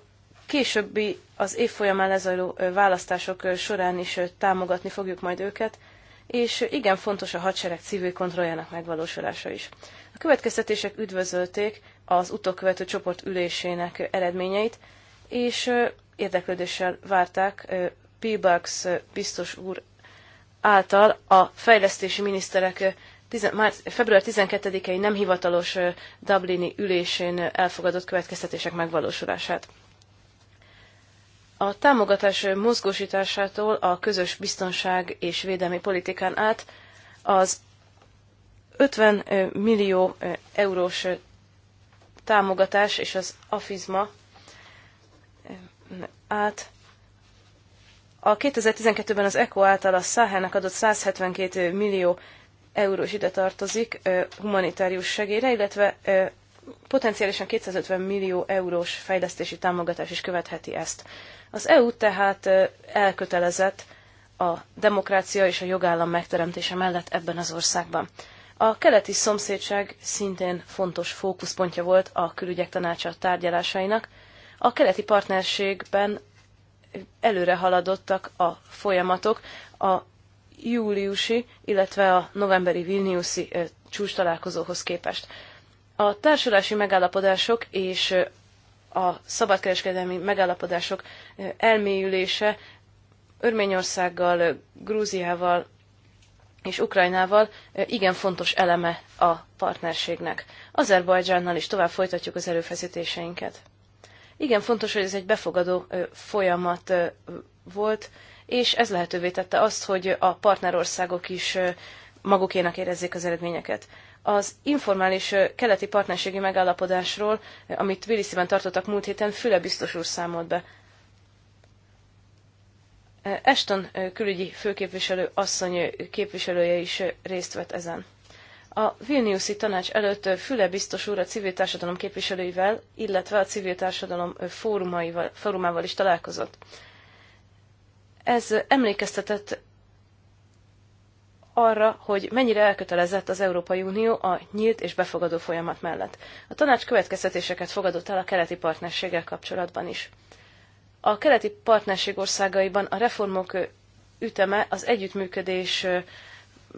későbbi, az év folyamán lezajló választások során is támogatni fogjuk majd őket, és igen fontos a hadsereg civil kontrolljának megvalósulása is. A következtetések üdvözölték az utókövető csoport ülésének eredményeit, és érdeklődéssel várták Pilbax biztos úr által a fejlesztési miniszterek február 12-i nem hivatalos Dublini ülésén elfogadott következtetések megvalósulását. A támogatás mozgósításától a közös biztonság és védelmi politikán át az 50 millió eurós támogatás és az afizma át. A 2012-ben az ECO által a Száhának adott 172 millió eurós ide tartozik humanitárius segélyre, illetve potenciálisan 250 millió eurós fejlesztési támogatás is követheti ezt. Az EU tehát elkötelezett a demokrácia és a jogállam megteremtése mellett ebben az országban. A keleti szomszédság szintén fontos fókuszpontja volt a külügyek tanácsa tárgyalásainak. A keleti partnerségben előre haladottak a folyamatok a júliusi, illetve a novemberi Vilniuszi csúcs találkozóhoz képest. A társulási megállapodások és a szabadkereskedelmi megállapodások elmélyülése Örményországgal, Grúziával, és Ukrajnával igen fontos eleme a partnerségnek. Azerbajdzsánnal is tovább folytatjuk az erőfeszítéseinket. Igen fontos, hogy ez egy befogadó folyamat volt, és ez lehetővé tette azt, hogy a partnerországok is magukénak érezzék az eredményeket. Az informális keleti partnerségi megállapodásról, amit tbilisi tartottak múlt héten, Füle biztos úr számolt be. Eston külügyi főképviselő asszony képviselője is részt vett ezen. A Vilniuszi tanács előtt Füle biztos úr a civil társadalom képviselőivel, illetve a civil társadalom fórumaival, fórumával is találkozott. Ez emlékeztetett arra, hogy mennyire elkötelezett az Európai Unió a nyílt és befogadó folyamat mellett. A tanács következtetéseket fogadott el a keleti partnerséggel kapcsolatban is. A keleti partnerség országaiban a reformok üteme az együttműködés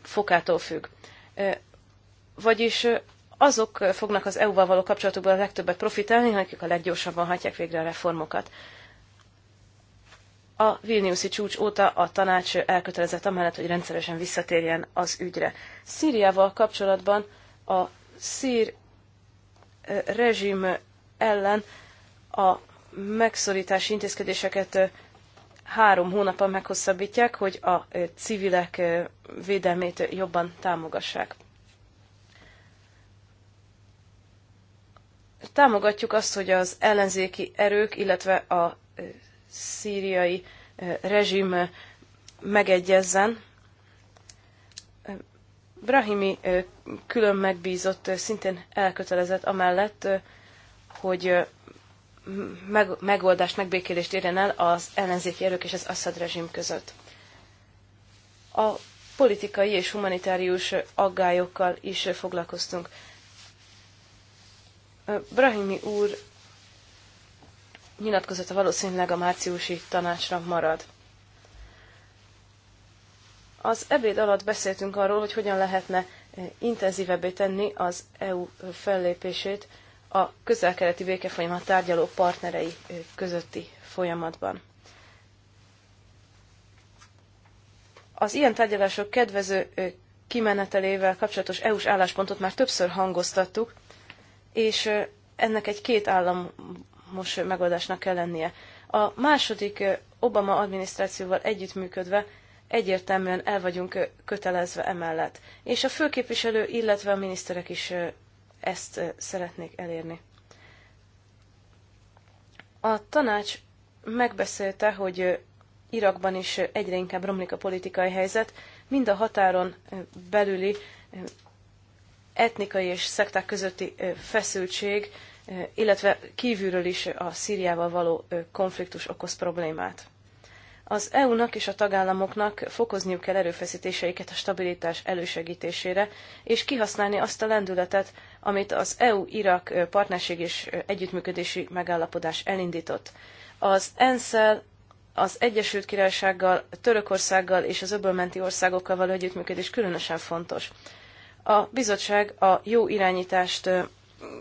fokától függ. Vagyis azok fognak az EU-val való kapcsolatokból a legtöbbet profitálni, akik a leggyorsabban hajtják végre a reformokat. A Vilniuszi csúcs óta a tanács elkötelezett amellett, hogy rendszeresen visszatérjen az ügyre. Szíriával kapcsolatban a szír rezsim ellen a megszorítási intézkedéseket három hónappal meghosszabbítják, hogy a civilek védelmét jobban támogassák. Támogatjuk azt, hogy az ellenzéki erők, illetve a szíriai rezsim megegyezzen. Brahimi külön megbízott, szintén elkötelezett amellett, hogy megoldást, megbékélést érjen el az ellenzéki erők és az Assad rezsim között. A politikai és humanitárius aggályokkal is foglalkoztunk. Brahimi úr nyilatkozata valószínűleg a márciusi tanácsra marad. Az ebéd alatt beszéltünk arról, hogy hogyan lehetne intenzívebbé tenni az EU fellépését a közel-keleti békefolyamat tárgyaló partnerei közötti folyamatban. Az ilyen tárgyalások kedvező kimenetelével kapcsolatos EU-s álláspontot már többször hangoztattuk, és ennek egy két államos megoldásnak kell lennie. A második Obama adminisztrációval együttműködve egyértelműen el vagyunk kötelezve emellett. És a főképviselő, illetve a miniszterek is ezt szeretnék elérni. A tanács megbeszélte, hogy Irakban is egyre inkább romlik a politikai helyzet, mind a határon belüli etnikai és szekták közötti feszültség, illetve kívülről is a Szíriával való konfliktus okoz problémát. Az EU-nak és a tagállamoknak fokozniuk kell erőfeszítéseiket a stabilitás elősegítésére, és kihasználni azt a lendületet, amit az EU-Irak partnerség és együttműködési megállapodás elindított. Az ensz az Egyesült Királysággal, Törökországgal és az öbölmenti országokkal való együttműködés különösen fontos. A bizottság a jó irányítást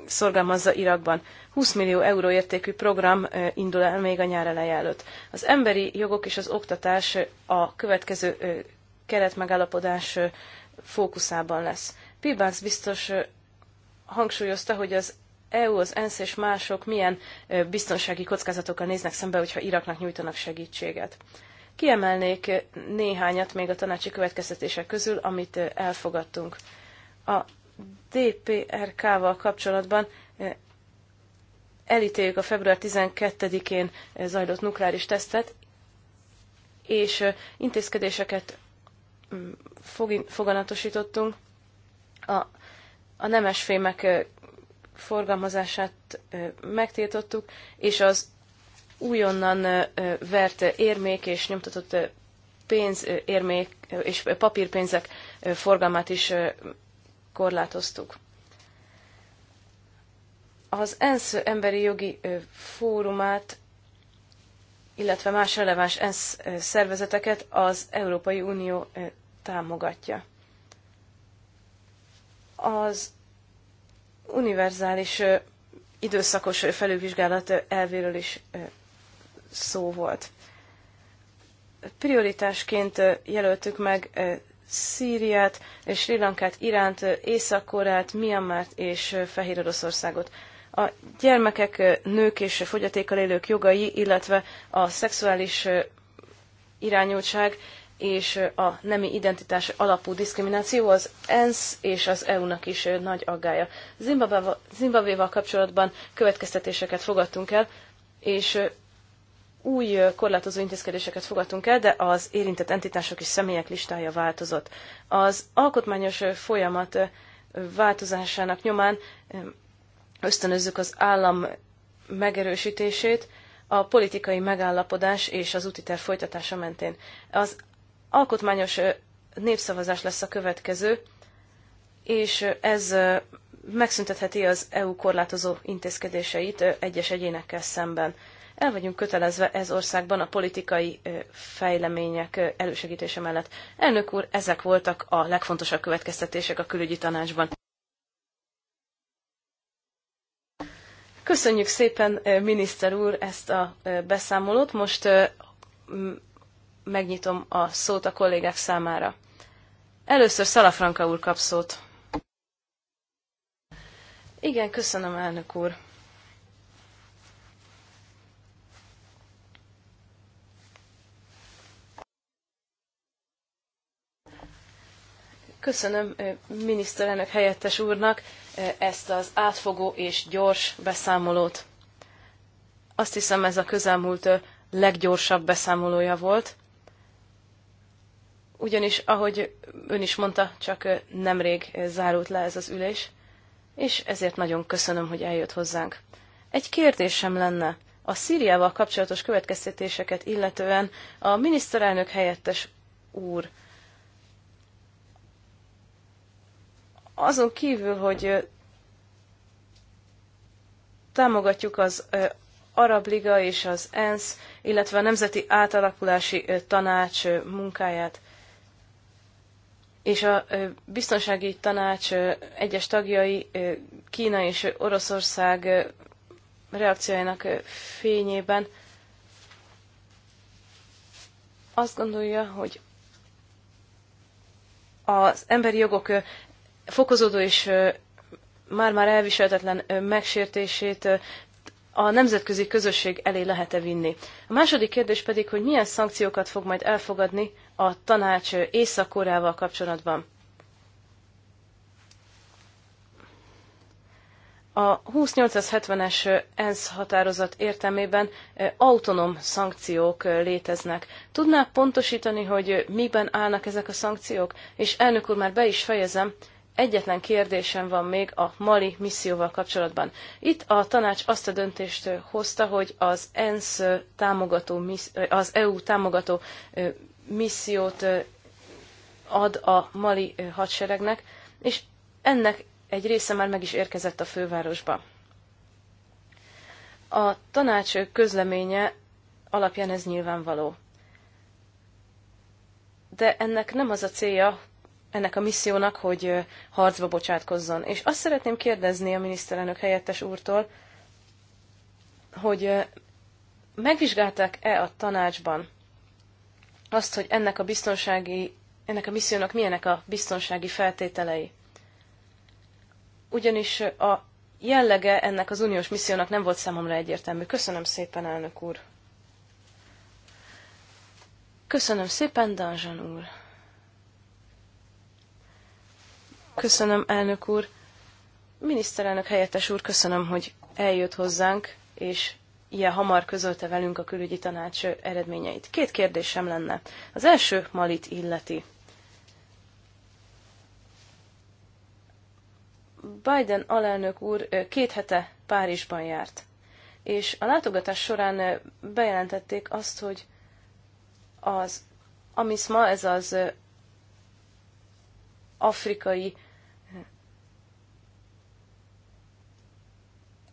szorgalmazza Irakban. 20 millió euró értékű program indul el még a nyár eleje előtt. Az emberi jogok és az oktatás a következő keretmegállapodás fókuszában lesz. Pibász biztos hangsúlyozta, hogy az EU, az ENSZ és mások milyen biztonsági kockázatokkal néznek szembe, hogyha Iraknak nyújtanak segítséget. Kiemelnék néhányat még a tanácsi következtetések közül, amit elfogadtunk. A DPRK-val kapcsolatban elítéljük a február 12-én zajlott nukleáris tesztet, és intézkedéseket mm, foganatosítottunk a a nemesfémek forgalmazását megtiltottuk, és az újonnan vert érmék és nyomtatott pénz érmék és papírpénzek forgalmát is korlátoztuk. Az ENSZ emberi jogi fórumát, illetve más releváns ENSZ szervezeteket az Európai Unió támogatja az univerzális időszakos felülvizsgálat elvéről is szó volt. Prioritásként jelöltük meg Szíriát, Sri Lankát, Iránt, Észak-Koreát, Myanmart és Fehér Oroszországot. A gyermekek, nők és fogyatékkal élők jogai, illetve a szexuális irányultság és a nemi identitás alapú diszkrimináció az ENSZ és az EU-nak is nagy aggája. Zimbabvéval kapcsolatban következtetéseket fogadtunk el, és új korlátozó intézkedéseket fogadtunk el, de az érintett entitások és személyek listája változott. Az alkotmányos folyamat változásának nyomán ösztönözzük az állam megerősítését, a politikai megállapodás és az útiter folytatása mentén. Az alkotmányos népszavazás lesz a következő, és ez megszüntetheti az EU korlátozó intézkedéseit egyes egyénekkel szemben. El vagyunk kötelezve ez országban a politikai fejlemények elősegítése mellett. Elnök úr, ezek voltak a legfontosabb következtetések a külügyi tanácsban. Köszönjük szépen, miniszter úr, ezt a beszámolót. Most megnyitom a szót a kollégák számára. Először Szalafranka úr kap szót. Igen, köszönöm, elnök úr. Köszönöm miniszterelnök helyettes úrnak ezt az átfogó és gyors beszámolót. Azt hiszem ez a közelmúlt leggyorsabb beszámolója volt ugyanis, ahogy ön is mondta, csak nemrég zárult le ez az ülés, és ezért nagyon köszönöm, hogy eljött hozzánk. Egy kérdésem lenne. A Szíriával kapcsolatos következtetéseket illetően a miniszterelnök helyettes úr azon kívül, hogy támogatjuk az Arab Liga és az ENSZ, illetve a Nemzeti Átalakulási Tanács munkáját, és a biztonsági tanács egyes tagjai Kína és Oroszország reakciójának fényében azt gondolja, hogy az emberi jogok fokozódó és már-már elviselhetetlen megsértését a nemzetközi közösség elé lehet-e vinni. A második kérdés pedig, hogy milyen szankciókat fog majd elfogadni a tanács Észak-Koreával kapcsolatban. A 2870-es ENSZ határozat értelmében autonóm szankciók léteznek. Tudná pontosítani, hogy miben állnak ezek a szankciók? És elnök úr, már be is fejezem, egyetlen kérdésem van még a Mali misszióval kapcsolatban. Itt a tanács azt a döntést hozta, hogy az ENSZ támogató, az EU támogató missziót ad a mali hadseregnek, és ennek egy része már meg is érkezett a fővárosba. A tanács közleménye alapján ez nyilvánvaló. De ennek nem az a célja, ennek a missziónak, hogy harcba bocsátkozzon. És azt szeretném kérdezni a miniszterelnök helyettes úrtól, hogy megvizsgálták-e a tanácsban azt, hogy ennek a biztonsági, ennek a missziónak milyenek a biztonsági feltételei. Ugyanis a jellege ennek az uniós missziónak nem volt számomra egyértelmű. Köszönöm szépen, elnök úr. Köszönöm szépen, Danzsan úr. Köszönöm, elnök úr. Miniszterelnök helyettes úr, köszönöm, hogy eljött hozzánk, és ilyen hamar közölte velünk a külügyi tanács eredményeit. Két kérdésem lenne. Az első Malit illeti. Biden alelnök úr két hete Párizsban járt, és a látogatás során bejelentették azt, hogy az AMISMA, ez az afrikai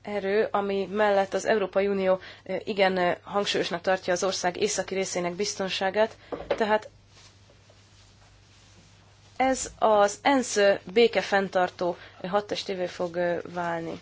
erő, ami mellett az Európai Unió igen hangsúlyosnak tartja az ország északi részének biztonságát, tehát ez az ENSZ békefenntartó hadtestévé fog válni.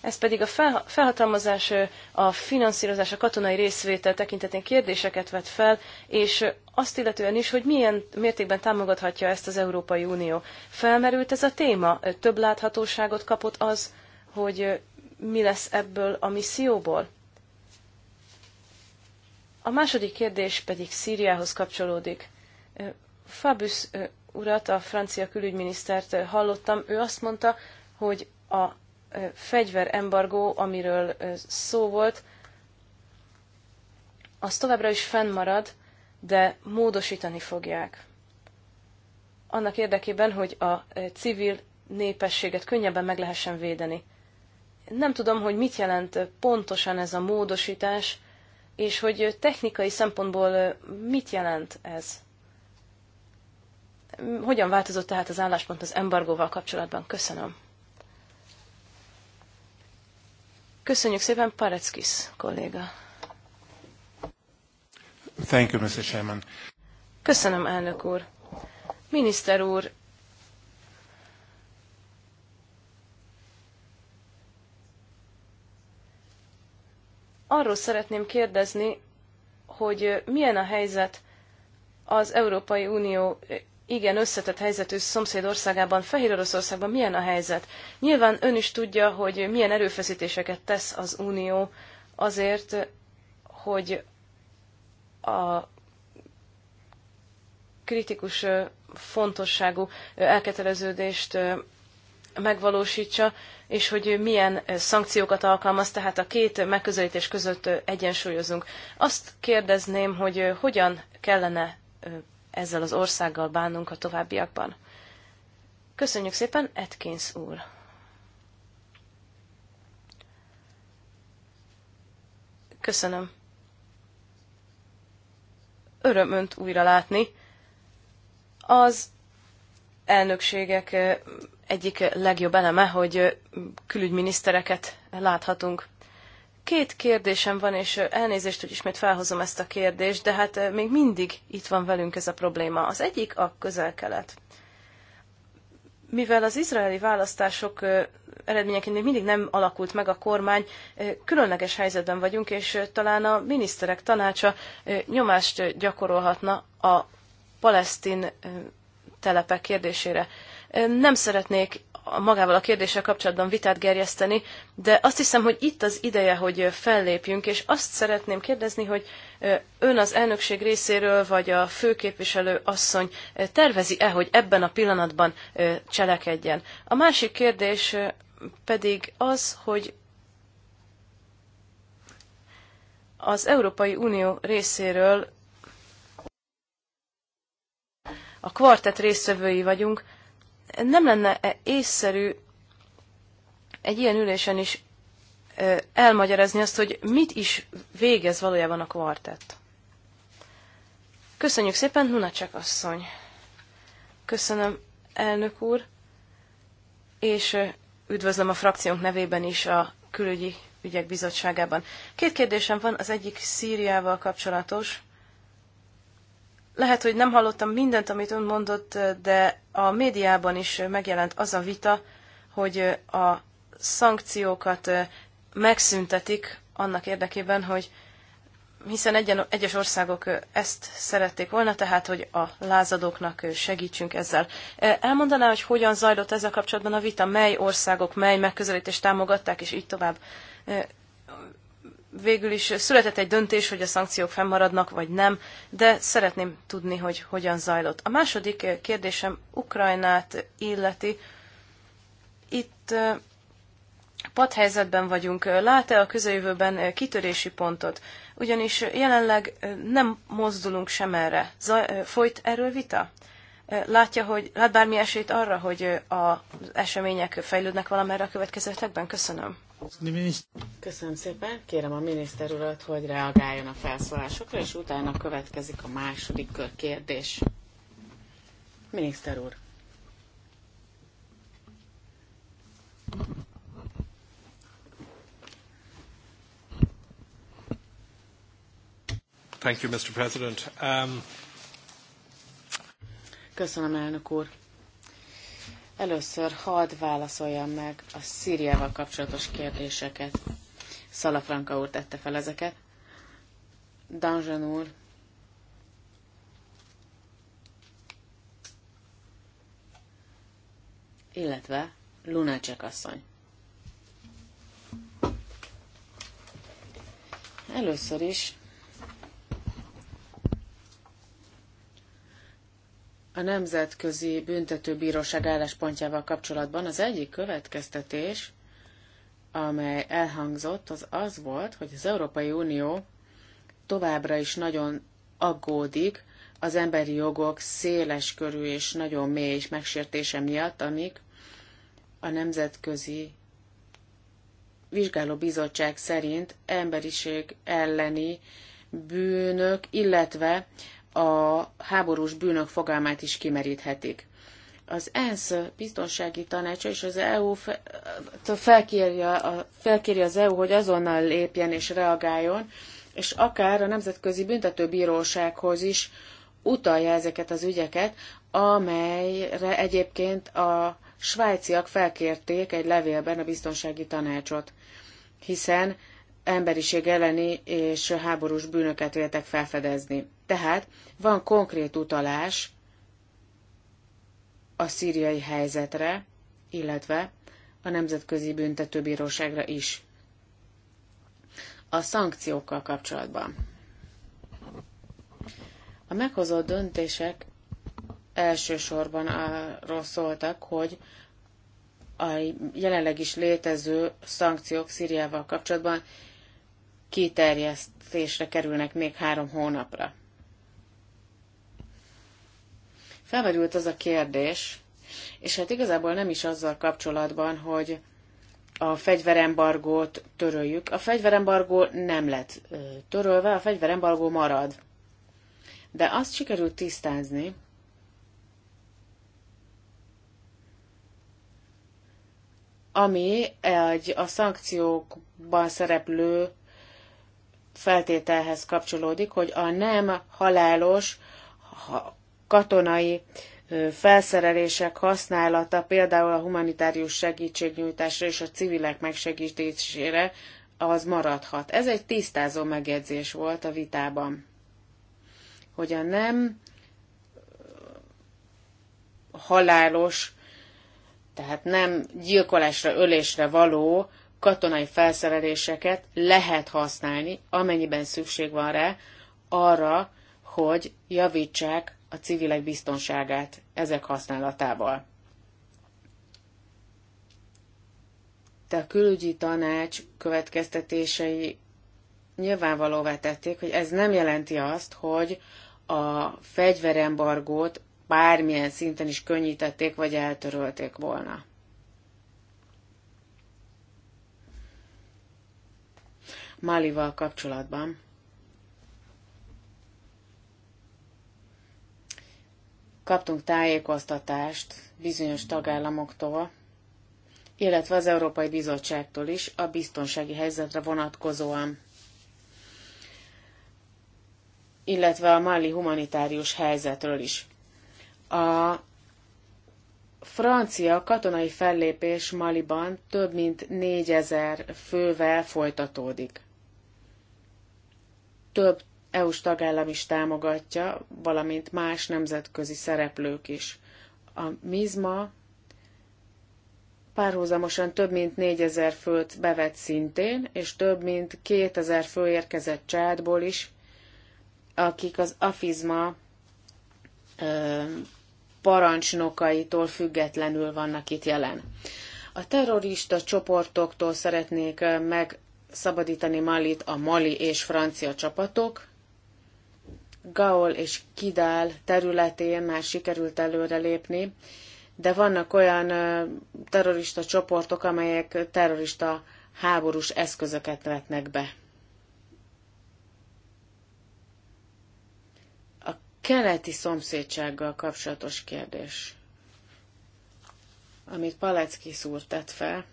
Ez pedig a felhatalmazás, a finanszírozás, a katonai részvétel tekintetén kérdéseket vet fel, és azt illetően is, hogy milyen mértékben támogathatja ezt az Európai Unió. Felmerült ez a téma, több láthatóságot kapott az, hogy mi lesz ebből a misszióból? A második kérdés pedig Szíriához kapcsolódik. Fabius urat, a francia külügyminisztert hallottam, ő azt mondta, hogy a fegyverembargó, amiről szó volt, az továbbra is fennmarad, de módosítani fogják. Annak érdekében, hogy a civil népességet könnyebben meg lehessen védeni nem tudom, hogy mit jelent pontosan ez a módosítás, és hogy technikai szempontból mit jelent ez. Hogyan változott tehát az álláspont az embargóval kapcsolatban? Köszönöm. Köszönjük szépen, Pareckis kolléga. Thank you, Mr. Chairman. Köszönöm, elnök úr. Miniszter úr, arról szeretném kérdezni, hogy milyen a helyzet az Európai Unió igen összetett helyzetű szomszédországában, Fehér Oroszországban milyen a helyzet? Nyilván ön is tudja, hogy milyen erőfeszítéseket tesz az Unió azért, hogy a kritikus fontosságú elköteleződést megvalósítsa, és hogy milyen szankciókat alkalmaz, tehát a két megközelítés között egyensúlyozunk. Azt kérdezném, hogy hogyan kellene ezzel az országgal bánnunk a továbbiakban. Köszönjük szépen, Atkins úr! Köszönöm. Öröm önt újra látni. Az elnökségek egyik legjobb eleme, hogy külügyminisztereket láthatunk. Két kérdésem van, és elnézést, hogy ismét felhozom ezt a kérdést, de hát még mindig itt van velünk ez a probléma. Az egyik a közel-kelet. Mivel az izraeli választások eredményeként még mindig nem alakult meg a kormány, különleges helyzetben vagyunk, és talán a miniszterek tanácsa nyomást gyakorolhatna a palesztin telepek kérdésére. Nem szeretnék magával a kérdéssel kapcsolatban vitát gerjeszteni, de azt hiszem, hogy itt az ideje, hogy fellépjünk, és azt szeretném kérdezni, hogy ön az elnökség részéről, vagy a főképviselő asszony tervezi-e, hogy ebben a pillanatban cselekedjen. A másik kérdés pedig az, hogy az Európai Unió részéről a kvartett résztvevői vagyunk, nem lenne -e észszerű egy ilyen ülésen is elmagyarázni azt, hogy mit is végez valójában a kvartett. Köszönjük szépen, Hunacek asszony. Köszönöm, elnök úr, és üdvözlöm a frakciónk nevében is a külügyi ügyek bizottságában. Két kérdésem van, az egyik Szíriával kapcsolatos. Lehet, hogy nem hallottam mindent, amit ön mondott, de a médiában is megjelent az a vita, hogy a szankciókat megszüntetik annak érdekében, hogy hiszen egyen, egyes országok ezt szerették volna, tehát hogy a lázadóknak segítsünk ezzel. Elmondaná, hogy hogyan zajlott ezzel kapcsolatban a vita, mely országok, mely megközelítést támogatták, és így tovább végül is született egy döntés, hogy a szankciók fennmaradnak, vagy nem, de szeretném tudni, hogy hogyan zajlott. A második eh, kérdésem Ukrajnát illeti. Itt eh, padhelyzetben vagyunk. Lát-e a közeljövőben eh, kitörési pontot? Ugyanis jelenleg nem mozdulunk sem erre. Zaj, folyt erről vita? látja, hogy lát bármi esélyt arra, hogy az események fejlődnek valamerre a következő hetekben? Köszönöm. Köszönöm szépen. Kérem a miniszter urat, hogy reagáljon a felszólásokra, és utána következik a második kör kérdés. Miniszter úr. Thank you, Mr. President. Um, Köszönöm, elnök úr. Először hadd válaszoljam meg a Szíriával kapcsolatos kérdéseket. Szalafranka úr tette fel ezeket. Danzsan úr illetve Lunácsek asszony. Először is a Nemzetközi Büntetőbíróság álláspontjával kapcsolatban az egyik következtetés, amely elhangzott, az az volt, hogy az Európai Unió továbbra is nagyon aggódik az emberi jogok széles körű és nagyon mély és megsértése miatt, amik a Nemzetközi bizottság szerint emberiség elleni bűnök, illetve a háborús bűnök fogalmát is kimeríthetik. Az ENSZ biztonsági tanácsa és az EU felkéri az EU, hogy azonnal lépjen és reagáljon, és akár a Nemzetközi Büntetőbírósághoz is utalja ezeket az ügyeket, amelyre egyébként a svájciak felkérték egy levélben a biztonsági tanácsot. Hiszen emberiség elleni és háborús bűnöket éltek felfedezni. Tehát van konkrét utalás a szíriai helyzetre, illetve a Nemzetközi Büntetőbíróságra is. A szankciókkal kapcsolatban. A meghozott döntések elsősorban arról szóltak, hogy a jelenleg is létező szankciók Szíriával kapcsolatban kiterjesztésre kerülnek még három hónapra. Felmerült az a kérdés, és hát igazából nem is azzal kapcsolatban, hogy a fegyverembargót töröljük. A fegyverembargó nem lett törölve, a fegyverembargó marad. De azt sikerült tisztázni, ami egy a szankciókban szereplő feltételhez kapcsolódik, hogy a nem halálos katonai felszerelések használata például a humanitárius segítségnyújtásra és a civilek megsegítésére az maradhat. Ez egy tisztázó megjegyzés volt a vitában, hogy a nem halálos, tehát nem gyilkolásra, ölésre való katonai felszereléseket lehet használni, amennyiben szükség van rá, arra, hogy javítsák a civilek biztonságát ezek használatával. De a külügyi tanács következtetései nyilvánvalóvá tették, hogy ez nem jelenti azt, hogy a fegyverembargót bármilyen szinten is könnyítették vagy eltörölték volna. Málival kapcsolatban. Kaptunk tájékoztatást bizonyos tagállamoktól, illetve az Európai Bizottságtól is a biztonsági helyzetre vonatkozóan, illetve a mali humanitárius helyzetről is. A francia katonai fellépés Maliban több mint négyezer fővel folytatódik több EU-s tagállam is támogatja, valamint más nemzetközi szereplők is. A MIZMA párhuzamosan több mint 4000 főt bevett szintén, és több mint 2000 fő érkezett Csádból is, akik az afizma ö, parancsnokaitól függetlenül vannak itt jelen. A terrorista csoportoktól szeretnék meg szabadítani Malit a mali és francia csapatok. Gaol és Kidál területén már sikerült előrelépni, de vannak olyan terrorista csoportok, amelyek terrorista háborús eszközöket vetnek be. A keleti szomszédsággal kapcsolatos kérdés, amit Palecki úr tett fel,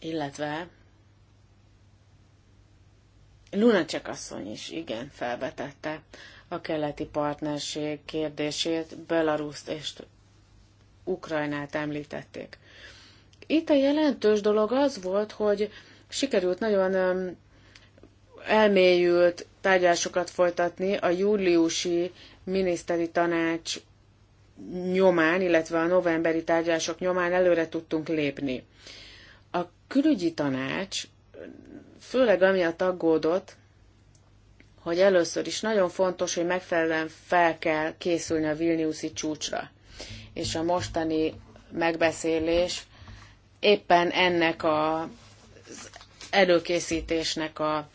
Illetve Luna csak asszony is igen felvetette a keleti partnerség kérdését, Belaruszt és Ukrajnát említették. Itt a jelentős dolog az volt, hogy sikerült nagyon elmélyült tárgyásokat folytatni a júliusi miniszteri tanács nyomán, illetve a novemberi tárgyalások nyomán előre tudtunk lépni külügyi tanács főleg amiatt aggódott, hogy először is nagyon fontos, hogy megfelelően fel kell készülni a Vilniuszi csúcsra. És a mostani megbeszélés éppen ennek a előkészítésnek a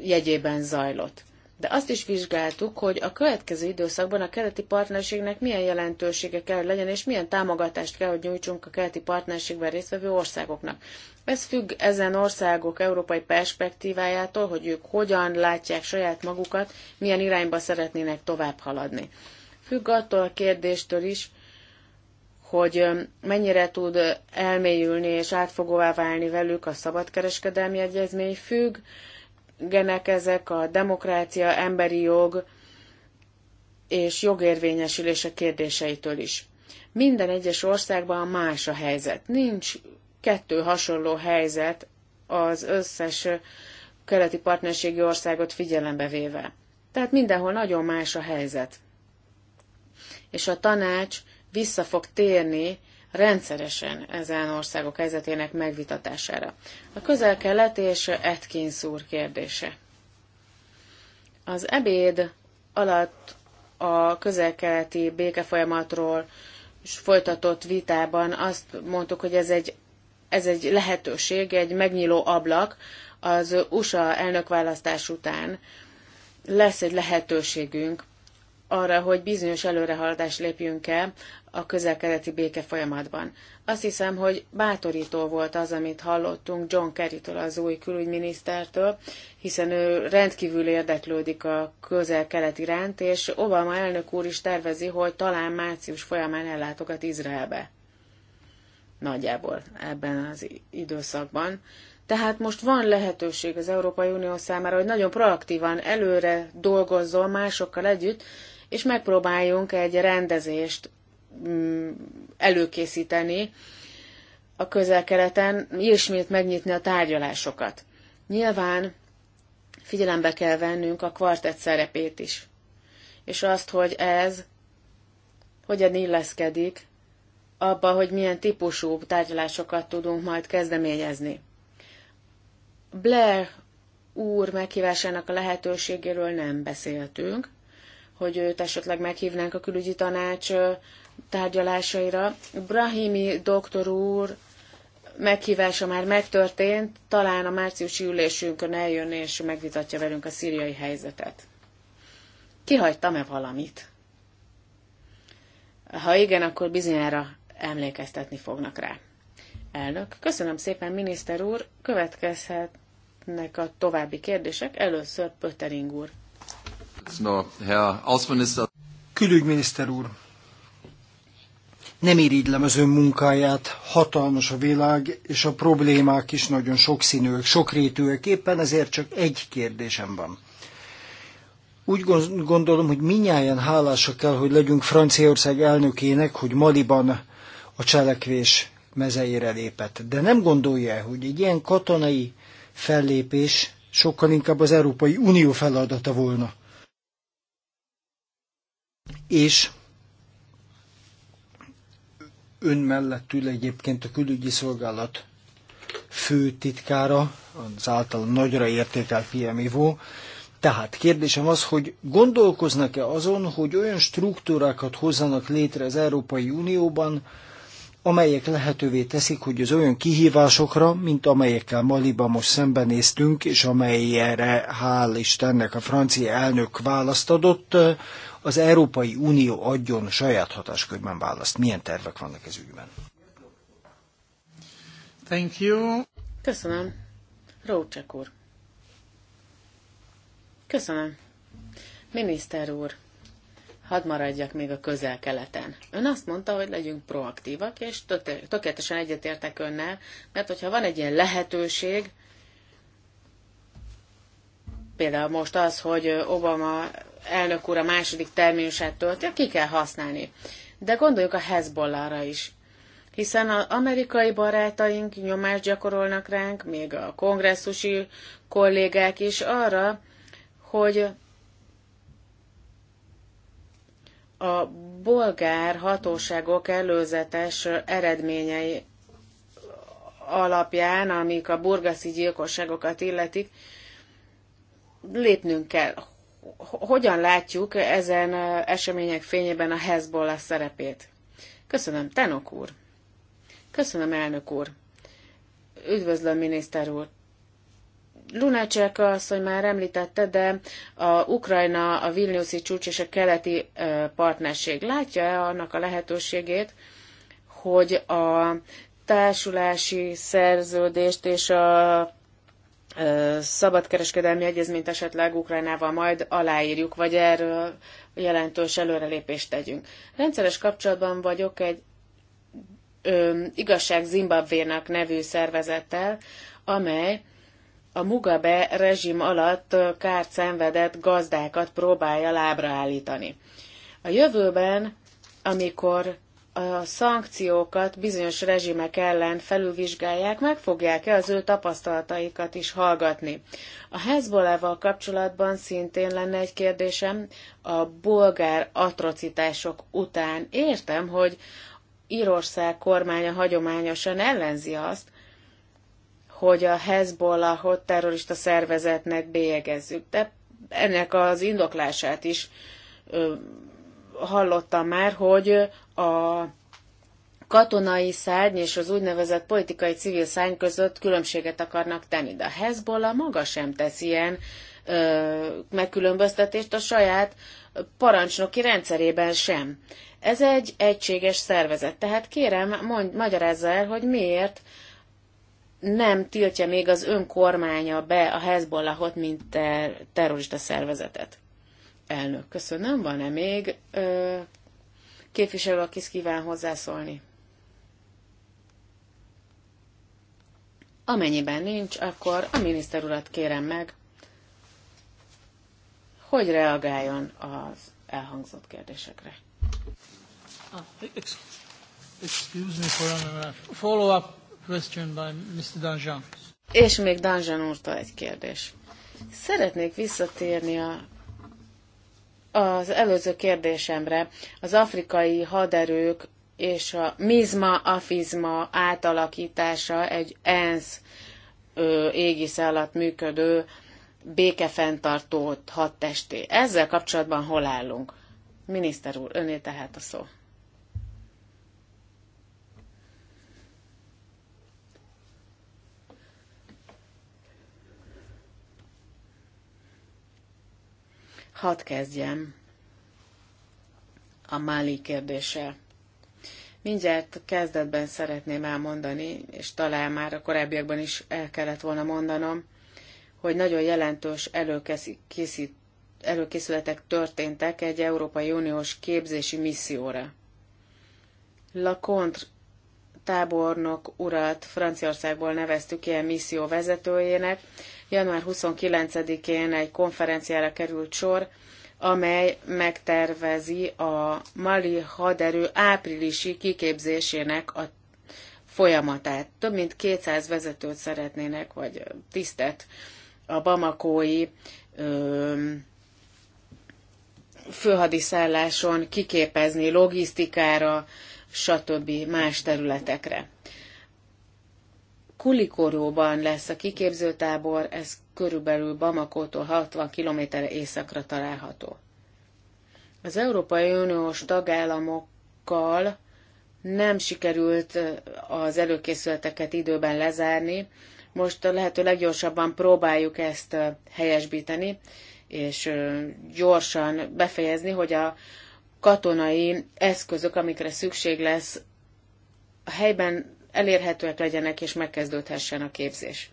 jegyében zajlott. De azt is vizsgáltuk, hogy a következő időszakban a keleti partnerségnek milyen jelentősége kell, hogy legyen, és milyen támogatást kell, hogy nyújtsunk a keleti partnerségben résztvevő országoknak. Ez függ ezen országok európai perspektívájától, hogy ők hogyan látják saját magukat, milyen irányba szeretnének tovább haladni. Függ attól a kérdéstől is, hogy mennyire tud elmélyülni és átfogóvá válni velük a szabadkereskedelmi egyezmény, függ genek ezek a demokrácia, emberi jog és jogérvényesülése kérdéseitől is. Minden egyes országban más a helyzet. Nincs kettő hasonló helyzet az összes keleti partnerségi országot figyelembe véve. Tehát mindenhol nagyon más a helyzet. És a tanács vissza fog térni rendszeresen ezen országok helyzetének megvitatására. A közel-kelet és Atkins úr kérdése. Az ebéd alatt a közel-keleti békefolyamatról folytatott vitában azt mondtuk, hogy ez egy, ez egy lehetőség, egy megnyíló ablak az USA elnökválasztás után lesz egy lehetőségünk arra, hogy bizonyos előrehaladás lépjünk el a közel-keleti béke folyamatban. Azt hiszem, hogy bátorító volt az, amit hallottunk John Kerry-től, az új külügyminisztertől, hiszen ő rendkívül érdeklődik a közel keleti iránt, és Obama elnök úr is tervezi, hogy talán március folyamán ellátogat Izraelbe. Nagyjából ebben az időszakban. Tehát most van lehetőség az Európai Unió számára, hogy nagyon proaktívan előre dolgozzon másokkal együtt, és megpróbáljunk egy rendezést mm, előkészíteni a közel-keleten, ismét megnyitni a tárgyalásokat. Nyilván figyelembe kell vennünk a kvartett szerepét is, és azt, hogy ez hogyan illeszkedik abba, hogy milyen típusú tárgyalásokat tudunk majd kezdeményezni. Blair úr meghívásának a lehetőségéről nem beszéltünk, hogy őt esetleg meghívnánk a külügyi tanács tárgyalásaira. Brahimi doktor úr meghívása már megtörtént, talán a márciusi ülésünkön eljön és megvitatja velünk a szíriai helyzetet. Kihagytam-e valamit? Ha igen, akkor bizonyára emlékeztetni fognak rá. Elnök, köszönöm szépen, miniszter úr, következhetnek a további kérdések, először Pöttering úr. Külügyminiszter úr, nem irigylem az ön munkáját, hatalmas a világ, és a problémák is nagyon sokszínűek, sokrétűek, éppen ezért csak egy kérdésem van. Úgy gondolom, hogy minnyáján hálása kell, hogy legyünk Franciaország elnökének, hogy Maliban a cselekvés mezeire lépett. De nem gondolja, hogy egy ilyen katonai fellépés sokkal inkább az Európai Unió feladata volna, és ön mellett ül egyébként a külügyi szolgálat főtitkára, az által nagyra értékelt PMIVO. Tehát kérdésem az, hogy gondolkoznak-e azon, hogy olyan struktúrákat hozzanak létre az Európai Unióban, amelyek lehetővé teszik, hogy az olyan kihívásokra, mint amelyekkel Maliba most szembenéztünk, és amelyre hál' Istennek a francia elnök választ adott, az Európai Unió adjon saját hatáskörben választ. Milyen tervek vannak ez ügyben? Thank you. Köszönöm. Rócsek úr. Köszönöm. Miniszter úr, hadd maradjak még a közel-keleten. Ön azt mondta, hogy legyünk proaktívak, és tökéletesen egyetértek önnel, mert hogyha van egy ilyen lehetőség, például most az, hogy Obama elnök úr a második terminusát tölti, ki kell használni. De gondoljuk a Hezbollahra is hiszen az amerikai barátaink nyomást gyakorolnak ránk, még a kongresszusi kollégák is arra, hogy a bolgár hatóságok előzetes eredményei alapján, amik a burgaszi gyilkosságokat illetik, lépnünk kell hogyan látjuk ezen események fényében a Hezbollah szerepét? Köszönöm, Tenok úr. Köszönöm, elnök úr. Üdvözlöm, miniszter úr. Lunácsák asszony már említette, de a Ukrajna, a Vilniuszi csúcs és a keleti partnerség látja-e annak a lehetőségét, hogy a társulási szerződést és a szabadkereskedelmi egyezményt esetleg Ukrajnával majd aláírjuk, vagy erről jelentős előrelépést tegyünk. Rendszeres kapcsolatban vagyok egy ö, igazság Zimbabvénak nevű szervezettel, amely a Mugabe rezsim alatt kárt szenvedett gazdákat próbálja lábra állítani. A jövőben, amikor a szankciókat bizonyos rezsimek ellen felülvizsgálják, meg fogják-e az ő tapasztalataikat is hallgatni. A Hezbollával kapcsolatban szintén lenne egy kérdésem, a bolgár atrocitások után értem, hogy Írország kormánya hagyományosan ellenzi azt, hogy a Hezbollahot terrorista szervezetnek bélyegezzük, de ennek az indoklását is ö, hallottam már, hogy a katonai szárny és az úgynevezett politikai civil szárny között különbséget akarnak tenni, de a Hezbollah maga sem tesz ilyen ö, megkülönböztetést a saját parancsnoki rendszerében sem. Ez egy egységes szervezet, tehát kérem, mondj, magyarázza el, hogy miért nem tiltja még az önkormánya be a Hezbollahot, mint ter- terrorista szervezetet. Elnök, köszönöm. Van-e még ö, képviselő, aki kíván hozzászólni? Amennyiben nincs, akkor a miniszter urat kérem meg, hogy reagáljon az elhangzott kérdésekre. Ah, e- excuse me for a follow-up question by Mr. Danjean. És még Danjean úrtól egy kérdés. Szeretnék visszatérni a az előző kérdésemre az afrikai haderők és a mizma-afizma átalakítása egy ENSZ égisze alatt működő békefenntartó hadtesté. Ezzel kapcsolatban hol állunk? Miniszter úr, öné tehát a szó. Hadd kezdjem a Máli kérdése. Mindjárt kezdetben szeretném elmondani, és talán már a korábbiakban is el kellett volna mondanom, hogy nagyon jelentős előkészületek történtek egy Európai Uniós képzési misszióra. Contre tábornok urat Franciaországból neveztük ilyen misszió vezetőjének, Január 29-én egy konferenciára került sor, amely megtervezi a Mali haderő áprilisi kiképzésének a folyamatát. Több mint 200 vezetőt szeretnének, vagy tisztet a Bamakói főhadiszálláson kiképezni logisztikára, stb. más területekre. Kulikoróban lesz a kiképzőtábor, ez körülbelül Bamakótól 60 kilométerre északra található. Az Európai Uniós tagállamokkal nem sikerült az előkészületeket időben lezárni, most a lehető leggyorsabban próbáljuk ezt helyesbíteni, és gyorsan befejezni, hogy a katonai eszközök, amikre szükség lesz, a helyben elérhetőek legyenek, és megkezdődhessen a képzés.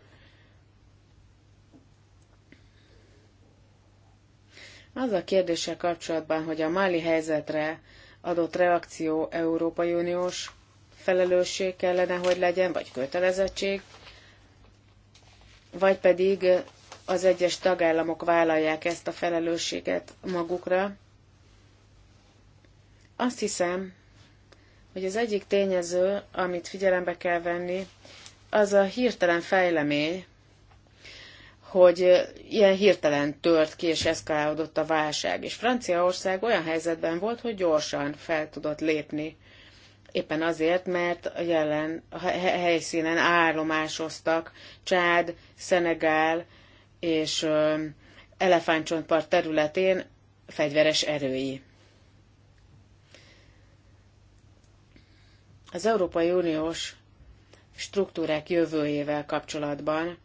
Az a kérdéssel kapcsolatban, hogy a máli helyzetre adott reakció Európai Uniós felelősség kellene, hogy legyen, vagy kötelezettség, vagy pedig az egyes tagállamok vállalják ezt a felelősséget magukra. Azt hiszem, hogy az egyik tényező, amit figyelembe kell venni, az a hirtelen fejlemény, hogy ilyen hirtelen tört ki és eszkalálódott a válság. És Franciaország olyan helyzetben volt, hogy gyorsan fel tudott lépni. Éppen azért, mert a jelen a helyszínen állomásoztak Csád, Szenegál és Elefántcsontpart területén fegyveres erői. Az Európai Uniós struktúrák jövőjével kapcsolatban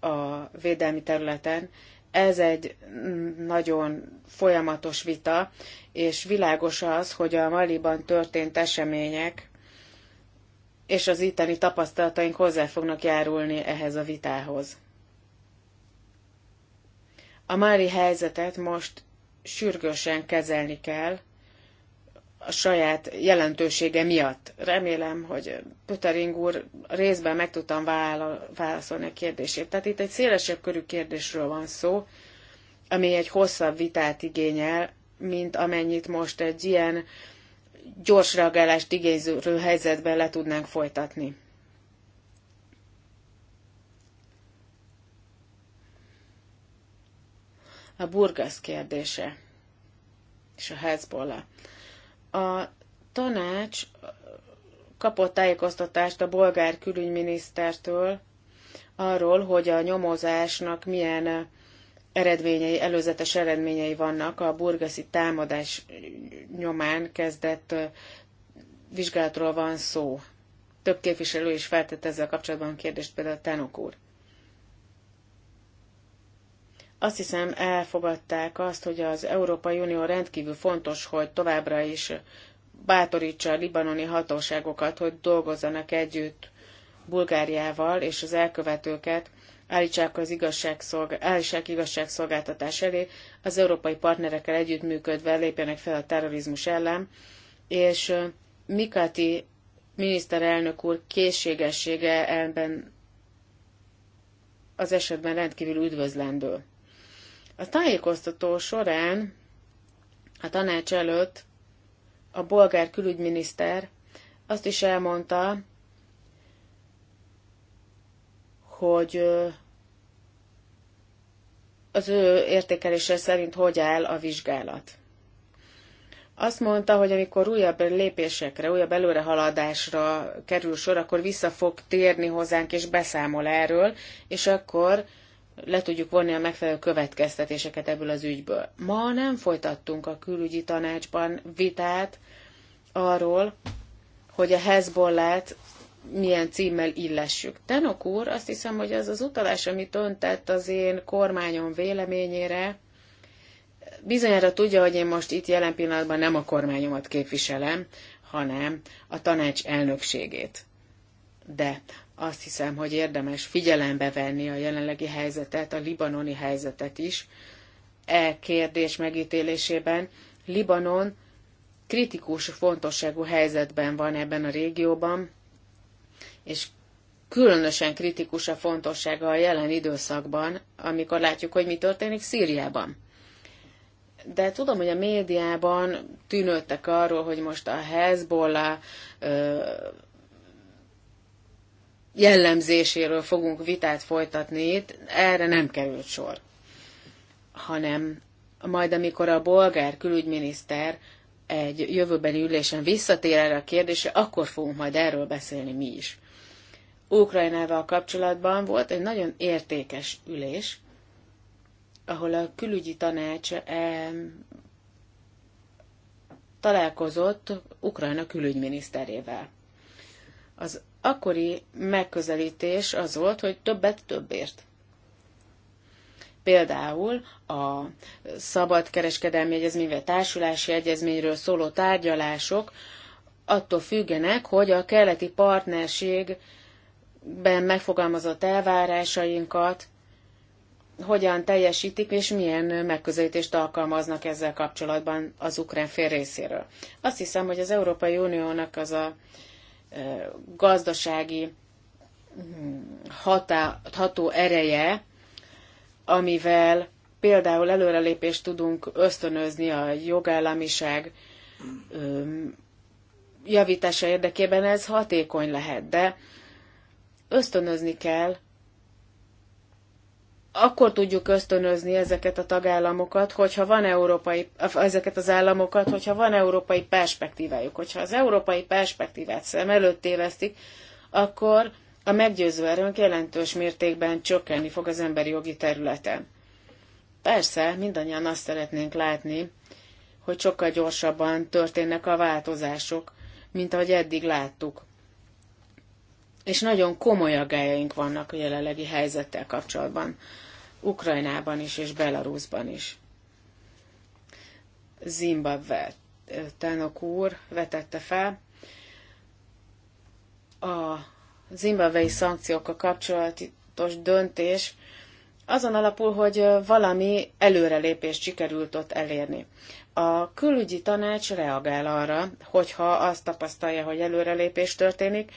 a védelmi területen ez egy nagyon folyamatos vita, és világos az, hogy a Maliban történt események és az itteni tapasztalataink hozzá fognak járulni ehhez a vitához. A mári helyzetet most sürgősen kezelni kell, a saját jelentősége miatt. Remélem, hogy Pötering úr részben meg tudtam válaszolni a kérdését. Tehát itt egy szélesebb körű kérdésről van szó, ami egy hosszabb vitát igényel, mint amennyit most egy ilyen gyors reagálást igényző helyzetben le tudnánk folytatni. A Burgas kérdése és a Hezbollah. A tanács kapott tájékoztatást a bolgár külügyminisztertől arról, hogy a nyomozásnak milyen eredményei, előzetes eredményei vannak a burgaszi támadás nyomán kezdett vizsgálatról van szó. Több képviselő is feltett ezzel kapcsolatban kérdést, például Tenok úr. Azt hiszem elfogadták azt, hogy az Európai Unió rendkívül fontos, hogy továbbra is bátorítsa a libanoni hatóságokat, hogy dolgozzanak együtt Bulgáriával és az elkövetőket, állítsák az igazságszolg- állítsák igazságszolgáltatás elé, az európai partnerekkel együttműködve lépjenek fel a terrorizmus ellen, és Mikati miniszterelnök úr készségessége ebben az esetben rendkívül üdvözlendő. A tájékoztató során a tanács előtt a bolgár külügyminiszter azt is elmondta, hogy az ő értékelése szerint hogy áll a vizsgálat. Azt mondta, hogy amikor újabb lépésekre, újabb előrehaladásra kerül sor, akkor vissza fog térni hozzánk és beszámol erről, és akkor le tudjuk vonni a megfelelő következtetéseket ebből az ügyből. Ma nem folytattunk a külügyi tanácsban vitát arról, hogy a Hezbollát milyen címmel illessük. Tenok úr, azt hiszem, hogy az az utalás, amit ön tett az én kormányom véleményére, bizonyára tudja, hogy én most itt jelen pillanatban nem a kormányomat képviselem, hanem a tanács elnökségét. De azt hiszem, hogy érdemes figyelembe venni a jelenlegi helyzetet, a libanoni helyzetet is. E kérdés megítélésében Libanon kritikus fontosságú helyzetben van ebben a régióban, és különösen kritikus a fontossága a jelen időszakban, amikor látjuk, hogy mi történik Szíriában. De tudom, hogy a médiában tűnődtek arról, hogy most a Hezbollah jellemzéséről fogunk vitát folytatni itt, erre nem került sor. Hanem majd amikor a bolgár külügyminiszter egy jövőbeni ülésen visszatér erre a kérdésre, akkor fogunk majd erről beszélni mi is. Ukrajnával kapcsolatban volt egy nagyon értékes ülés, ahol a külügyi tanács eh, találkozott Ukrajna külügyminiszterével. Az akkori megközelítés az volt, hogy többet többért. Például a szabad kereskedelmi egyezményvel, társulási egyezményről szóló tárgyalások attól függenek, hogy a keleti partnerségben megfogalmazott elvárásainkat hogyan teljesítik, és milyen megközelítést alkalmaznak ezzel kapcsolatban az ukrán fél részéről. Azt hiszem, hogy az Európai Uniónak az a gazdasági mm, ható ereje, amivel például előrelépést tudunk ösztönözni a jogállamiság javítása érdekében, ez hatékony lehet, de ösztönözni kell akkor tudjuk ösztönözni ezeket a tagállamokat, hogyha van európai, ezeket az államokat, hogyha van európai perspektívájuk. Hogyha az európai perspektívát szem előtt tévesztik, akkor a meggyőző erőnk jelentős mértékben csökkenni fog az emberi jogi területen. Persze, mindannyian azt szeretnénk látni, hogy sokkal gyorsabban történnek a változások, mint ahogy eddig láttuk és nagyon komoly aggájaink vannak a jelenlegi helyzettel kapcsolatban, Ukrajnában is és Belarusban is. Zimbabwe tánok úr vetette fel, a zimbabwei szankciókkal kapcsolatos döntés azon alapul, hogy valami előrelépést sikerült ott elérni. A külügyi tanács reagál arra, hogyha azt tapasztalja, hogy előrelépés történik,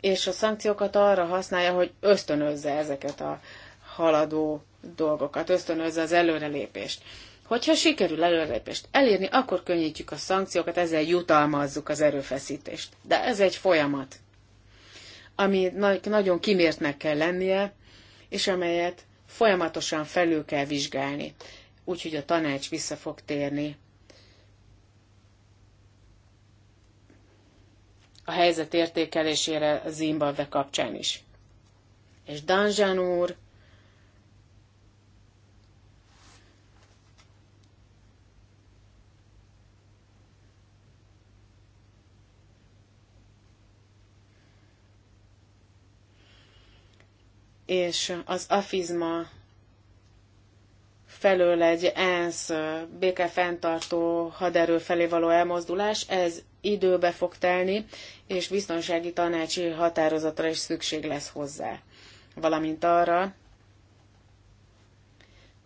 és a szankciókat arra használja, hogy ösztönözze ezeket a haladó dolgokat, ösztönözze az előrelépést. Hogyha sikerül előrelépést elérni, akkor könnyítjük a szankciókat, ezzel jutalmazzuk az erőfeszítést. De ez egy folyamat, ami nagyon kimértnek kell lennie, és amelyet folyamatosan felül kell vizsgálni. Úgyhogy a tanács vissza fog térni a helyzet értékelésére Zimbabwe kapcsán is. És Danzsán úr és az afizma felől egy ENSZ békefenntartó haderő felé való elmozdulás, ez időbe fog telni, és biztonsági tanácsi határozatra is szükség lesz hozzá. Valamint arra,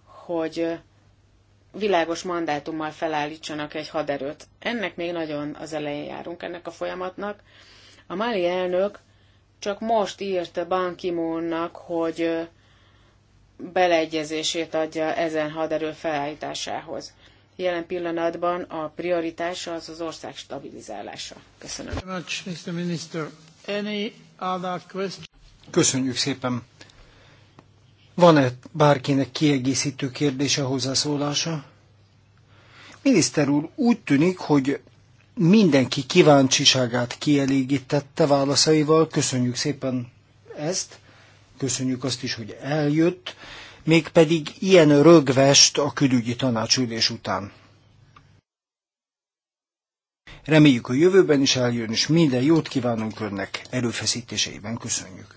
hogy világos mandátummal felállítsanak egy haderőt. Ennek még nagyon az elején járunk ennek a folyamatnak. A mali elnök csak most írta Ban ki hogy beleegyezését adja ezen haderő felállításához jelen pillanatban a prioritása az az ország stabilizálása. Köszönöm. Köszönjük szépen. Van-e bárkinek kiegészítő kérdése, hozzászólása? Miniszter úr, úgy tűnik, hogy mindenki kíváncsiságát kielégítette válaszaival. Köszönjük szépen ezt. Köszönjük azt is, hogy eljött mégpedig ilyen rögvest a külügyi tanácsülés után. Reméljük a jövőben is eljön, és minden jót kívánunk Önnek erőfeszítéseiben. Köszönjük!